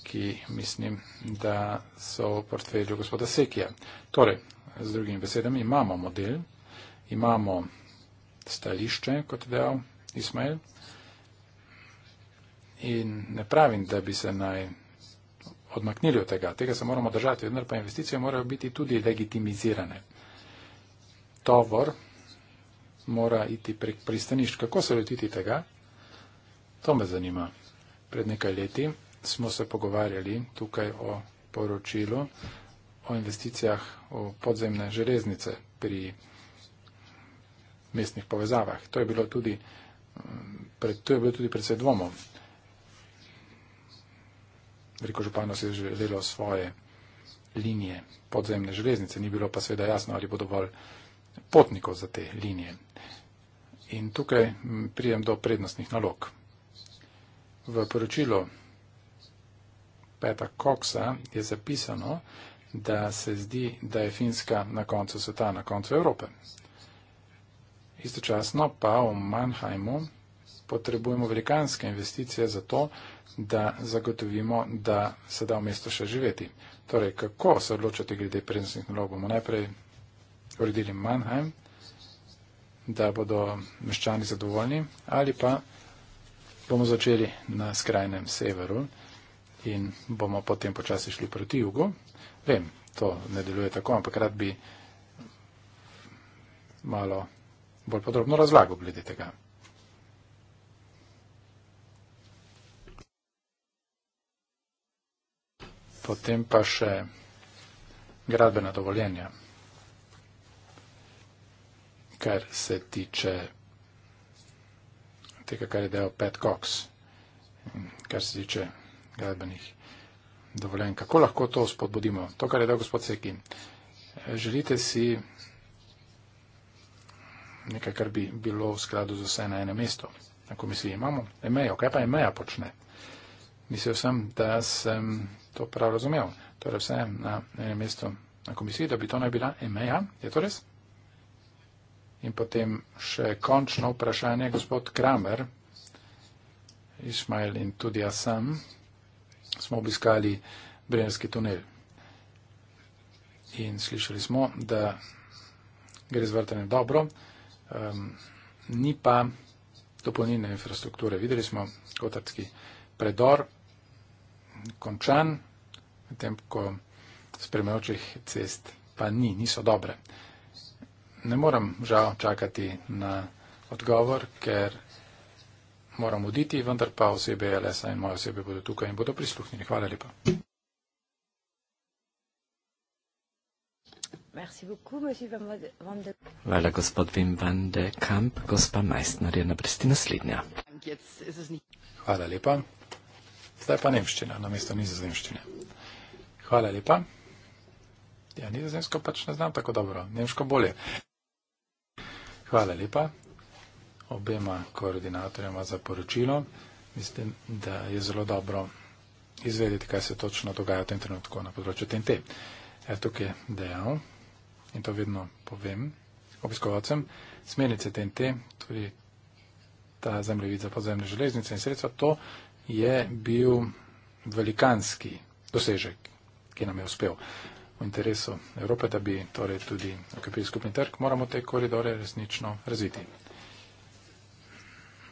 ki mislim, da so v portfelju gospoda Sekija. Torej, z drugim besedami imamo model, imamo stališče, kot je dejal Ismail. In ne pravim, da bi se naj odmaknili od tega, tega se moramo držati, vendar pa investicije morajo biti tudi legitimizirane. Tovor mora iti prek pristanišč. Kako se lotiti tega? To me zanima. Pred nekaj leti smo se pogovarjali tukaj o poročilu o investicijah v podzemne železnice pri mestnih povezavah. To je bilo tudi, mm, pred, to je bilo tudi predvsej dvomov. Veliko županov si je želelo svoje linije podzemne železnice, ni bilo pa seveda jasno, ali bo dovolj potnikov za te linije. In tukaj mm, prijem do prednostnih nalog. V poročilu Peta Koksa je zapisano, da se zdi, da je Finska na koncu sveta, na koncu Evrope. Istočasno pa v Mannheimu potrebujemo velikanske investicije za to, da zagotovimo, da se da v mestu še živeti. Torej, kako se odločiti glede prednostnih nalog? Bomo najprej uredili Mannheim, da bodo meščani zadovoljni, ali pa bomo začeli na skrajnem severu in bomo potem počasi šli proti jugu. Vem, to ne deluje tako, ampak rad bi malo bolj podrobno razlago glede tega. Potem pa še gradbena dovoljenja, kar se tiče tega, kar je dejal Pat Cox, kar se tiče gradbenih dovoljenj. Kako lahko to spodbudimo? To, kar je dejal gospod Sekin. Želite si nekaj, kar bi bilo v skladu z vse na enem mestu. Na komisiji imamo emejo. Kaj pa emeja počne? Mislil sem, da sem to prav razumel. Torej vse na enem mestu na komisiji, da bi to naj bila emeja. Je to res? In potem še končno vprašanje, gospod Kramer, Ismail in tudi jaz sem, smo obiskali Brenerski tunel. In slišali smo, da gre z vrtenjem dobro um, ni pa dopolnilne infrastrukture. Videli smo kotarski predor, končan, medtem ko spremljajočih cest pa ni, niso dobre. Ne moram žal čakati na odgovor, ker moram oditi, vendar pa osebe LSA in moje osebe bodo tukaj in bodo prisluhnili. Hvala lepa. Hvala, gospod Wim van de Kamp. Gospa Meistner je na vrsti naslednja. Hvala lepa. Zdaj pa nemščina na mesto nizozemščine. Hvala lepa. Ja, nizozemsko pač ne znam tako dobro, nemško bolje. Hvala lepa obema koordinatorjama za poročilo. Mislim, da je zelo dobro izvedeti, kaj se točno dogaja v tem trenutku na področju TNT. Ja, tukaj je dejal in to vedno povem obiskovalcem, smernice TNT, tudi ta zemljevid za podzemne železnice in sredstva, to je bil velikanski dosežek, ki nam je uspel v interesu Evrope, da bi torej tudi okrepili skupni trg, moramo te koridore resnično razviti.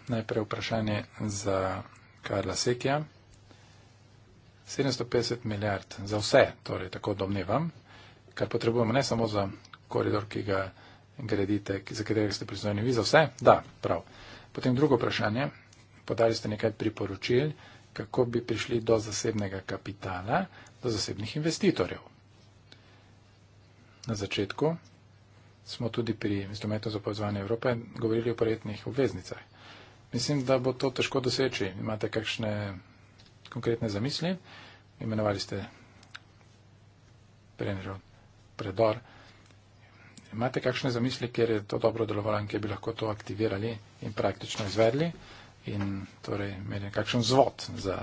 Najprej vprašanje za Karla Sekija. 750 milijard za vse, torej tako domnevam, kar potrebujemo, ne samo za koridor, ki ga gradite, za katerega ste pristojni vi, za vse. Da, prav. Potem drugo vprašanje. Podali ste nekaj priporočil, kako bi prišli do zasebnega kapitala, do zasebnih investitorjev. Na začetku smo tudi pri instrumentu za povezovanje Evrope govorili o projektnih obveznicah. Mislim, da bo to težko doseči. Imate kakšne konkretne zamisli? Imenovali ste prenerod predor. Imate kakšne zamisli, kjer je to dobro delovalo in kjer bi lahko to aktivirali in praktično izvedli in torej imeli kakšen zvod za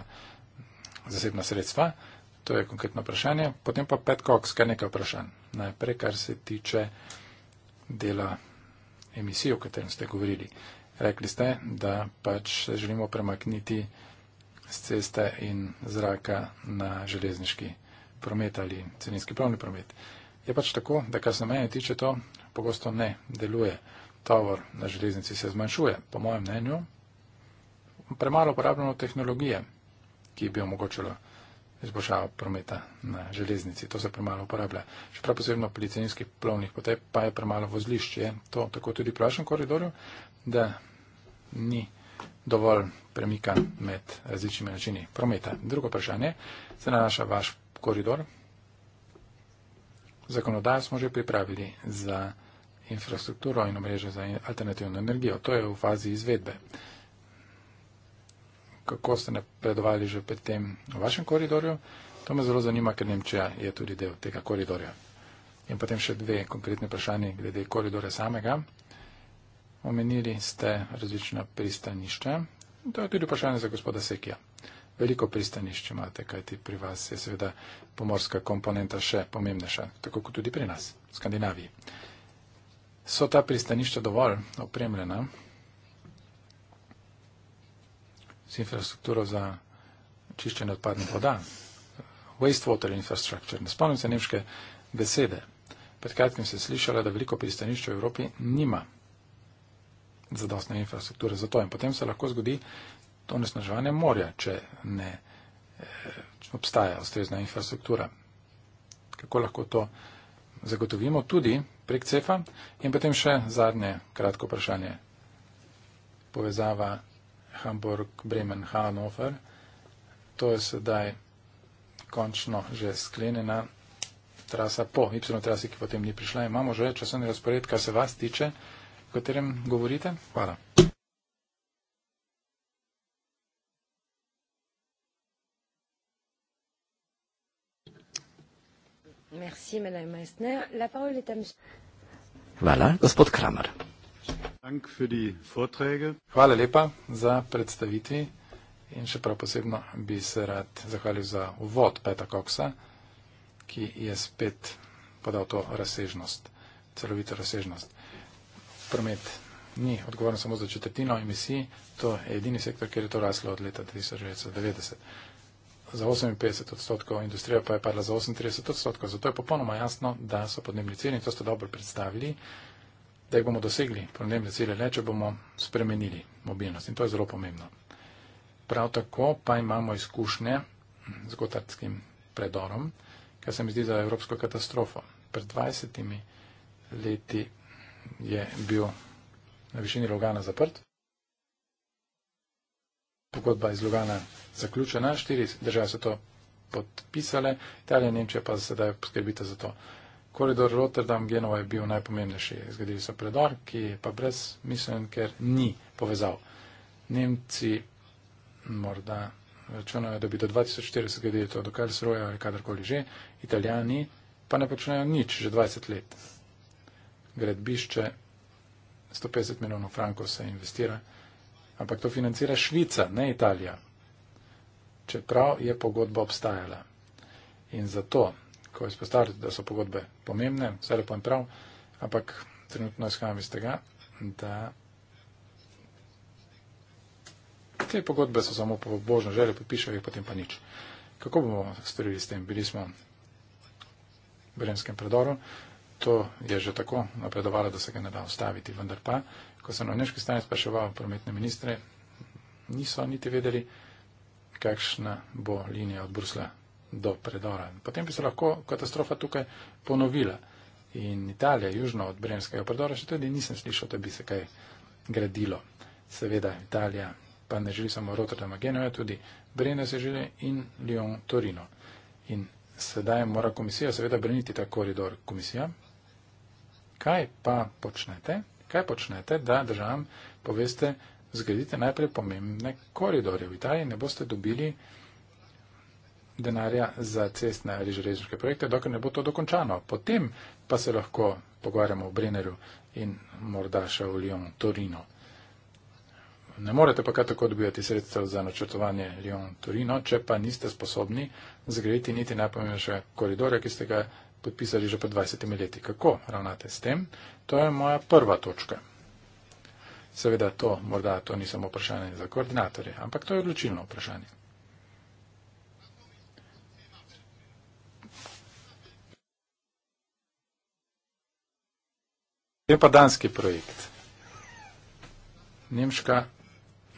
zasebna sredstva? To je konkretno vprašanje. Potem pa Pat Cox, kar nekaj vprašanj. Najprej, kar se tiče dela emisij, o katerem ste govorili. Rekli ste, da pač se želimo premakniti z ceste in zraka na železniški promet ali celinski plovni promet. Uh, Je pač tako, da kar se mene tiče, to pogosto ne deluje. Tovor na železnici se zmanjšuje, po mojem mnenju. Premalo uporabljamo tehnologije, ki bi omogočila izboljšavo prometa na železnici. To se premalo uporablja. Čeprav posebno pri cenjskih plovnih potep pa je premalo vozlišče. To tako tudi v plašnem koridorju, da ni dovolj premika med različnimi načini prometa. Drugo vprašanje se nanaša vaš koridor, zakonodajo smo že pripravili za infrastrukturo in omrežje za alternativno energijo. To je v fazi izvedbe. Kako ste napredovali že pred tem v vašem koridorju? To me zelo zanima, ker Nemčija je tudi del tega koridorja. In potem še dve konkretne vprašanje glede koridora samega. Omenili ste različna pristanišča. To je tudi vprašanje za gospoda Sekija veliko pristanišč imate, kajti pri vas je seveda pomorska komponenta še pomembnejša, tako kot tudi pri nas, v Skandinaviji. So ta pristanišča dovolj opremljena z infrastrukturo za čiščenje odpadnih voda? Wastewater infrastructure. Ne spomnim se nemške besede. Pred kratkim se slišala, da veliko pristanišč v Evropi nima zadostne infrastrukture. Zato in potem se lahko zgodi, onesnaževanje morja, če ne če eh, obstaja ustrezna infrastruktura. Kako lahko to zagotovimo tudi prek CEFA? In potem še zadnje kratko vprašanje. Povezava Hamburg-Bremen-Hanover. To je sedaj končno že sklenjena trasa po Y-trasi, ki potem ni prišla. Imamo že časovni razpored, kar se vas tiče, o katerem govorite. Hvala. Merci, Madame Meissner. La parole est à Monsieur. Voilà, gospod Kramer. Dank für die Vorträge. Hvala lepa za predstavitvi in še prav posebno bi se rad zahvalil za uvod Peta Koksa, ki je spet podal to razsežnost, celovito razsežnost. Promet ni odgovoren samo za četrtino emisij, to je edini sektor, kjer je to raslo od leta 1990 za 58 odstotkov, industrija pa je padla za 38 odstotkov. Zato je popolnoma jasno, da so podnebni cilji, in to ste dobro predstavili, da jih bomo dosegli podnebne cilje le, če bomo spremenili mobilnost. In to je zelo pomembno. Prav tako pa imamo izkušnje z gotardskim predorom, kar se mi zdi za evropsko katastrofo. Pred 20 leti je bil na višini Logana zaprt pogodba iz Lugana zaključena, štiri države so to podpisale, Italija in Nemčija pa sedaj poskrbite za to. Koridor Rotterdam-Genova je bil najpomembnejši. Zgodili so predor, ki je pa brezmislen, ker ni povezal. Nemci morda računajo, da bi do 2040 zgodili to, dokaj se roja ali kadarkoli že. Italijani pa ne počnejo nič že 20 let. Gradbišče, 150 milijonov frankov se investira ampak to financira Švica, ne Italija. Čeprav je pogodba obstajala. In zato, ko izpostavljate, da so pogodbe pomembne, vse lepo in prav, ampak trenutno izhajam iz tega, da te pogodbe so samo po božno željo, podpišajo jih potem pa nič. Kako bomo storili s tem? Bili smo v Bremskem predoru, to je že tako napredovalo, da se ga ne da ustaviti, vendar pa ko sem na neški stanje spraševal prometne ministre, niso niti vedeli, kakšna bo linija od Brusla do predora. Potem bi se lahko katastrofa tukaj ponovila. In Italija, južno od Bremskega predora, še tudi nisem slišal, da bi se kaj gradilo. Seveda, Italija pa ne želi samo Rotterdama Genova, tudi Brene se želi in Lyon Torino. In sedaj mora komisija seveda braniti ta koridor. Komisija, kaj pa počnete? kaj počnete, da državam poveste, zgradite najprej pomembne koridore. V Italiji ne boste dobili denarja za cestne ali železniške projekte, dokler ne bo to dokončano. Potem pa se lahko pogovarjamo v Brenneru in morda še v Lyon, Torino. Ne morete pa kar tako dobivati sredstev za načrtovanje Lyon, Torino, če pa niste sposobni zgraditi niti najpomembnejšega koridora, ki ste ga podpisali že pred 20 leti. Kako ravnate s tem? To je moja prva točka. Seveda to, morda to ni samo vprašanje za koordinatorje, ampak to je odločilno vprašanje. Je pa danski projekt. Nemška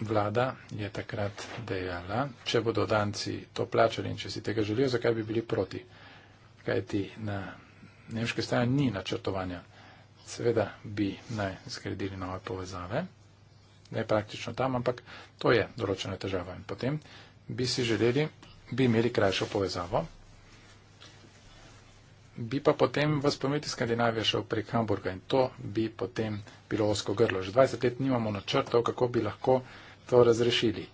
vlada je takrat dejala, če bodo danci to plačali in če si tega želijo, zakaj bi bili proti kajti na nemške strani ni načrtovanja. Seveda bi naj zgradili nove povezave, ne praktično tam, ampak to je določena težava. In potem bi si želeli, bi imeli krajšo povezavo, bi pa potem v spometi Skandinavije šel prek Hamburga in to bi potem bilo osko grlo. Že 20 let nimamo načrtov, kako bi lahko to razrešili.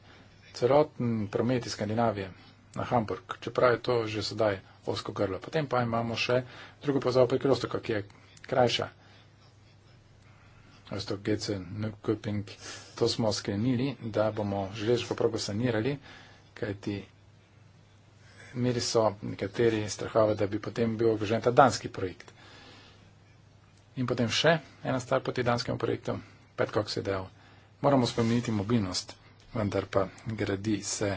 Celoten promet iz Skandinavije na Hamburg, čeprav je to že sedaj ozko grlo. Potem pa imamo še drugo pozav pa ekrostoka, ki je krajša. Ozto gece nukuping. To smo sklenili, da bomo železniško progo sanirali, kajti miri so nekateri strahovali, da bi potem bil ogrožen ta danski projekt. In potem še ena stvar proti danskemu projektu, Petkok se je dejal. Moramo spomeniti mobilnost, vendar pa gradi se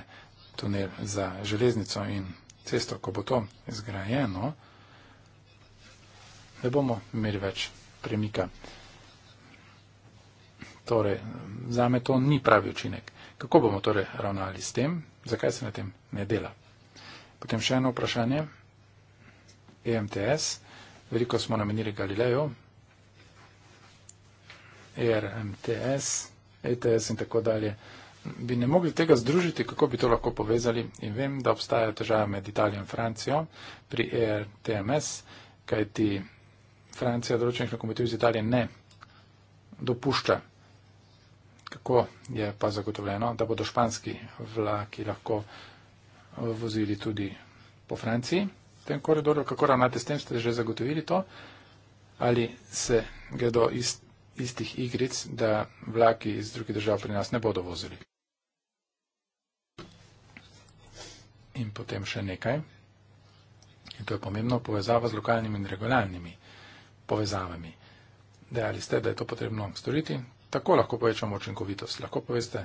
tunel za železnico in cesto, ko bo to zgrajeno, ne bomo imeli več premika. Torej, za me to ni pravi učinek. Kako bomo torej ravnali s tem? Zakaj se na tem ne dela? Potem še eno vprašanje. EMTS. Veliko smo namenili Galileju. ERMTS, ETS in tako dalje bi ne mogli tega združiti, kako bi to lahko povezali in vem, da obstajajo težave med Italijo in Francijo pri ERTMS, kajti Francija določenih lokomotiv iz Italije ne dopušča. Kako je pa zagotovljeno, da bodo španski vlaki lahko vozili tudi po Franciji v tem koridoru? Kako ravnate s tem, ste že zagotovili to? Ali se gredo iz istih igric, da vlaki iz drugih držav pri nas ne bodo vozili? in potem še nekaj, in to je pomembno, povezava z lokalnimi in regionalnimi povezavami. Dejali ste, da je to potrebno storiti, tako lahko povečamo učinkovitost. Lahko poveste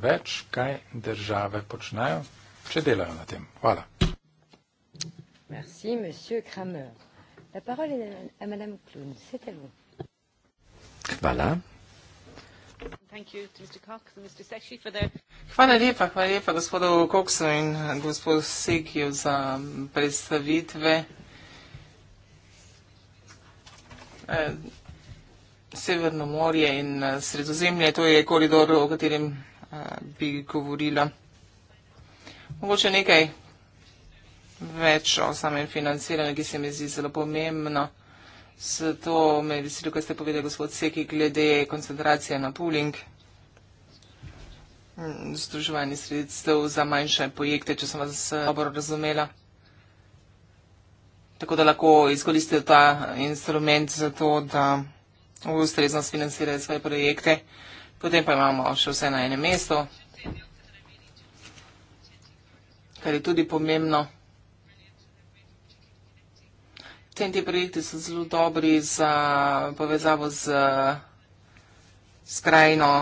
več, kaj države počnajo, če delajo na tem. Hvala. Merci, monsieur Kramer. La parole est à madame Clune. C'est à vous. Voilà. Hvala lepa, hvala lepa gospodu Koksu in eh, gospodu Sekiju za mm, predstavitve. Eh, Severno morje in eh, sredozemlje, to je koridor, o katerem bi govorila. Mogoče nekaj več o samem financiranju, ki se mi zdi zelo pomembno. S to me veselijo, kaj ste povedali, gospod Seki, glede koncentracije na pooling, mm, združevanje sredstev za manjše projekte, če sem vas eh, dobro razumela. Tako da lahko izkoristite ta eh, instrument za to, da ustrezno financirate svoje projekte. Potem pa imamo še vse na enem mestu, kar je tudi pomembno tem ti projekti so zelo dobri za povezavo z skrajno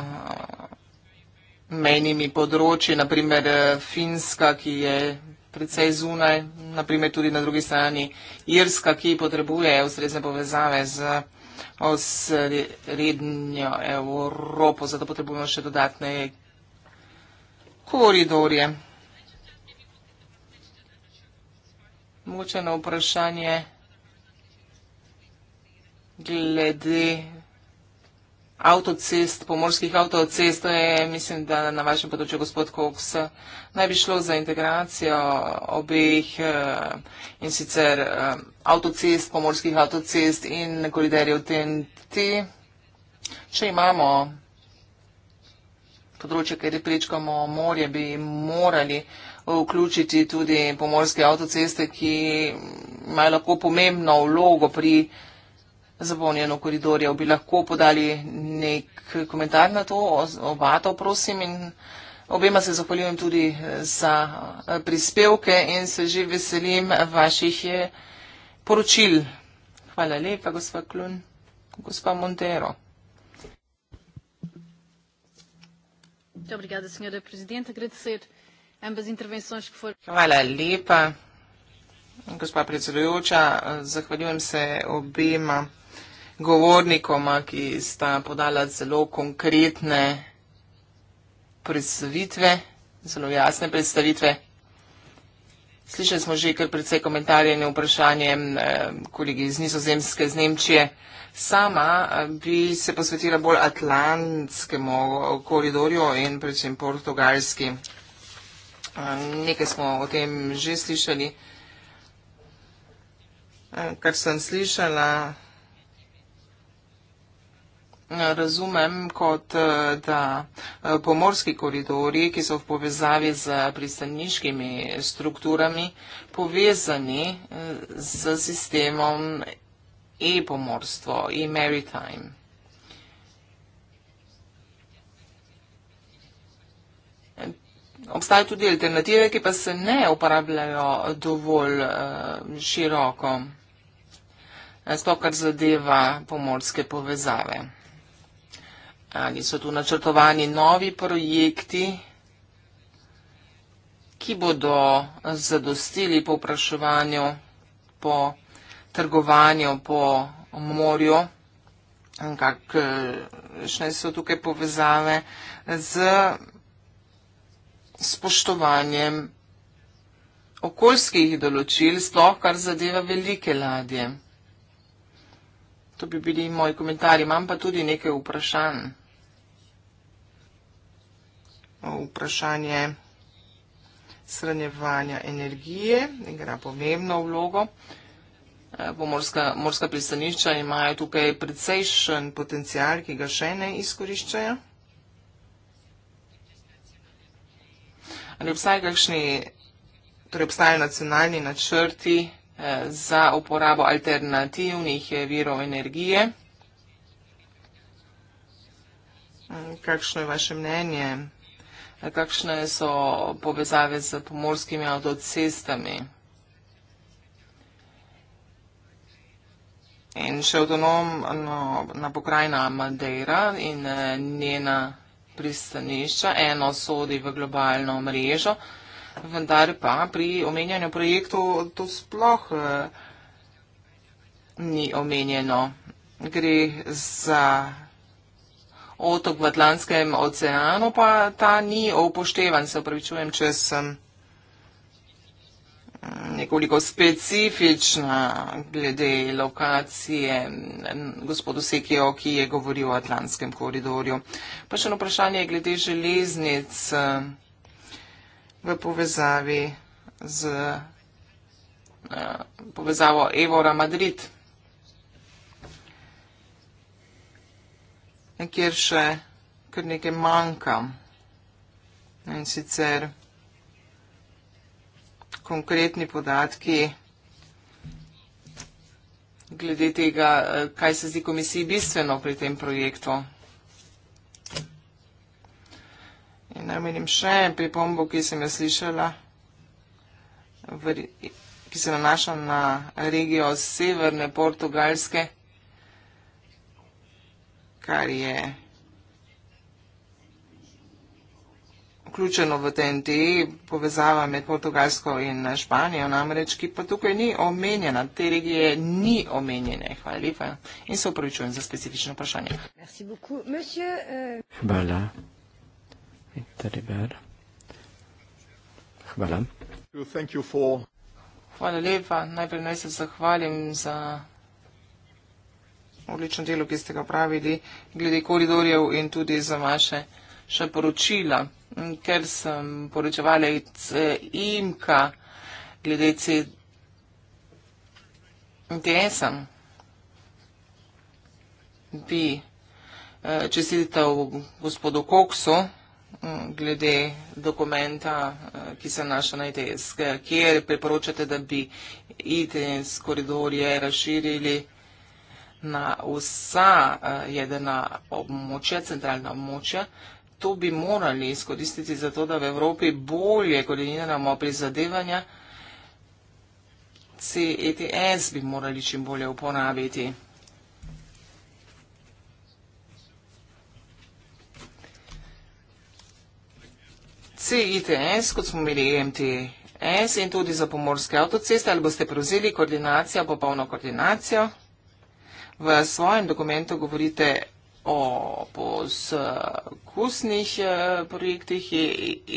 menimi področji, naprimer eh, Finska, ki je predvsej zunaj, naprimer tudi na drugi strani Irska, ki potrebuje ustrezne povezave z osrednjo Evropo, zato potrebujemo še dodatne koridorje. Mogoče na vprašanje glede avtocest, pomorskih avtocest, to je, mislim, da na vašem področju gospod Koks, naj bi šlo za integracijo obeh eh, in sicer eh, avtocest, pomorskih avtocest in koriderjev TNT. Če imamo področje, kjer prečkamo morje, bi morali vključiti tudi pomorske avtoceste, ki imajo lahko pomembno vlogo pri vsega, zavonjeno koridorjev. Bi lahko podali nek komentar na to, obato prosim in obema se zahvaljujem tudi eh, za eh, prispevke in se že veselim vaših eh, poročil. Hvala lepa, gospa Klun, gospa Montero. Obrigada, senjora prezidenta, agradecer ambas intervenções que foram. Hvala lepa, gospa predsedujoča, zahvaljujem se obema govornikoma, ki sta podala zelo konkretne predstavitve, zelo jasne predstavitve. Slišali smo že kar precej komentarje in vprašanje eh, kolegi iz Nizozemske, iz Nemčije. Sama eh, bi se posvetila bolj atlantskemu koridorju in predvsem portugalski. Eh, nekaj smo o tem že slišali. Kar sem slišala, razumem kot, eh, da eh, pomorski koridori, ki so v povezavi z pristaniškimi strukturami, povezani eh, z sistemom e-pomorstvo, e-maritime. Obstajajo tudi alternative, ki pa se ne uporabljajo dovolj široko, sploh kar zadeva pomorske povezave ali so tu načrtovani novi projekti, ki bodo zadostili po vprašovanju, po trgovanju, po morju, kakšne so tukaj povezave z spoštovanjem okoljskih določil, sploh kar zadeva velike ladje. To bi bili moji komentarji. Imam pa tudi nekaj vprašanj. Vprašanje srnjevanja energije igra pomembno vlogo. Pomorska eh, morska pristanišča imajo tukaj precejšen potencial, ki ga še ne izkoriščajo. Ali obstajajo kakšni, torej obstajajo nacionalni načrti, za uporabo alternativnih eh, virov energije. Mm, kakšno je vaše mnenje? Kakšne so povezave z pomorskimi avtocestami? In še avtonomno na pokrajina Madeira in eh, njena pristanišča, eno sodi v globalno mrežo vendar pa pri omenjanju projektov to sploh eh, ni omenjeno. Gre za otok v Atlantskem oceanu, pa ta ni upoštevan, se upravičujem, če sem mm, nekoliko specifična glede lokacije mm, gospodu Sekijo, ki je govoril o Atlantskem koridorju. Pa še eno vprašanje glede železnic v povezavi z eh, povezavo Evora Madrid, kjer še kar nekaj manjka in sicer konkretni podatki glede tega, eh, kaj se zdi komisiji bistveno pri tem projektu. In naj menim še en pripombo, ki sem jo slišala, v, ki se nanaša na regijo severne Portugalske, kar je vključeno v TNT, povezava med Portugalsko in Španijo namreč, ki pa tukaj ni omenjena, te regije ni omenjene. Hvala lepa in se upravičujem za specifično vprašanje. Euh, Hvala. Interliber. Hvala. Hvala lepa. Najprej naj se zahvalim za odlično delo, ki ste ga pravili glede koridorjev in tudi za vaše še poročila. Ker sem poročevala iz eh, IMKA glede CDS-a, bi eh, čestitev gospodu Koksu. Mm, glede dokumenta, eh, ki se naša na ITS, kjer priporočate, da bi ITS koridorje razširili na vsa eh, jedena območja, centralna območja. To bi morali izkoristiti za to, da v Evropi bolje koordiniramo prizadevanja. CETS bi morali čim bolje uporabiti. CITS, kot smo imeli EMTS in tudi za pomorske avtoceste, ali boste prevzeli koordinacijo, popolno koordinacijo. V svojem dokumentu govorite o poskusnih eh, projektih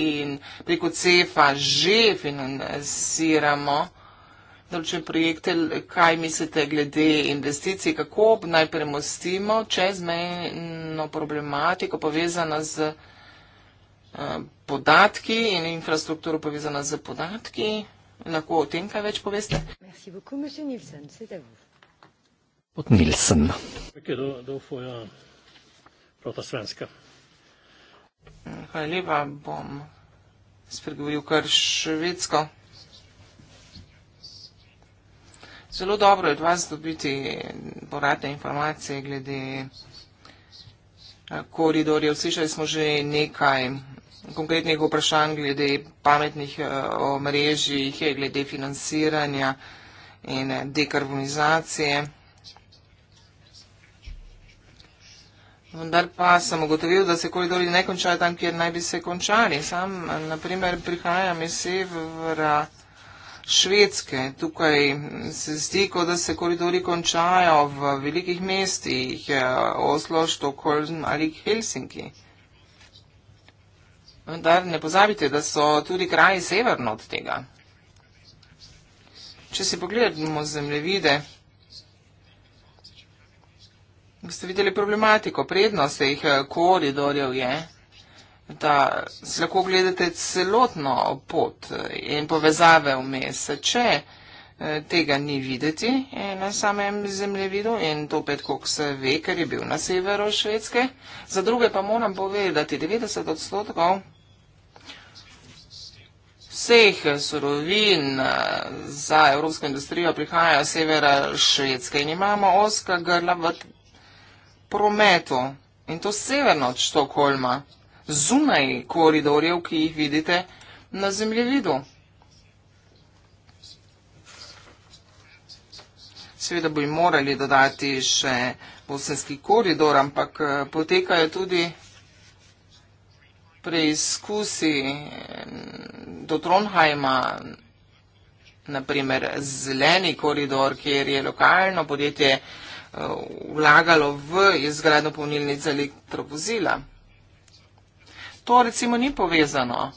in preko CEFA že financiramo določene projekte. Kaj mislite glede investicij, kako naj premostimo čezmejno problematiko povezano z investicijami? Eh, podatki in infrastrukturo povezano z podatki. Lahko o tem kaj več poveste? Pod Nilsen. Mm, hvala lepa, bom spregovoril kar švedsko. Zelo dobro je od vas dobiti poradne informacije glede eh, koridorjev. Slišali smo že nekaj konkretnih vprašanj glede pametnih eh, omrežij, glede financiranja in eh, dekarbonizacije. Vendar pa sem ugotovil, da se koridori ne končajo tam, kjer naj bi se končali. Sam, eh, naprimer, prihajam iz severa Švedske. Tukaj se zdi, kot da se koridori končajo v velikih mestih, Oslo, Štokholm ali Helsinki. Vendar ne pozabite, da so tudi kraji severno od tega. Če si pogledamo zemljevide, boste videli problematiko. Prednost teh koridorjev je, da si lahko gledate celotno pot eh, in povezave vmes. Če Eh, tega ni videti eh, na samem zemljevidu in to pet, koliko se eh, ve, ker je bil na severu Švedske. Za druge pa moram povedati, 90 odstotkov vseh surovin za evropsko industrijo prihaja z severa Švedske in imamo oska grla v prometu in to severno od Štokolma, zunaj koridorjev, ki jih vidite na zemljevidu. Seveda bi morali dodati še bosanski koridor, ampak eh, potekajo tudi preizkusi mm, do Trondheima, naprimer zeleni koridor, kjer je lokalno podjetje eh, vlagalo v izgradno polnilnic za elektrovozila. To recimo ni povezano.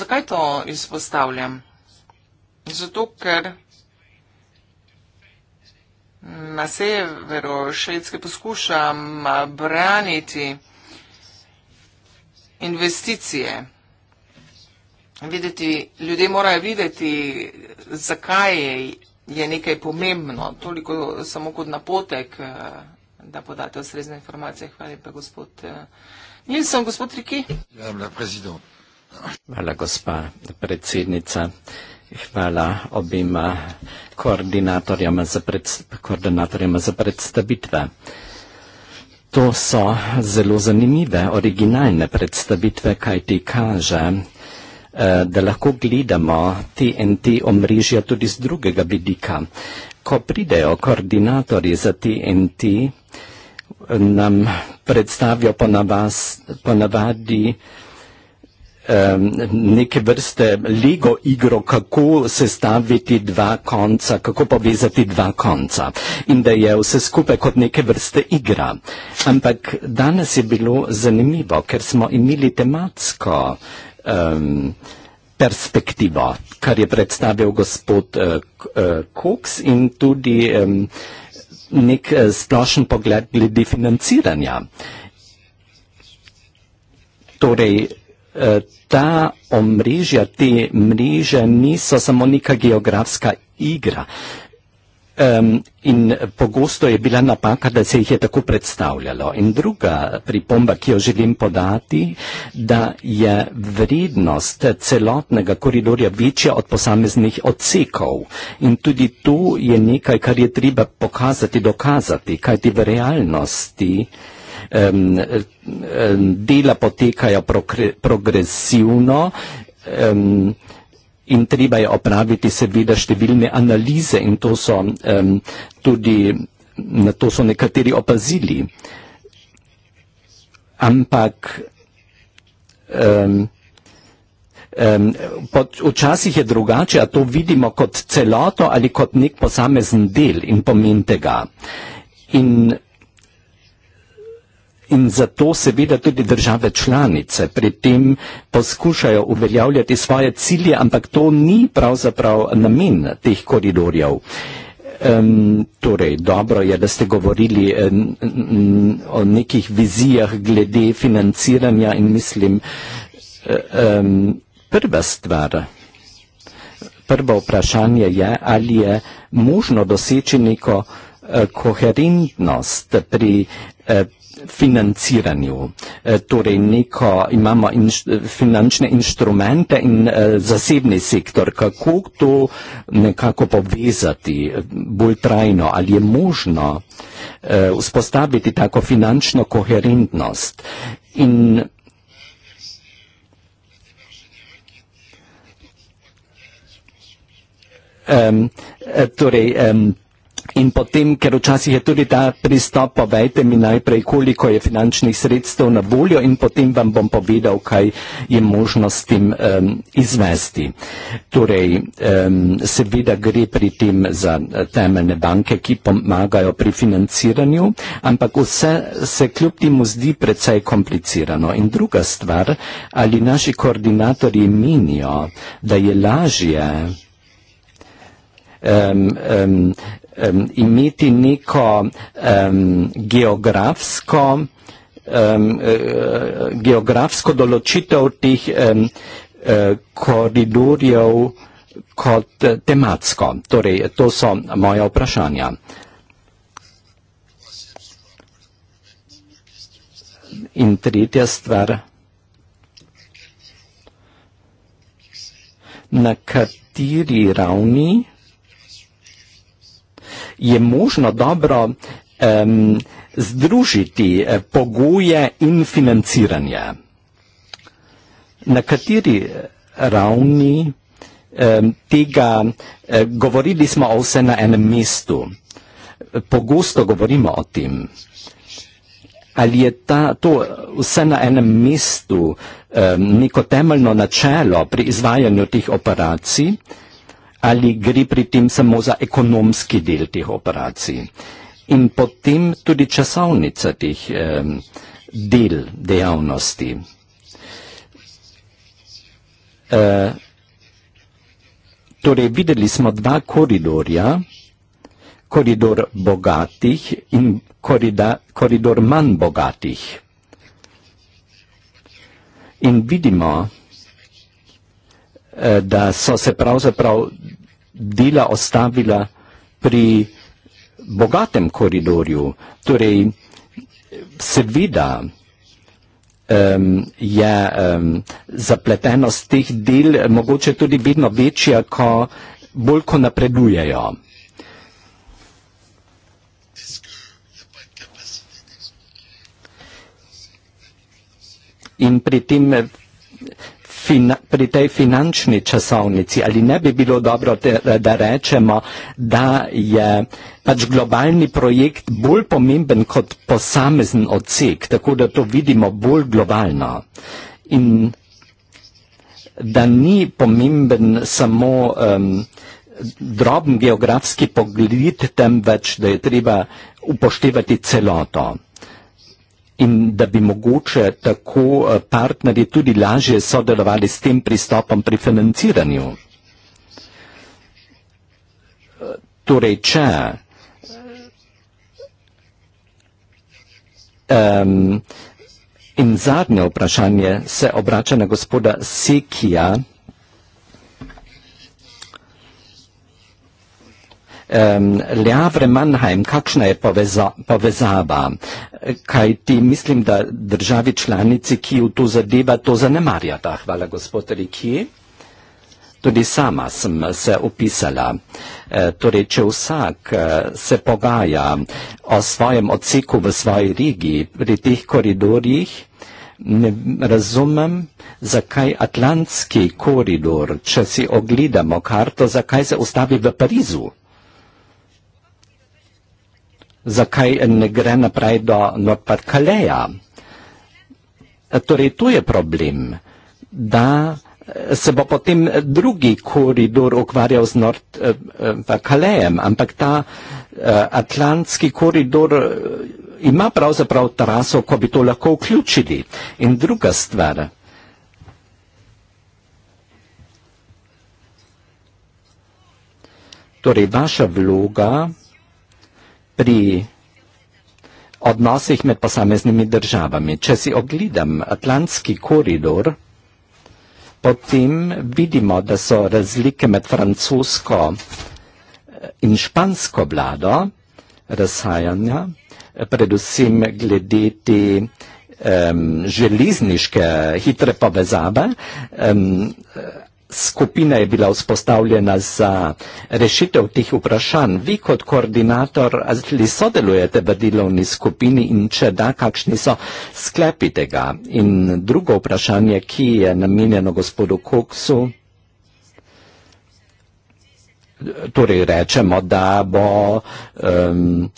Zakaj to izpostavljam? Zato, ker na severu Švedske poskušam braniti investicije. Videti, ljudje morajo videti, zakaj je nekaj pomembno, toliko samo kot napotek, da podate ustrezne informacije. Hvala lepa, gospod Nilsson, gospod Riki. Hvala, gospa predsednica. Hvala obima koordinatorjama za, predst koordinatorjama za predstavitve. To so zelo zanimive, originalne predstavitve, kaj ti kaže, eh, da lahko gledamo TNT omrežja tudi z drugega vidika. Ko pridejo koordinatorji za TNT, eh, nam predstavijo ponavadi, ponavadi um, neke vrste lego igro, kako sestaviti dva konca, kako povezati dva konca in da je vse skupaj kot neke vrste igra. Ampak danes je bilo zanimivo, ker smo imeli tematsko um, perspektivo, kar je predstavil gospod uh, eh, Koks eh, in tudi um, nek uh, splošen pogled glede financiranja. Torej, Eh, ta omrežja, te mreže niso samo neka geografska igra. Um, in pogosto je bila napaka, da se jih je tako predstavljalo. In druga pripomba, ki jo želim podati, da je vrednost celotnega koridorja večja od posameznih odsekov. In tudi to je nekaj, kar je treba pokazati, dokazati, kajti v realnosti um, um, dela potekajo progresivno um, in treba je opraviti seveda številne analize in to so um, tudi, na to so nekateri opazili. Ampak um, Um, pod, včasih je drugače, a to vidimo kot celoto ali kot nek posamezen del in pomen tega. In In zato seveda tudi države članice pri tem poskušajo uveljavljati svoje cilje, ampak to ni pravzaprav namen teh koridorjev. Um, torej, dobro je, da ste govorili um, um, o nekih vizijah glede financiranja in mislim, um, prva stvar, prvo vprašanje je, ali je možno doseči neko uh, koherentnost pri uh, financiranju. E, torej neko, imamo inš, e, finančne instrumente in e, zasebni sektor. Kako to nekako povezati e, bolj trajno? Ali je možno e, vzpostaviti tako finančno koherentnost? In Um, torej, um, In potem, ker včasih je tudi ta pristop, povejte mi najprej, koliko je finančnih sredstev na voljo in potem vam bom povedal, kaj je možno s tem um, izvesti. Torej, um, seveda gre pri tem za eh, temeljne banke, ki pomagajo pri financiranju, ampak vse se kljub temu zdi precej komplicirano. In druga stvar, ali naši koordinatorji menijo, da je lažje. Um, um, um, imeti neko um, geografsko, um, uh, geografsko določitev tih um, uh, e, koridorjev kot e, tematsko. Torej, to so moja vprašanja. In tretja stvar, na kateri ravni je možno dobro um, združiti eh, pogoje in financiranje. Na kateri eh, ravni um, tega um, govorili smo o vse na enem mestu? Pogosto govorimo o tem. Ali je ta, to vse na enem mestu um, neko temeljno načelo pri izvajanju teh operacij? ali gre pri tem samo za ekonomski del teh operacij. In potem tudi časovnica teh eh, del dejavnosti. Eh, torej, videli smo dva koridorja, koridor bogatih in korida, koridor manj bogatih. In vidimo, Eh, da so se pravzaprav dela ostavila pri bogatem koridorju. Torej, seveda um, je um, zapletenost teh del mogoče tudi vedno večja, ko bolj ko napredujejo. In pri tem fin, pri tej finančni časovnici, ali ne bi bilo dobro, te, da rečemo, da je pač globalni projekt bolj pomemben kot posamezen odsek, tako da to vidimo bolj globalno. In da ni pomemben samo um, droben geografski pogled, temveč da je treba upoštevati celoto in da bi mogoče tako eh, partnerji tudi lažje sodelovali s tem pristopom pri financiranju. Eh, torej, če um, in zadnje vprašanje se obrača na gospoda Sekija, Le Havre Mannheim, kakšna je poveza, povezava, kaj ti mislim, da državi članici, ki v to zadeva, to zanemarjata. Hvala, gospod Riki. Tudi sama sem se upisala. E, torej, če vsak e, se pogaja o svojem odseku v svoji regiji, pri teh koridorjih, ne razumem, zakaj Atlantski koridor, če si ogledamo karto, zakaj se ustavi v Parizu zakaj ne gre naprej do Nordpark-Kaleja. Torej, tu je problem, da eh, se bo potem drugi koridor ukvarjal z Nordpark-Kalejem, eh, eh, ampak ta atlantski koridor ima pravzaprav traso, ko bi to lahko vključili. In druga stvar. Torej, vaša vloga pri odnosih med posameznimi državami. Če si ogledam Atlantski koridor, potem vidimo, da so razlike med francosko eh, in špansko vlado razhajanja, predvsem glede te um, železniške hitre povezave, um, skupina je bila vzpostavljena za rešitev tih vprašanj. Vi kot koordinator ali sodelujete v delovni skupini in če da, kakšni so sklepi tega? In drugo vprašanje, ki je namenjeno gospodu Koksu, torej rečemo, da bo um,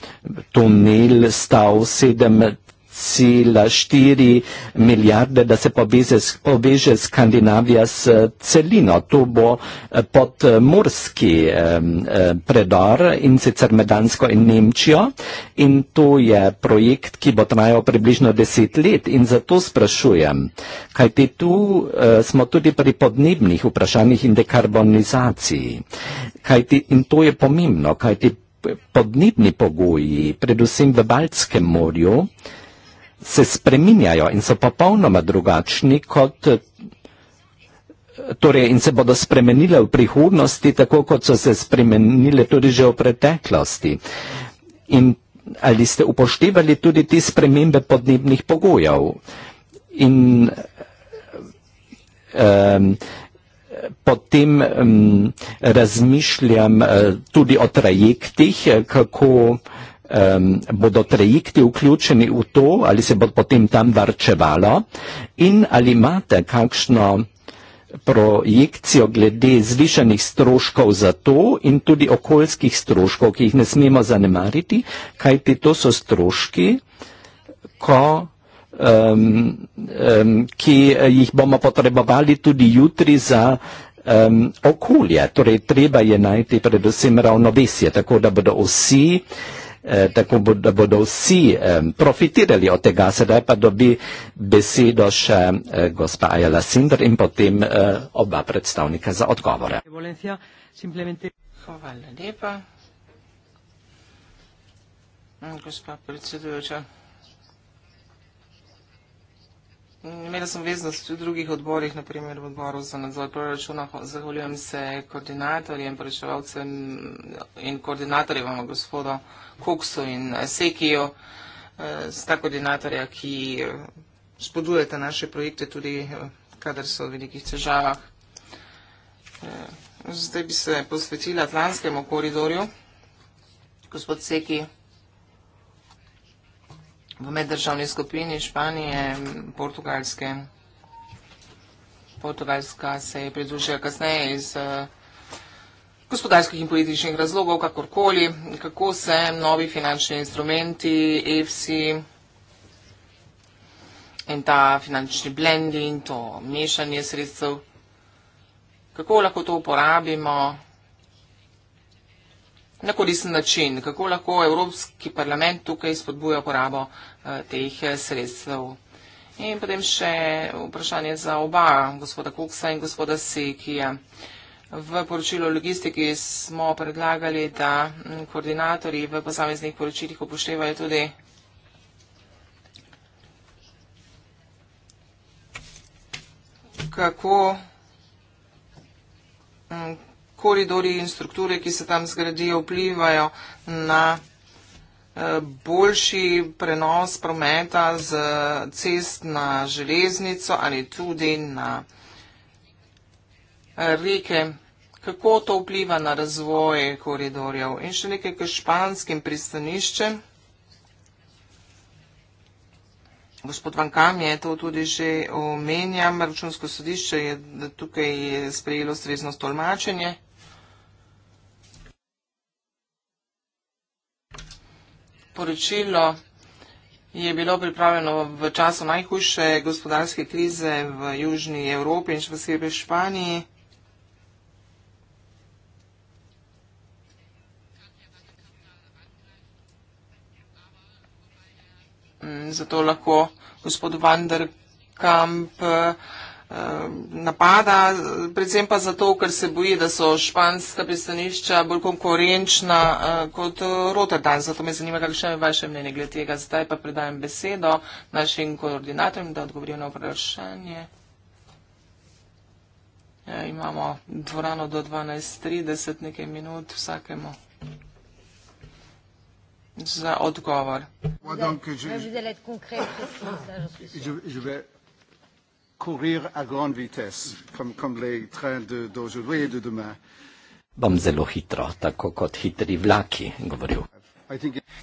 tunel stal 7 cela štiri milijarde, da se poveže, poveže Skandinavija s eh, celino. To bo eh, podmorski eh, predor in sicer med Dansko in Nemčijo. In to je projekt, ki bo trajal približno deset let. In zato sprašujem, kajti tu smo tudi pri podnebnih vprašanjih in dekarbonizaciji. Kajti, in to je pomembno, kajti podnebni pogoji, predvsem v Baltskem morju, se spreminjajo in so popolnoma drugačni kot. Torej, in se bodo spremenile v prihodnosti, tako kot so se spremenile tudi že v preteklosti. In ali ste upoštevali tudi te spremembe podnebnih pogojev? In um, potem um, razmišljam uh, tudi o trajektih, kako um, bodo trajekti vključeni v to, ali se bo potem tam varčevalo in ali imate kakšno projekcijo glede zvišanih stroškov za to in tudi okoljskih stroškov, ki jih ne smemo zanemariti, kajti to so stroški, ko, um, um, ki jih bomo potrebovali tudi jutri za um, okolje. Torej, treba je najti predvsem ravnovesje, tako da bodo vsi uh, eh, tako bo, da bodo vsi eh, profitirali od tega. Sedaj pa dobi besedo še eh, gospa Ajala Sindr in potem eh, oba predstavnika za odgovore. Hvala lepa. Mm, gospa predsedujoča. Mm, imela sem veznost v drugih odborih, naprimer v odboru za nadzor proračuna. Zahvaljujem se koordinatorjem, poročevalcem in koordinatorjem, gospodo uh, Koksu in Sekijo, eh, sta koordinatorja, ki eh, spodbujata naše projekte tudi, eh, kadar so v velikih težavah. Zdaj bi se posvetila Atlantskemu koridorju. Gospod Seki, v meddržavni skupini Španije, Portugalske, Portugalska se je pridružila kasneje iz Hrvatske, gospodarskih in političnih razlogov, kakorkoli, kako se novi finančni instrumenti, EFSI in ta finančni blendi in to mešanje sredstev, kako lahko to uporabimo na koristen način, kako lahko Evropski parlament tukaj spodbuja uporabo eh, teh eh, sredstev. In potem še vprašanje za oba, gospoda Kuksa in gospoda Sekija. V poročilu o logistiki smo predlagali, da mm, koordinatorji v posameznih poročilih upoštevajo tudi kako mm, koridori in strukture, ki se tam zgradijo, vplivajo na e, boljši prenos prometa z cest na železnico ali tudi na železnico. Eh, reke, kako to vpliva na razvoj koridorjev. In še nekaj k španskim pristaniščem. Gospod Vankam je to tudi že omenjam, računsko sodišče je tukaj sprejelo strezno stolmačenje. Poročilo je bilo pripravljeno v času najhujše gospodarske krize v Južni Evropi in še posebej v Španiji. zato lahko gospod Vanderkamp eh, napada, predvsem pa zato, ker se boji, da so španska pristanišča bolj konkurenčna eh, kot Rotterdam. Zato me zanima, kakšno je vaše mnenje glede tega. Zdaj pa predajam besedo našim koordinatorjem, da odgovorijo na vprašanje. Ja, imamo dvorano do 12.30, nekaj minut vsakemu za odgovor. Bom zelo hitro, tako kot hitri vlaki, govoril.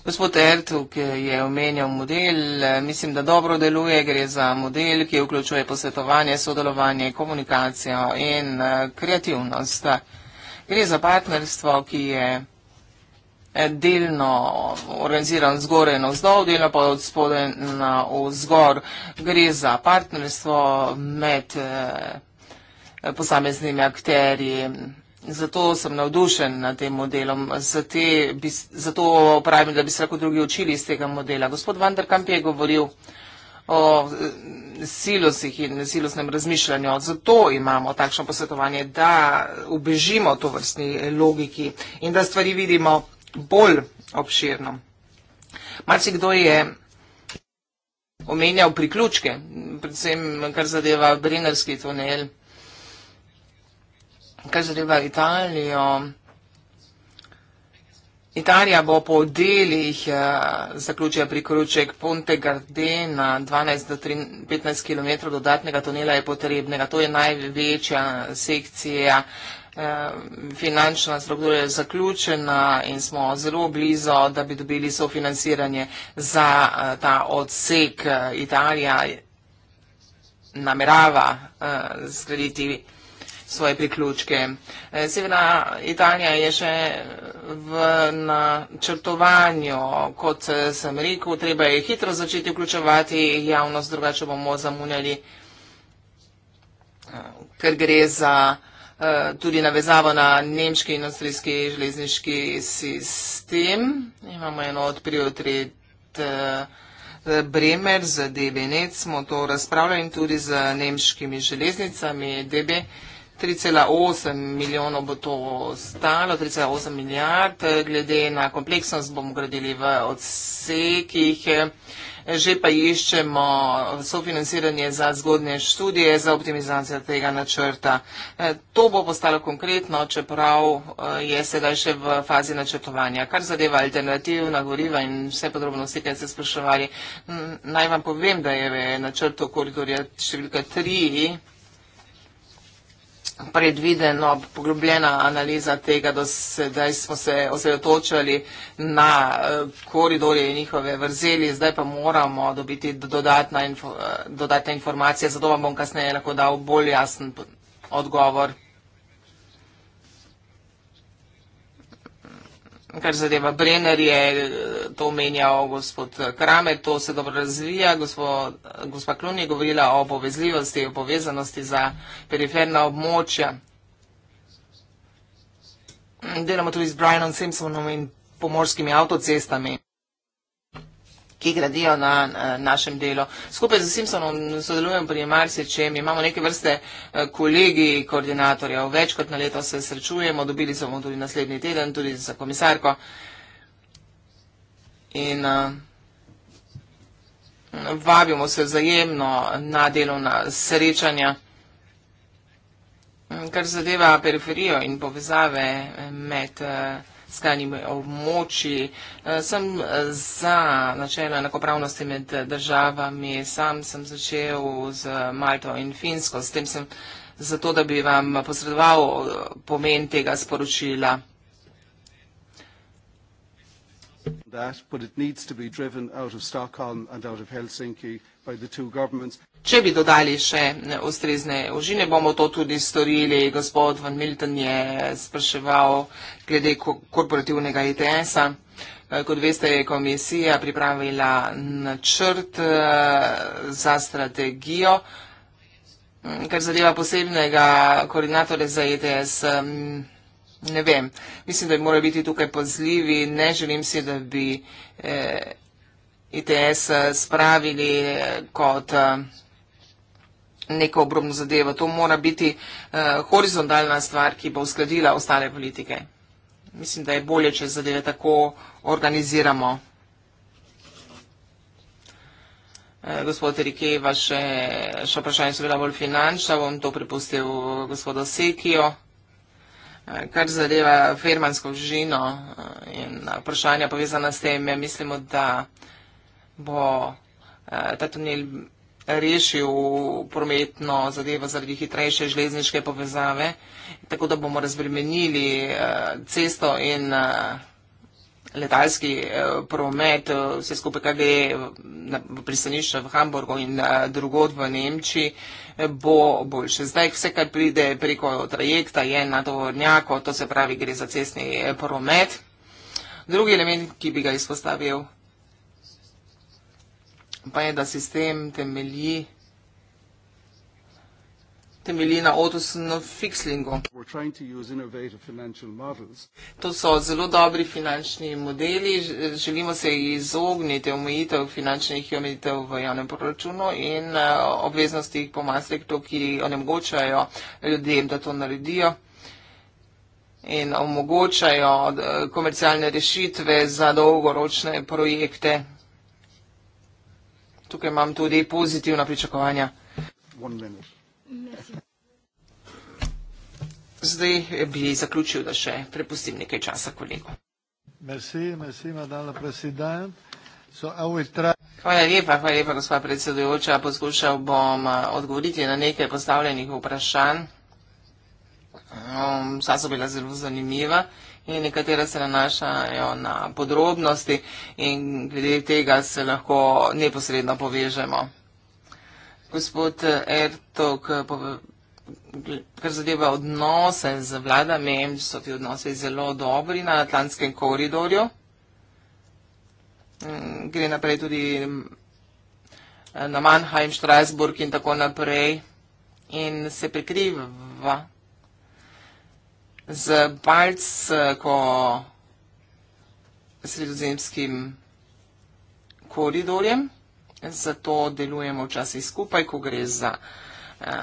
Gospod Ertel, ki je omenjal model, mislim, da dobro deluje, gre za model, ki vključuje posvetovanje, sodelovanje, komunikacijo in eh, kreativnost. Gre za partnerstvo, ki je delno organiziran zgore na vzdolj, delno pa od spode na vzgor. Gre za partnerstvo med eh, posameznimi akterji. Zato sem navdušen nad tem modelom, zato pravim, da bi se lahko drugi učili iz tega modela. Gospod Vander Kamp je govoril o eh, silosih in silosnem razmišljanju. Zato imamo takšno posvetovanje, da ubežimo to vrstni logiki in da stvari vidimo bolj obširno. Marci kdo je omenjal priključke, predvsem kar zadeva Brinerski tunel, kar zadeva Italijo. Italija bo po delih eh, zaključila priključek Ponte Gardena, 12 do 15 km dodatnega tunela je potrebnega. To je največja sekcija. Eh, finančna struktura je zaključena in smo zelo blizu, da bi dobili sofinanciranje za eh, ta odsek. Eh, Italija namerava zgraditi svoje priključke. Severna Italija je še v načrtovanju, kot sem rekel, treba je hitro začeti vključevati javnost, drugače bomo zamunjali, ker gre za Eh, tudi navezavo na nemški in avstrijski železniški sistem. Imamo eno od prioritet eh, Bremer z DB Net, smo to razpravljali in tudi z nemškimi železnicami DB. 3,8 milijonov bo to stalo, 3,8 milijard, glede na kompleksnost bomo gradili v odsekih že pa iščemo sofinanciranje za zgodnje študije, za optimizacijo tega načrta. E, to bo postalo konkretno, čeprav e, je sedaj še v fazi načrtovanja. Kar zadeva alternativna goriva in vse podrobnosti, kaj ste spraševali, naj vam povem, da je načrt koridorja številka 3 predviden ob poglobljena analiza tega, da se, daj, smo se osredotočali na eh, koridorje in njihove vrzeli, zdaj pa moramo dobiti eh, dodatne inf informacije, zato vam bom kasneje lahko dal bolj jasen odgovor. kar zadeva Brenner, je to omenjal gospod Krame, to se dobro razvija. Gospa Klun je govorila o povezljivosti, o povezanosti za periferna območja. Delamo tudi z Brianom Simpsonom in pomorskimi avtocestami ki gradijo na, na našem delu. Skupaj z Simpsonom sodelujem pri marsičem, imamo neke vrste eh, kolegi koordinatorjev, več kot na leto se srečujemo, dobili smo bomo tudi naslednji teden, tudi za komisarko. In uh, vabimo se vzajemno na delovna srečanja. Kar zadeva periferijo in povezave med uh, skrajnimi območji. Eh, sem eh, za načelo enakopravnosti med državami, sam sem začel z Malto in Finsko, s tem sem zato, da bi vam posredoval eh, pomen tega sporočila. That, but it needs to be driven out of Stockholm and out of Helsinki by the two governments. Če bi dodali še ustrezne ožine, bomo to tudi storili. Gospod Van Milton je spraševal glede korporativnega ITS-a. E eh, kot veste, je komisija pripravila načrt eh, za strategijo, hm, kar zadeva posebnega koordinatorja za ITS. E hm, ne vem, mislim, da bi morali biti tukaj pozljivi. Ne želim si, da bi ITS eh, e spravili kot neko obrobno zadevo. To mora biti uh, horizontalna stvar, ki bo uskladila ostale politike. Mislim, da je bolje, če zadeve tako organiziramo. Eh, gospod Rike, vaše še vprašanje so bila bolj finančna, bom to prepustil eh, gospodu Sekijo. Kar zadeva fermansko žino in vprašanja povezana s tem, ja, mislimo, da bo ta tunel rešil prometno zadevo zaradi hitrejše železniške povezave, tako da bomo razbremenili eh, cesto in eh, letalski eh, promet, vse skupaj, kaj gre v pristanišče v Hamburgu in drugod v Nemčiji, bo boljše. Zdaj vse, kar pride preko trajekta, je na tovornjako, to se pravi, gre za cestni promet. Drugi element, ki bi ga izpostavil, pa je, da sistem temelji temelji na otosno fixlingu. To so zelo dobri finančni modeli, želimo se izogniti omejitev finančnih omejitev v javnem proračunu in eh, obveznosti po Maastrichtu, ki onemogočajo ljudem, da to naredijo in omogočajo eh, komercialne rešitve za dolgoročne projekte. Tukaj imam tudi pozitivna pričakovanja. Zdaj bi zaključil, da še prepustim nekaj časa kolegu. Hvala lepa, hvala lepa, gospod predsedujoča. Poskušal bom eh, odgovoriti na nekaj postavljenih vprašanj. Ehm, vsa so bila zelo zanimiva in nekatera se nanašajo na podrobnosti in glede tega se lahko neposredno povežemo. Gospod Ertok, kar zadeva odnose z vladami, so ti odnose zelo dobri na Atlantskem koridorju. Mm, gre naprej tudi mm, na Mannheim, Strasburg in tako naprej in se prekriva z Baltsko sredozemskim koridorjem, zato delujemo včasih skupaj, ko gre za eh,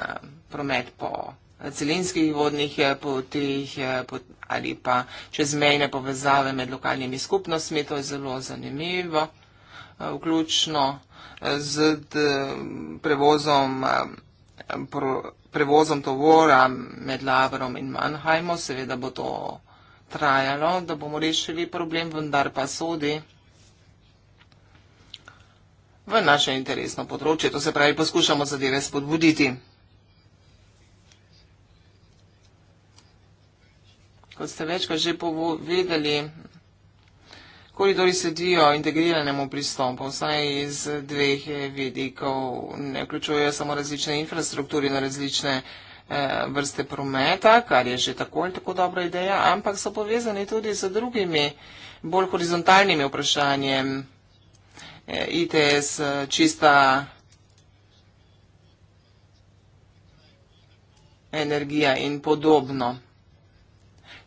promet po celinskih vodnih eh, potih eh, ali pa čezmejne povezave med lokalnimi skupnostmi, to je zelo zanimivo, vključno z prevozom proizvodnih prevozom tovora med Lavrom in Mannheimo, seveda bo to trajalo, da bomo rešili problem, vendar pa sodi v naše interesno področje. To se pravi, poskušamo zadeve spodbuditi. Kot ste večkrat že povedali, Koridori sledijo integriranemu pristopu, vsaj iz dveh vidikov, ne vključujejo samo različne infrastrukture na različne eh, vrste prometa, kar je že tako ali tako dobra ideja, ampak so povezani tudi z drugimi, bolj horizontalnimi vprašanjem. Eh, ITS, eh, čista energija in podobno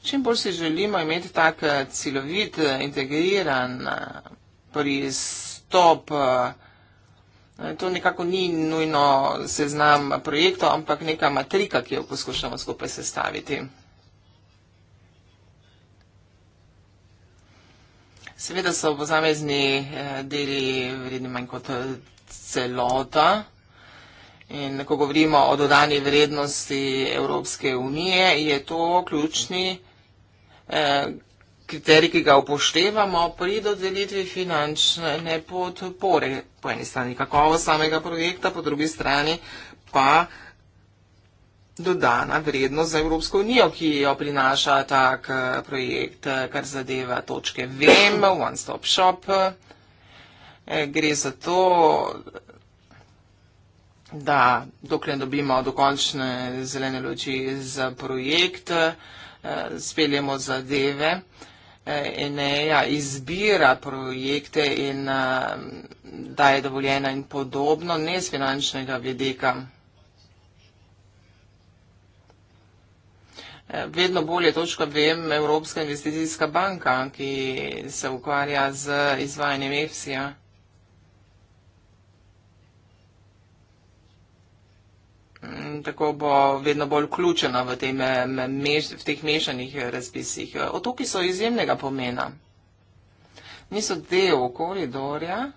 čim bolj si želimo imeti tak celovit, eh, eh, integriran eh, pristop. To nekako ni nujno seznam projektov, ampak neka matrika, ki jo poskušamo skupaj sestaviti. Seveda so pozamezni deli vredni manj kot celota. In ko govorimo o dodani vrednosti Evropske unije, je to ključni kriterij, ki ga upoštevamo pri dodelitvi finančne podpore. Po eni strani kakovo samega projekta, po drugi strani pa dodana vrednost za Evropsko unijo, ki jo prinaša tak eh, projekt, eh, kar zadeva točke VEM, One Stop Shop. Eh, gre za to, da dokler dobimo dokončne zelene luči za projekt, Eh, speljemo zadeve. Eneja eh, eh, izbira projekte in daje dovoljena in podobno, ne z finančnega vidika. Vedno bolje točko vem Evropska investicijska banka, ki se ukvarja z izvajanjem EFSI-a. tako bo vedno bolj vključena v, tem, v teh mešanih razpisih. Otoki so izjemnega pomena. Niso del koridorja,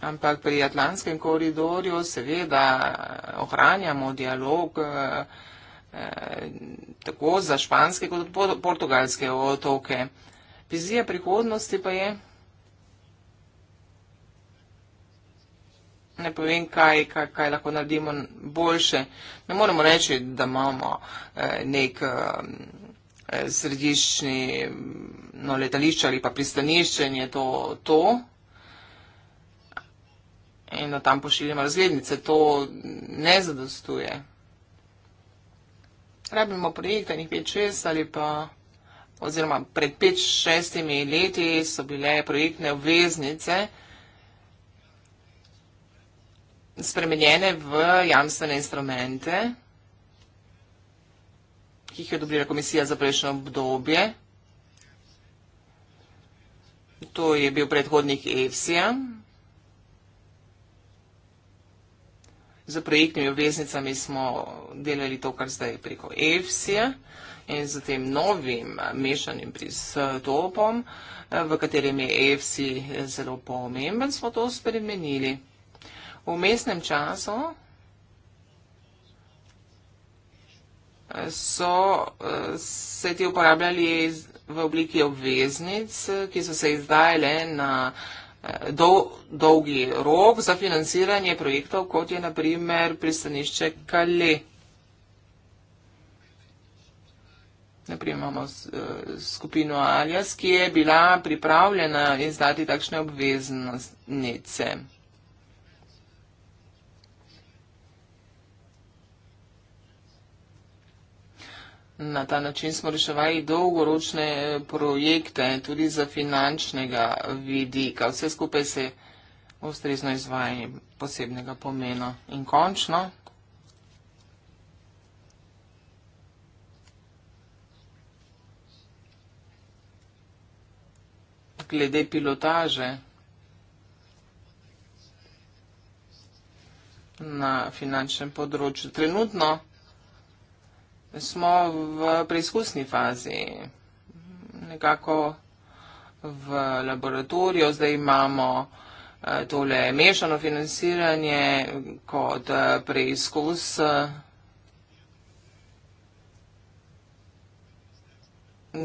ampak pri Atlantskem koridorju seveda ohranjamo dialog eh, eh, tako za španske kot portugalske otoke. Vizija prihodnosti pa je ne povem, kaj, kaj, kaj lahko naredimo boljše. Ne moremo reči, da imamo eh, nek eh, središčni no, letališče ali pa pristanišče in je to to. In da tam pošiljamo razglednice, to ne zadostuje. Rabimo projekte, njih 5-6 ali pa. Oziroma, pred 5-6 leti so bile projektne obveznice, eh, spremenjene v jamstvene instrumente, ki jih je odobrila komisija za prejšnjo obdobje. To je bil predhodnik EFSI-a z projektnimi obveznicami smo delali to, kar zdaj preko EFSI-a in z tem novim mešanim pristopom, v katerem je EFSI zelo pomemben, smo to spremenili. V mestnem času so eh, se ti uporabljali v obliki obveznic, ki so se izdajale na eh, dol, dolgi rok za financiranje projektov, kot je naprimer pristanišče Kale. Naprimer imamo eh, skupino Aljas, ki je bila pripravljena izdati takšne obveznice. Na ta način smo reševali dolgoročne eh, projekte, tudi za finančnega vidika. Vse skupaj se je ustrezno izvajanje posebnega pomena. In končno. Glede pilotaže na finančnem področju. Trenutno smo v preizkusni fazi, nekako v laboratoriju. Zdaj imamo eh, tole mešano financiranje kot eh, preizkus.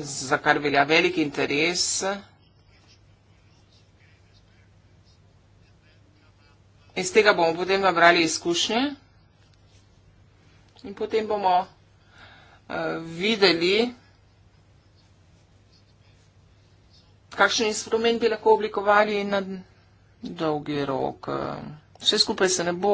za kar velja velik interes in z tega bomo potem nabrali izkušnje in potem bomo Eh, videli, kakšen instrument bi lahko oblikovali na dolgi rok. Vse skupaj se ne bo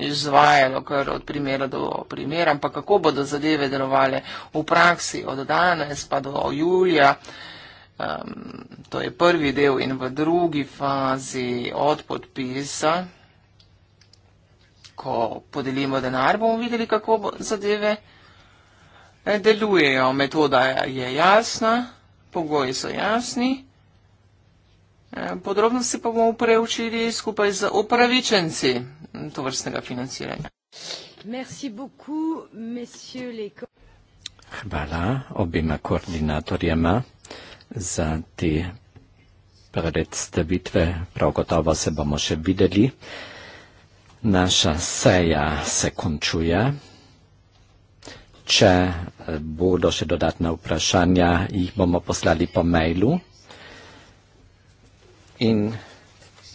izvajalo kar od primera do primera, ampak kako bodo zadeve delovale v praksi od danes pa do julija. Um, to je prvi del in v drugi fazi od podpisa ko podelimo denar, bomo videli, kako zadeve eh, delujejo. Metoda je jasna, pogoji so jasni. Eh, podrobnosti pa bomo preučili skupaj z upravičenci to vrstnega financiranja. Hvala obima koordinatorjema za te predstavitve. Prav gotovo se bomo še videli. Naša seja se končuje. Če bodo še dodatna vprašanja, jih bomo poslali po mailu. In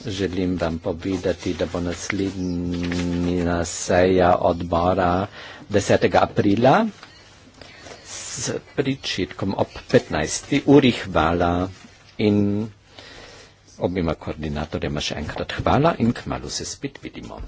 želim vam povedati, da bo naslednja seja odbora 10. aprila s pričetkom ob 15. uri. Hvala in objema koordinatorima še enkrat hvala in k malu se spet vidimo.